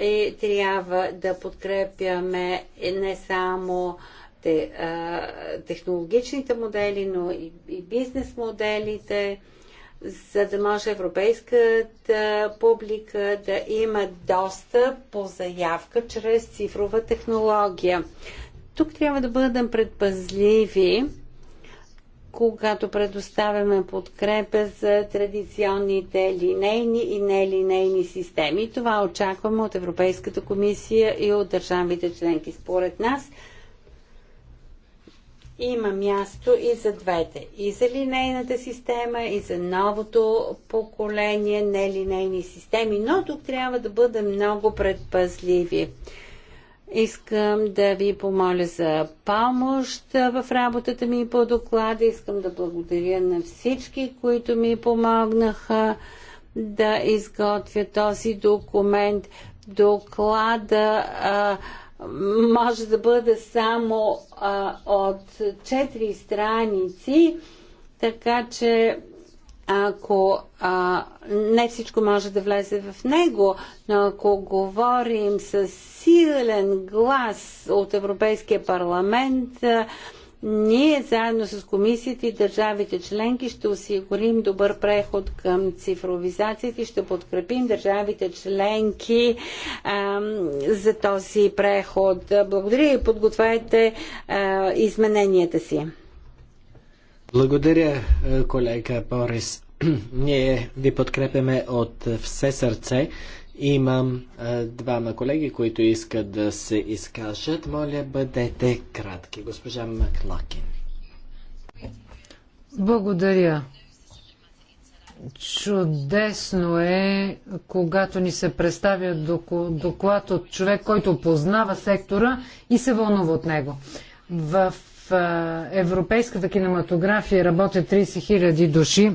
A: И трябва да подкрепяме не само те, а, технологичните модели, но и, и бизнес моделите, за да може европейската публика да има достъп по заявка чрез цифрова технология. Тук трябва да бъдем предпазливи когато предоставяме подкрепа за традиционните линейни и нелинейни системи. Това очакваме от Европейската комисия и от държавите членки. Според нас има място и за двете. И за линейната система, и за новото поколение нелинейни системи, но тук трябва да бъдем много предпазливи. Искам да ви помоля за помощ в работата ми по доклада. Искам да благодаря на всички, които ми помогнаха да изготвя този документ. Доклада а, може да бъде само а, от 4 страници, така че ако а, не всичко може да влезе в него, но ако говорим с силен глас от Европейския парламент. Ние заедно с комисията и държавите членки ще осигурим добър преход към цифровизацията и ще подкрепим държавите членки а, за този преход. Благодаря и подготвяйте измененията си.
C: Благодаря, колега Борис. Ние ви подкрепяме от все сърце. Имам а, двама колеги, които искат да се изкажат. Моля, бъдете кратки. Госпожа Маклакин.
B: Благодаря. Чудесно е, когато ни се представя доклад от човек, който познава сектора и се вълнува от него. В европейската кинематография работят 30 000 души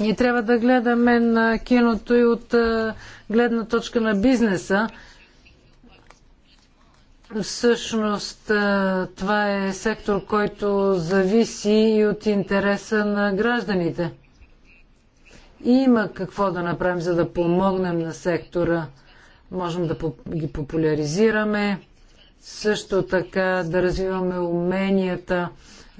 B: ние трябва да гледаме на киното и от е, гледна точка на бизнеса. Всъщност е, това е сектор, който зависи и от интереса на гражданите. И има какво да направим, за да помогнем на сектора. Можем да ги популяризираме, също така да развиваме уменията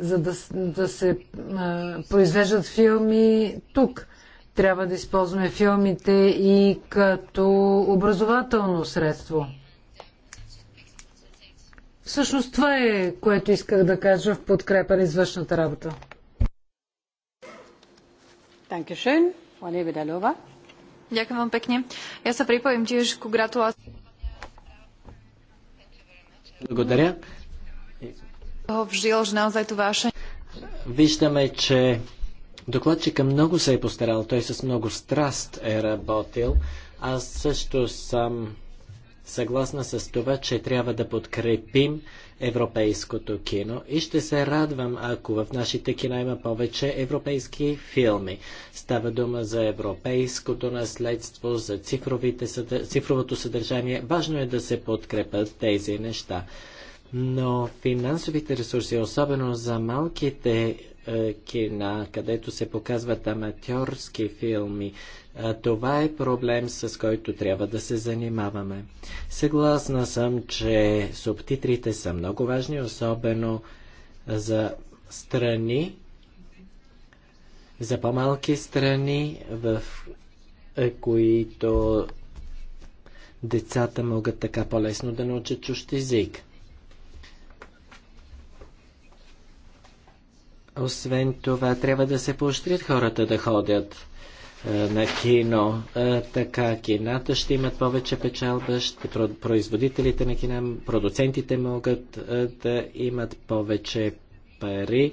B: за да, да се а, произвеждат филми тук. Трябва да използваме филмите и като образователно средство. Всъщност това е, което исках да кажа в подкрепа на извършната работа.
A: Dankeschön, Frau Nevedalova. Ďakujem vám pekne. Ja sa
C: Благодаря. Виждаме, че докладчика много се е постарал. Той с много страст е работил. Аз също съм съгласна с това, че трябва да подкрепим европейското кино и ще се радвам, ако в нашите кина има повече европейски филми. Става дума за европейското наследство, за цифровите, цифровото съдържание. Важно е да се подкрепят тези неща. Но финансовите ресурси, особено за малките е, кина, където се показват аматьорски филми, е, това е проблем, с който трябва да се занимаваме. Съгласна съм, че субтитрите са много важни, особено за страни, за по-малки страни, в е, които децата могат така по-лесно да научат чужд език. Освен това, трябва да се поощрят хората да ходят е, на кино. Е, така, кината ще имат повече печалба, ще, производителите на кина, продуцентите могат е, да имат повече пари,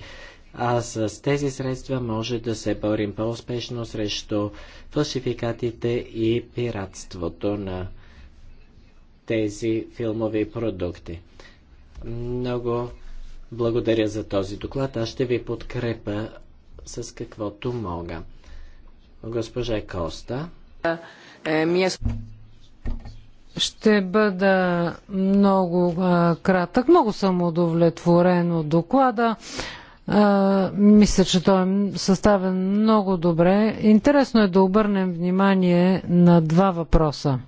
C: а с тези средства може да се борим по-успешно срещу фалшификатите и пиратството на тези филмови продукти. Много благодаря за този доклад. Аз ще ви подкрепя с каквото мога. Госпожа Коста. Е, е
B: ще бъда много а, кратък. Много съм удовлетворен от доклада. А, мисля, че той е съставен много добре. Интересно е да обърнем внимание на два въпроса.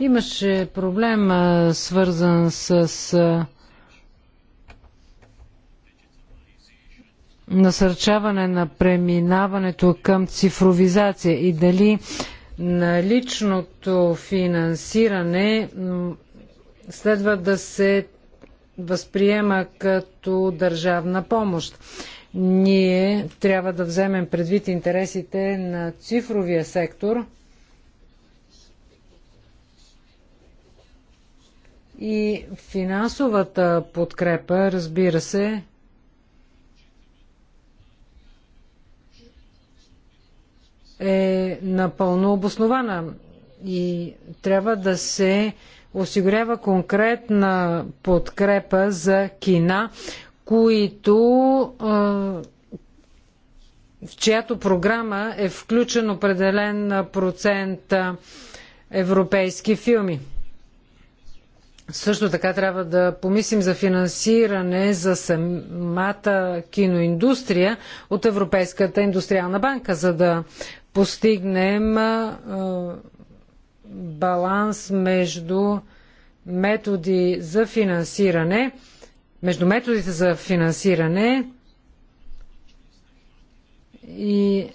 B: Имаше проблем, свързан с насърчаване на преминаването към цифровизация и дали наличното финансиране следва да се възприема като държавна помощ. Ние трябва да вземем предвид интересите на цифровия сектор – И финансовата подкрепа, разбира се, е напълно обоснована и трябва да се осигурява конкретна подкрепа за кина, които в чиято програма е включен определен процент европейски филми. Също така трябва да помислим за финансиране за самата киноиндустрия от Европейската индустриална банка, за да постигнем баланс между методи за финансиране, между методите за финансиране и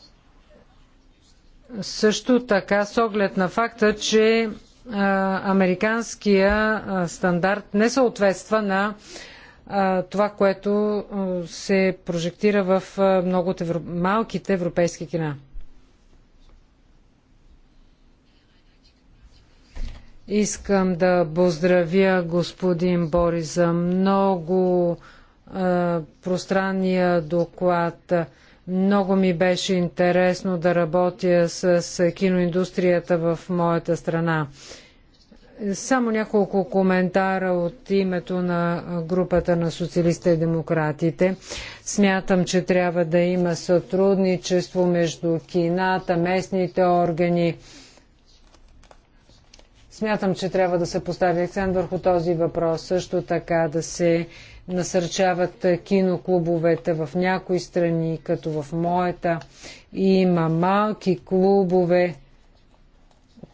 B: също така с оглед на факта, че американския стандарт не съответства на това, което се прожектира в много от евро... малките европейски кина. Искам да поздравя господин Борис за много пространния доклад. Много ми беше интересно да работя с киноиндустрията в моята страна. Само няколко коментара от името на групата на социалистите и демократите. Смятам, че трябва да има сътрудничество между кината, местните органи. Смятам, че трябва да се постави акцент върху този въпрос. Също така да се насърчават киноклубовете в някои страни, като в моята. Има малки клубове,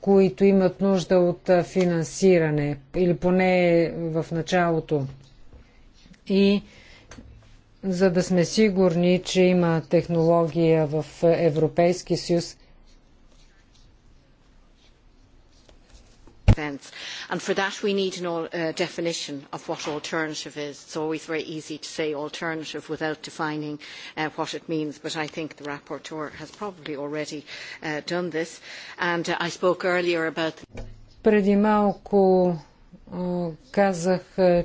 B: които имат нужда от финансиране, или поне в началото. И за да сме сигурни, че има технология в Европейски съюз,
A: sense. And for that, we need a definition of what alternative is. It's always very easy to say alternative without defining what it means, but I think the rapporteur has probably already done this. And I spoke earlier about...
B: Преди малко казах,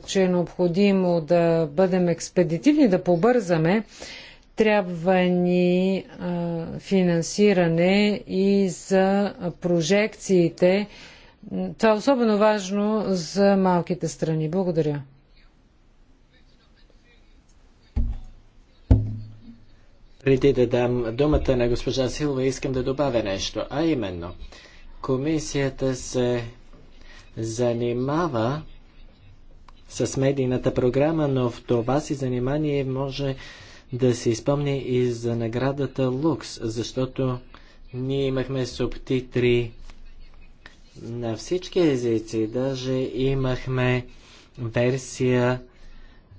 B: че е необходимо да бъдем експедитивни, да побързаме. Трябва ни финансиране и за прожекциите това е особено важно за малките страни. Благодаря.
C: Преди да дам думата на госпожа Силва, искам да добавя нещо, а именно, комисията се занимава с медийната програма, но в това си занимание може да се изпомни и за наградата Лукс, защото ние имахме субтитри на всички езици. Даже имахме версия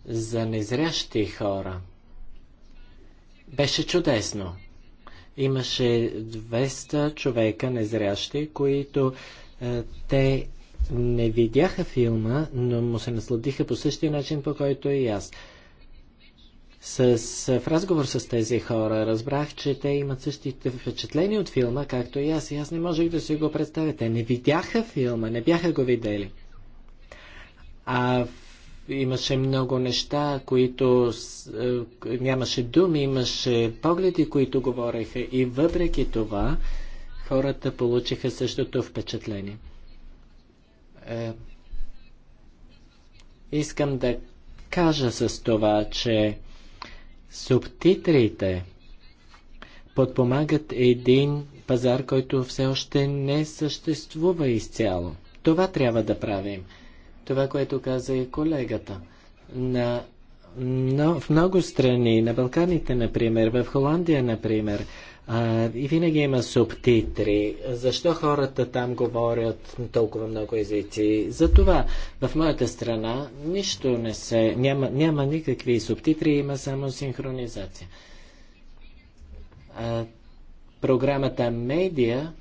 C: за незрящи хора. Беше чудесно. Имаше 200 човека незрящи, които е, те не видяха филма, но му се насладиха по същия начин, по който и аз. С, в разговор с тези хора разбрах, че те имат същите впечатления от филма, както и аз. И аз не можех да си го представя. Те не видяха филма, не бяха го видели. А имаше много неща, които нямаше думи, имаше погледи, които говореха. И въпреки това, хората получиха същото впечатление. Е, искам да кажа с това, че Субтитрите подпомагат един пазар, който все още не съществува изцяло. Това трябва да правим. Това, което каза и колегата. На, но, в много страни, на Балканите, например, в Холандия, например, а, и винаги има субтитри. Защо хората там говорят толкова много езици? Затова в моята страна нищо не се... Няма, няма никакви субтитри, има само синхронизация. А, програмата Медиа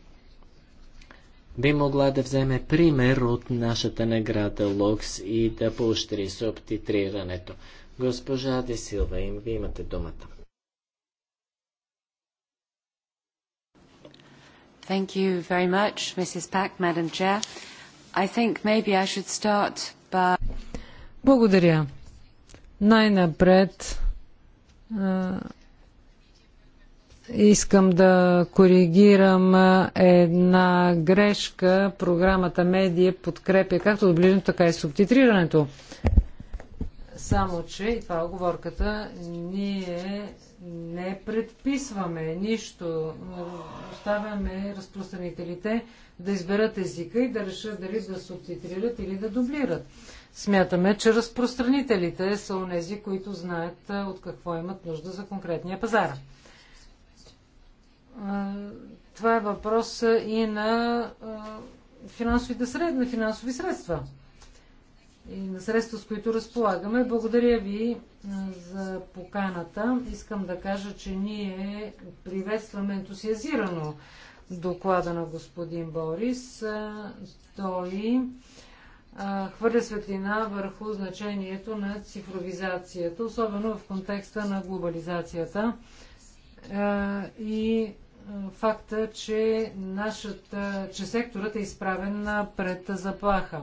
C: би могла да вземе пример от нашата награда Локс и да поощри субтитрирането. Госпожа Десилва, им ви имате думата.
B: Thank you very much, Mrs. Pack, Madam Chair. I think maybe I should start by... Благодаря. Най-напред Искам да коригирам една грешка. Програмата Медия е подкрепя както доближението, така и субтитрирането. Само, че, и това е оговорката, ние не предписваме нищо. Оставяме разпространителите да изберат езика и да решат дали да субтитрират или да дублират. Смятаме, че разпространителите са онези, които знаят от какво имат нужда за конкретния пазар. Това е въпрос и на финансовите на финансови средства и на средства, с които разполагаме. Благодаря ви за поканата. Искам да кажа, че ние приветстваме ентусиазирано доклада на господин Борис. Той хвърля светлина върху значението на цифровизацията, особено в контекста на глобализацията и факта, че, нашата, че секторът е изправен пред заплаха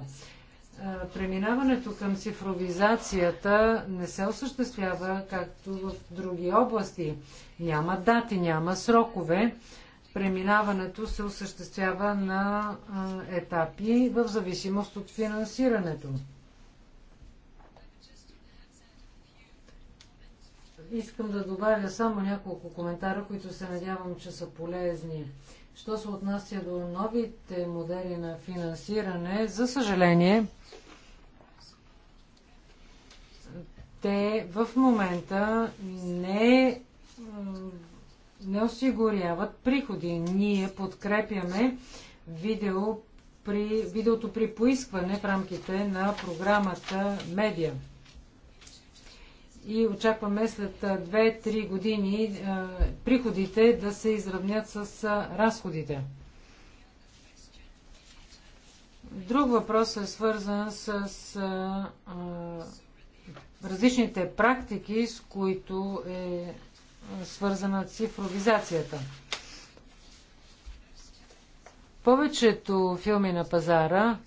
B: преминаването към цифровизацията не се осъществява както в други области. Няма дати, няма срокове. Преминаването се осъществява на етапи в зависимост от финансирането. Искам да добавя само няколко коментара, които се надявам, че са полезни. Що се отнася до новите модели на финансиране, за съжаление, те в момента не, не осигуряват приходи. Ние подкрепяме видео при, видеото при поискване в рамките на програмата Медиа и очакваме след 2-3 години приходите да се изравнят с разходите. Друг въпрос е свързан с различните практики, с които е свързана цифровизацията. Повечето филми на пазара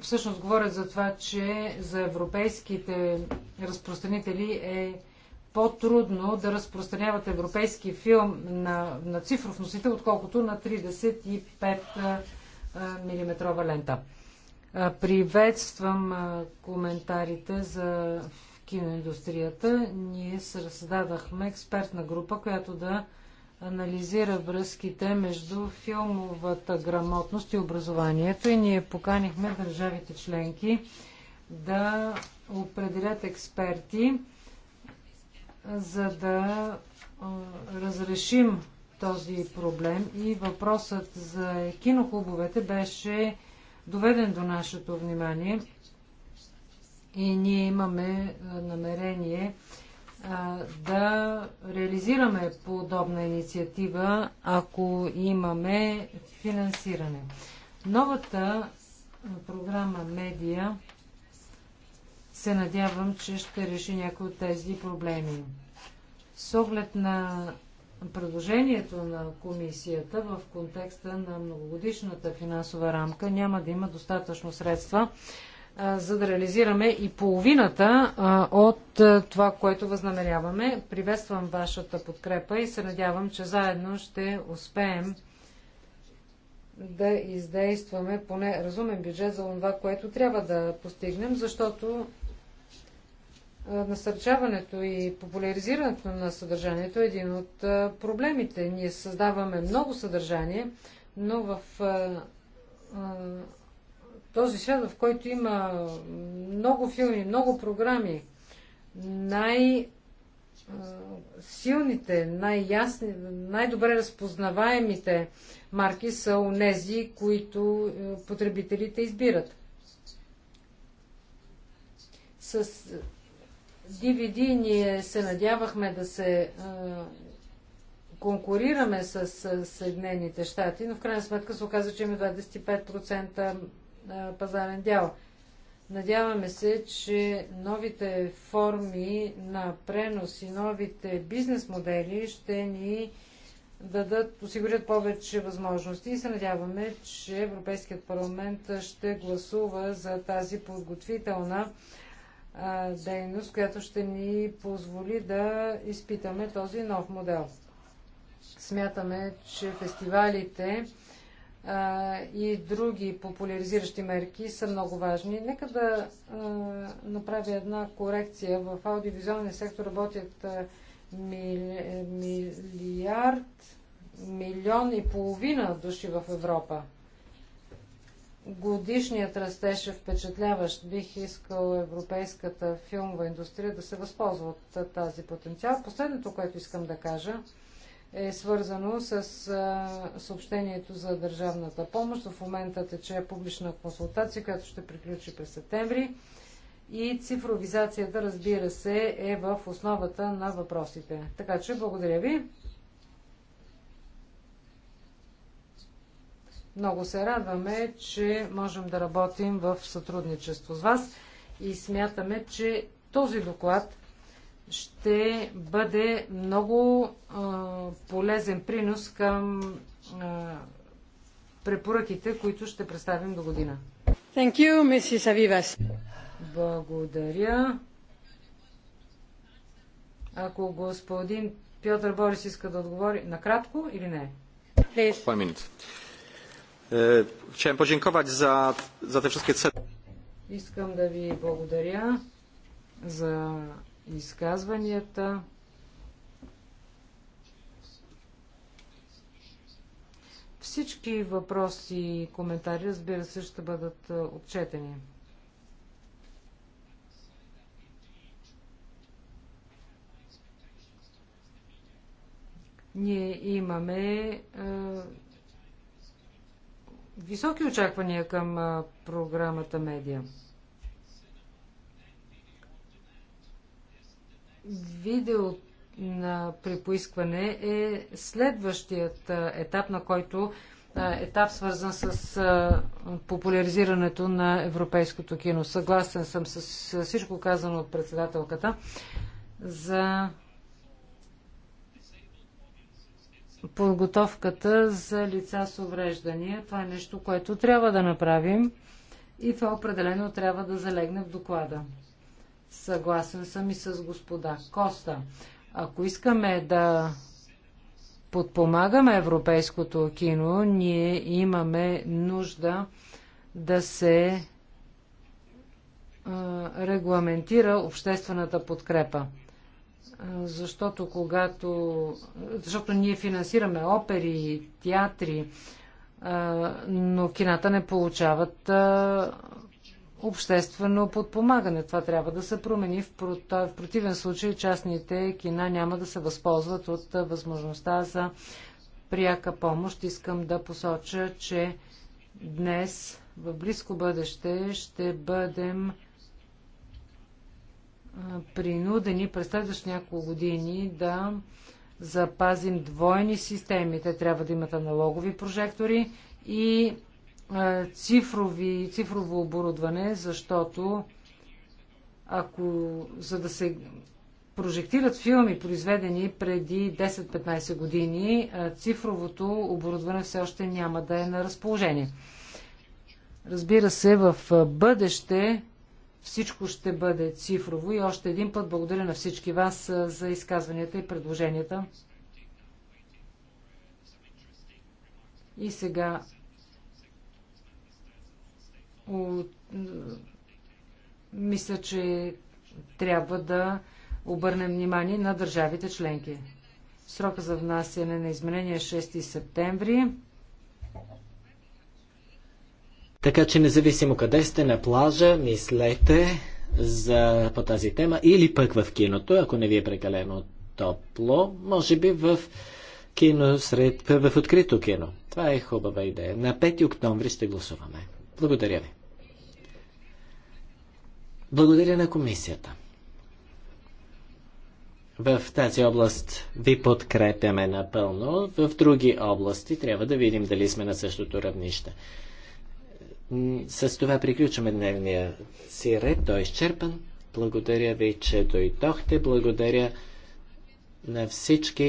B: всъщност говорят за това, че за европейските разпространители е по-трудно да разпространяват европейски филм на, на цифров носител, отколкото на 35 мм лента. Приветствам коментарите за киноиндустрията. Ние създадахме експертна група, която да анализира връзките между филмовата грамотност и образованието и ние поканихме държавите членки да определят експерти, за да разрешим този проблем и въпросът за киноклубовете беше доведен до нашето внимание и ние имаме намерение да реализираме подобна инициатива, ако имаме финансиране. Новата програма Медия се надявам, че ще реши някои от тези проблеми. С оглед на предложението на комисията в контекста на многогодишната финансова рамка няма да има достатъчно средства за да реализираме и половината от това, което възнамеряваме. Приветствам вашата подкрепа и се надявам, че заедно ще успеем да издействаме поне разумен бюджет за това, което трябва да постигнем, защото насърчаването и популяризирането на съдържанието е един от проблемите. Ние създаваме много съдържание, но в този свят, в който има много филми, много програми, най- силните, най-ясни, най-добре разпознаваемите марки са онези, които е, потребителите избират. С DVD ние се надявахме да се конкурираме с Съединените щати, но в крайна сметка се оказа, че има 25% пазарен дял. Надяваме се, че новите форми на пренос и новите бизнес модели ще ни дадат, осигурят повече възможности и се надяваме, че Европейският парламент ще гласува за тази подготвителна дейност, която ще ни позволи да изпитаме този нов модел. Смятаме, че фестивалите а, и други популяризиращи мерки са много важни. Нека да а, направя една корекция. В аудиовизуалния сектор работят милиард, милион и половина души в Европа. Годишният растеж е впечатляващ. Бих искал европейската филмова индустрия да се възползва от тази потенциал. Последното, което искам да кажа, е свързано с съобщението за държавната помощ. В момента тече публична консултация, която ще приключи през септември. И цифровизацията, разбира се, е в основата на въпросите. Така че, благодаря ви. Много се радваме, че можем да работим в сътрудничество с вас и смятаме, че този доклад ще бъде много а, полезен принос към а, препоръките, които ще представим до година. Thank you, Mrs. Avivas. Благодаря. Ако господин Пьотър Борис иска да отговори накратко или не? Please. Е, chciałem podziękować za, za te wszystkie Искам да ви благодаря за изказванията. Всички въпроси и коментари, разбира се, ще бъдат отчетени. Ние имаме е, високи очаквания към е, програмата Медиа. видео на припоискване е следващият етап, на който етап свързан с популяризирането на европейското кино. Съгласен съм с всичко казано от председателката за подготовката за лица с увреждания. Това е нещо, което трябва да направим и това определено трябва да залегне в доклада. Съгласен съм и с господа Коста. Ако искаме да подпомагаме европейското кино, ние имаме нужда да се регламентира обществената подкрепа. Защото когато... Защото ние финансираме опери, театри, но кината не получават обществено подпомагане. Това трябва да се промени. В противен случай частните кина няма да се възползват от възможността за пряка помощ. Искам да посоча, че днес, в близко бъдеще, ще бъдем принудени през следващи няколко години да запазим двойни системи. Те трябва да имат аналогови прожектори и е, цифрови, цифрово оборудване, защото ако за да се прожектират филми, произведени преди 10-15 години, е, цифровото оборудване все още няма да е на разположение. Разбира се, в е, бъдеще всичко ще бъде цифрово и още един път благодаря на всички вас за изказванията и предложенията. И сега от... Мисля, че трябва да обърнем внимание на държавите членки. Срока за внасяне на изменения е 6 септември.
C: Така че независимо къде сте на плажа, мислете за, по тази тема или пък в киното, ако не ви е прекалено топло, може би в кино сред, в открито кино. Това е хубава идея. На 5 октомври ще гласуваме. Благодаря ви. Благодаря на комисията. В тази област ви подкрепяме напълно, в други области трябва да видим дали сме на същото равнище. С това приключваме дневния си ред, той е изчерпан. Благодаря ви, че дойдохте, благодаря на всички.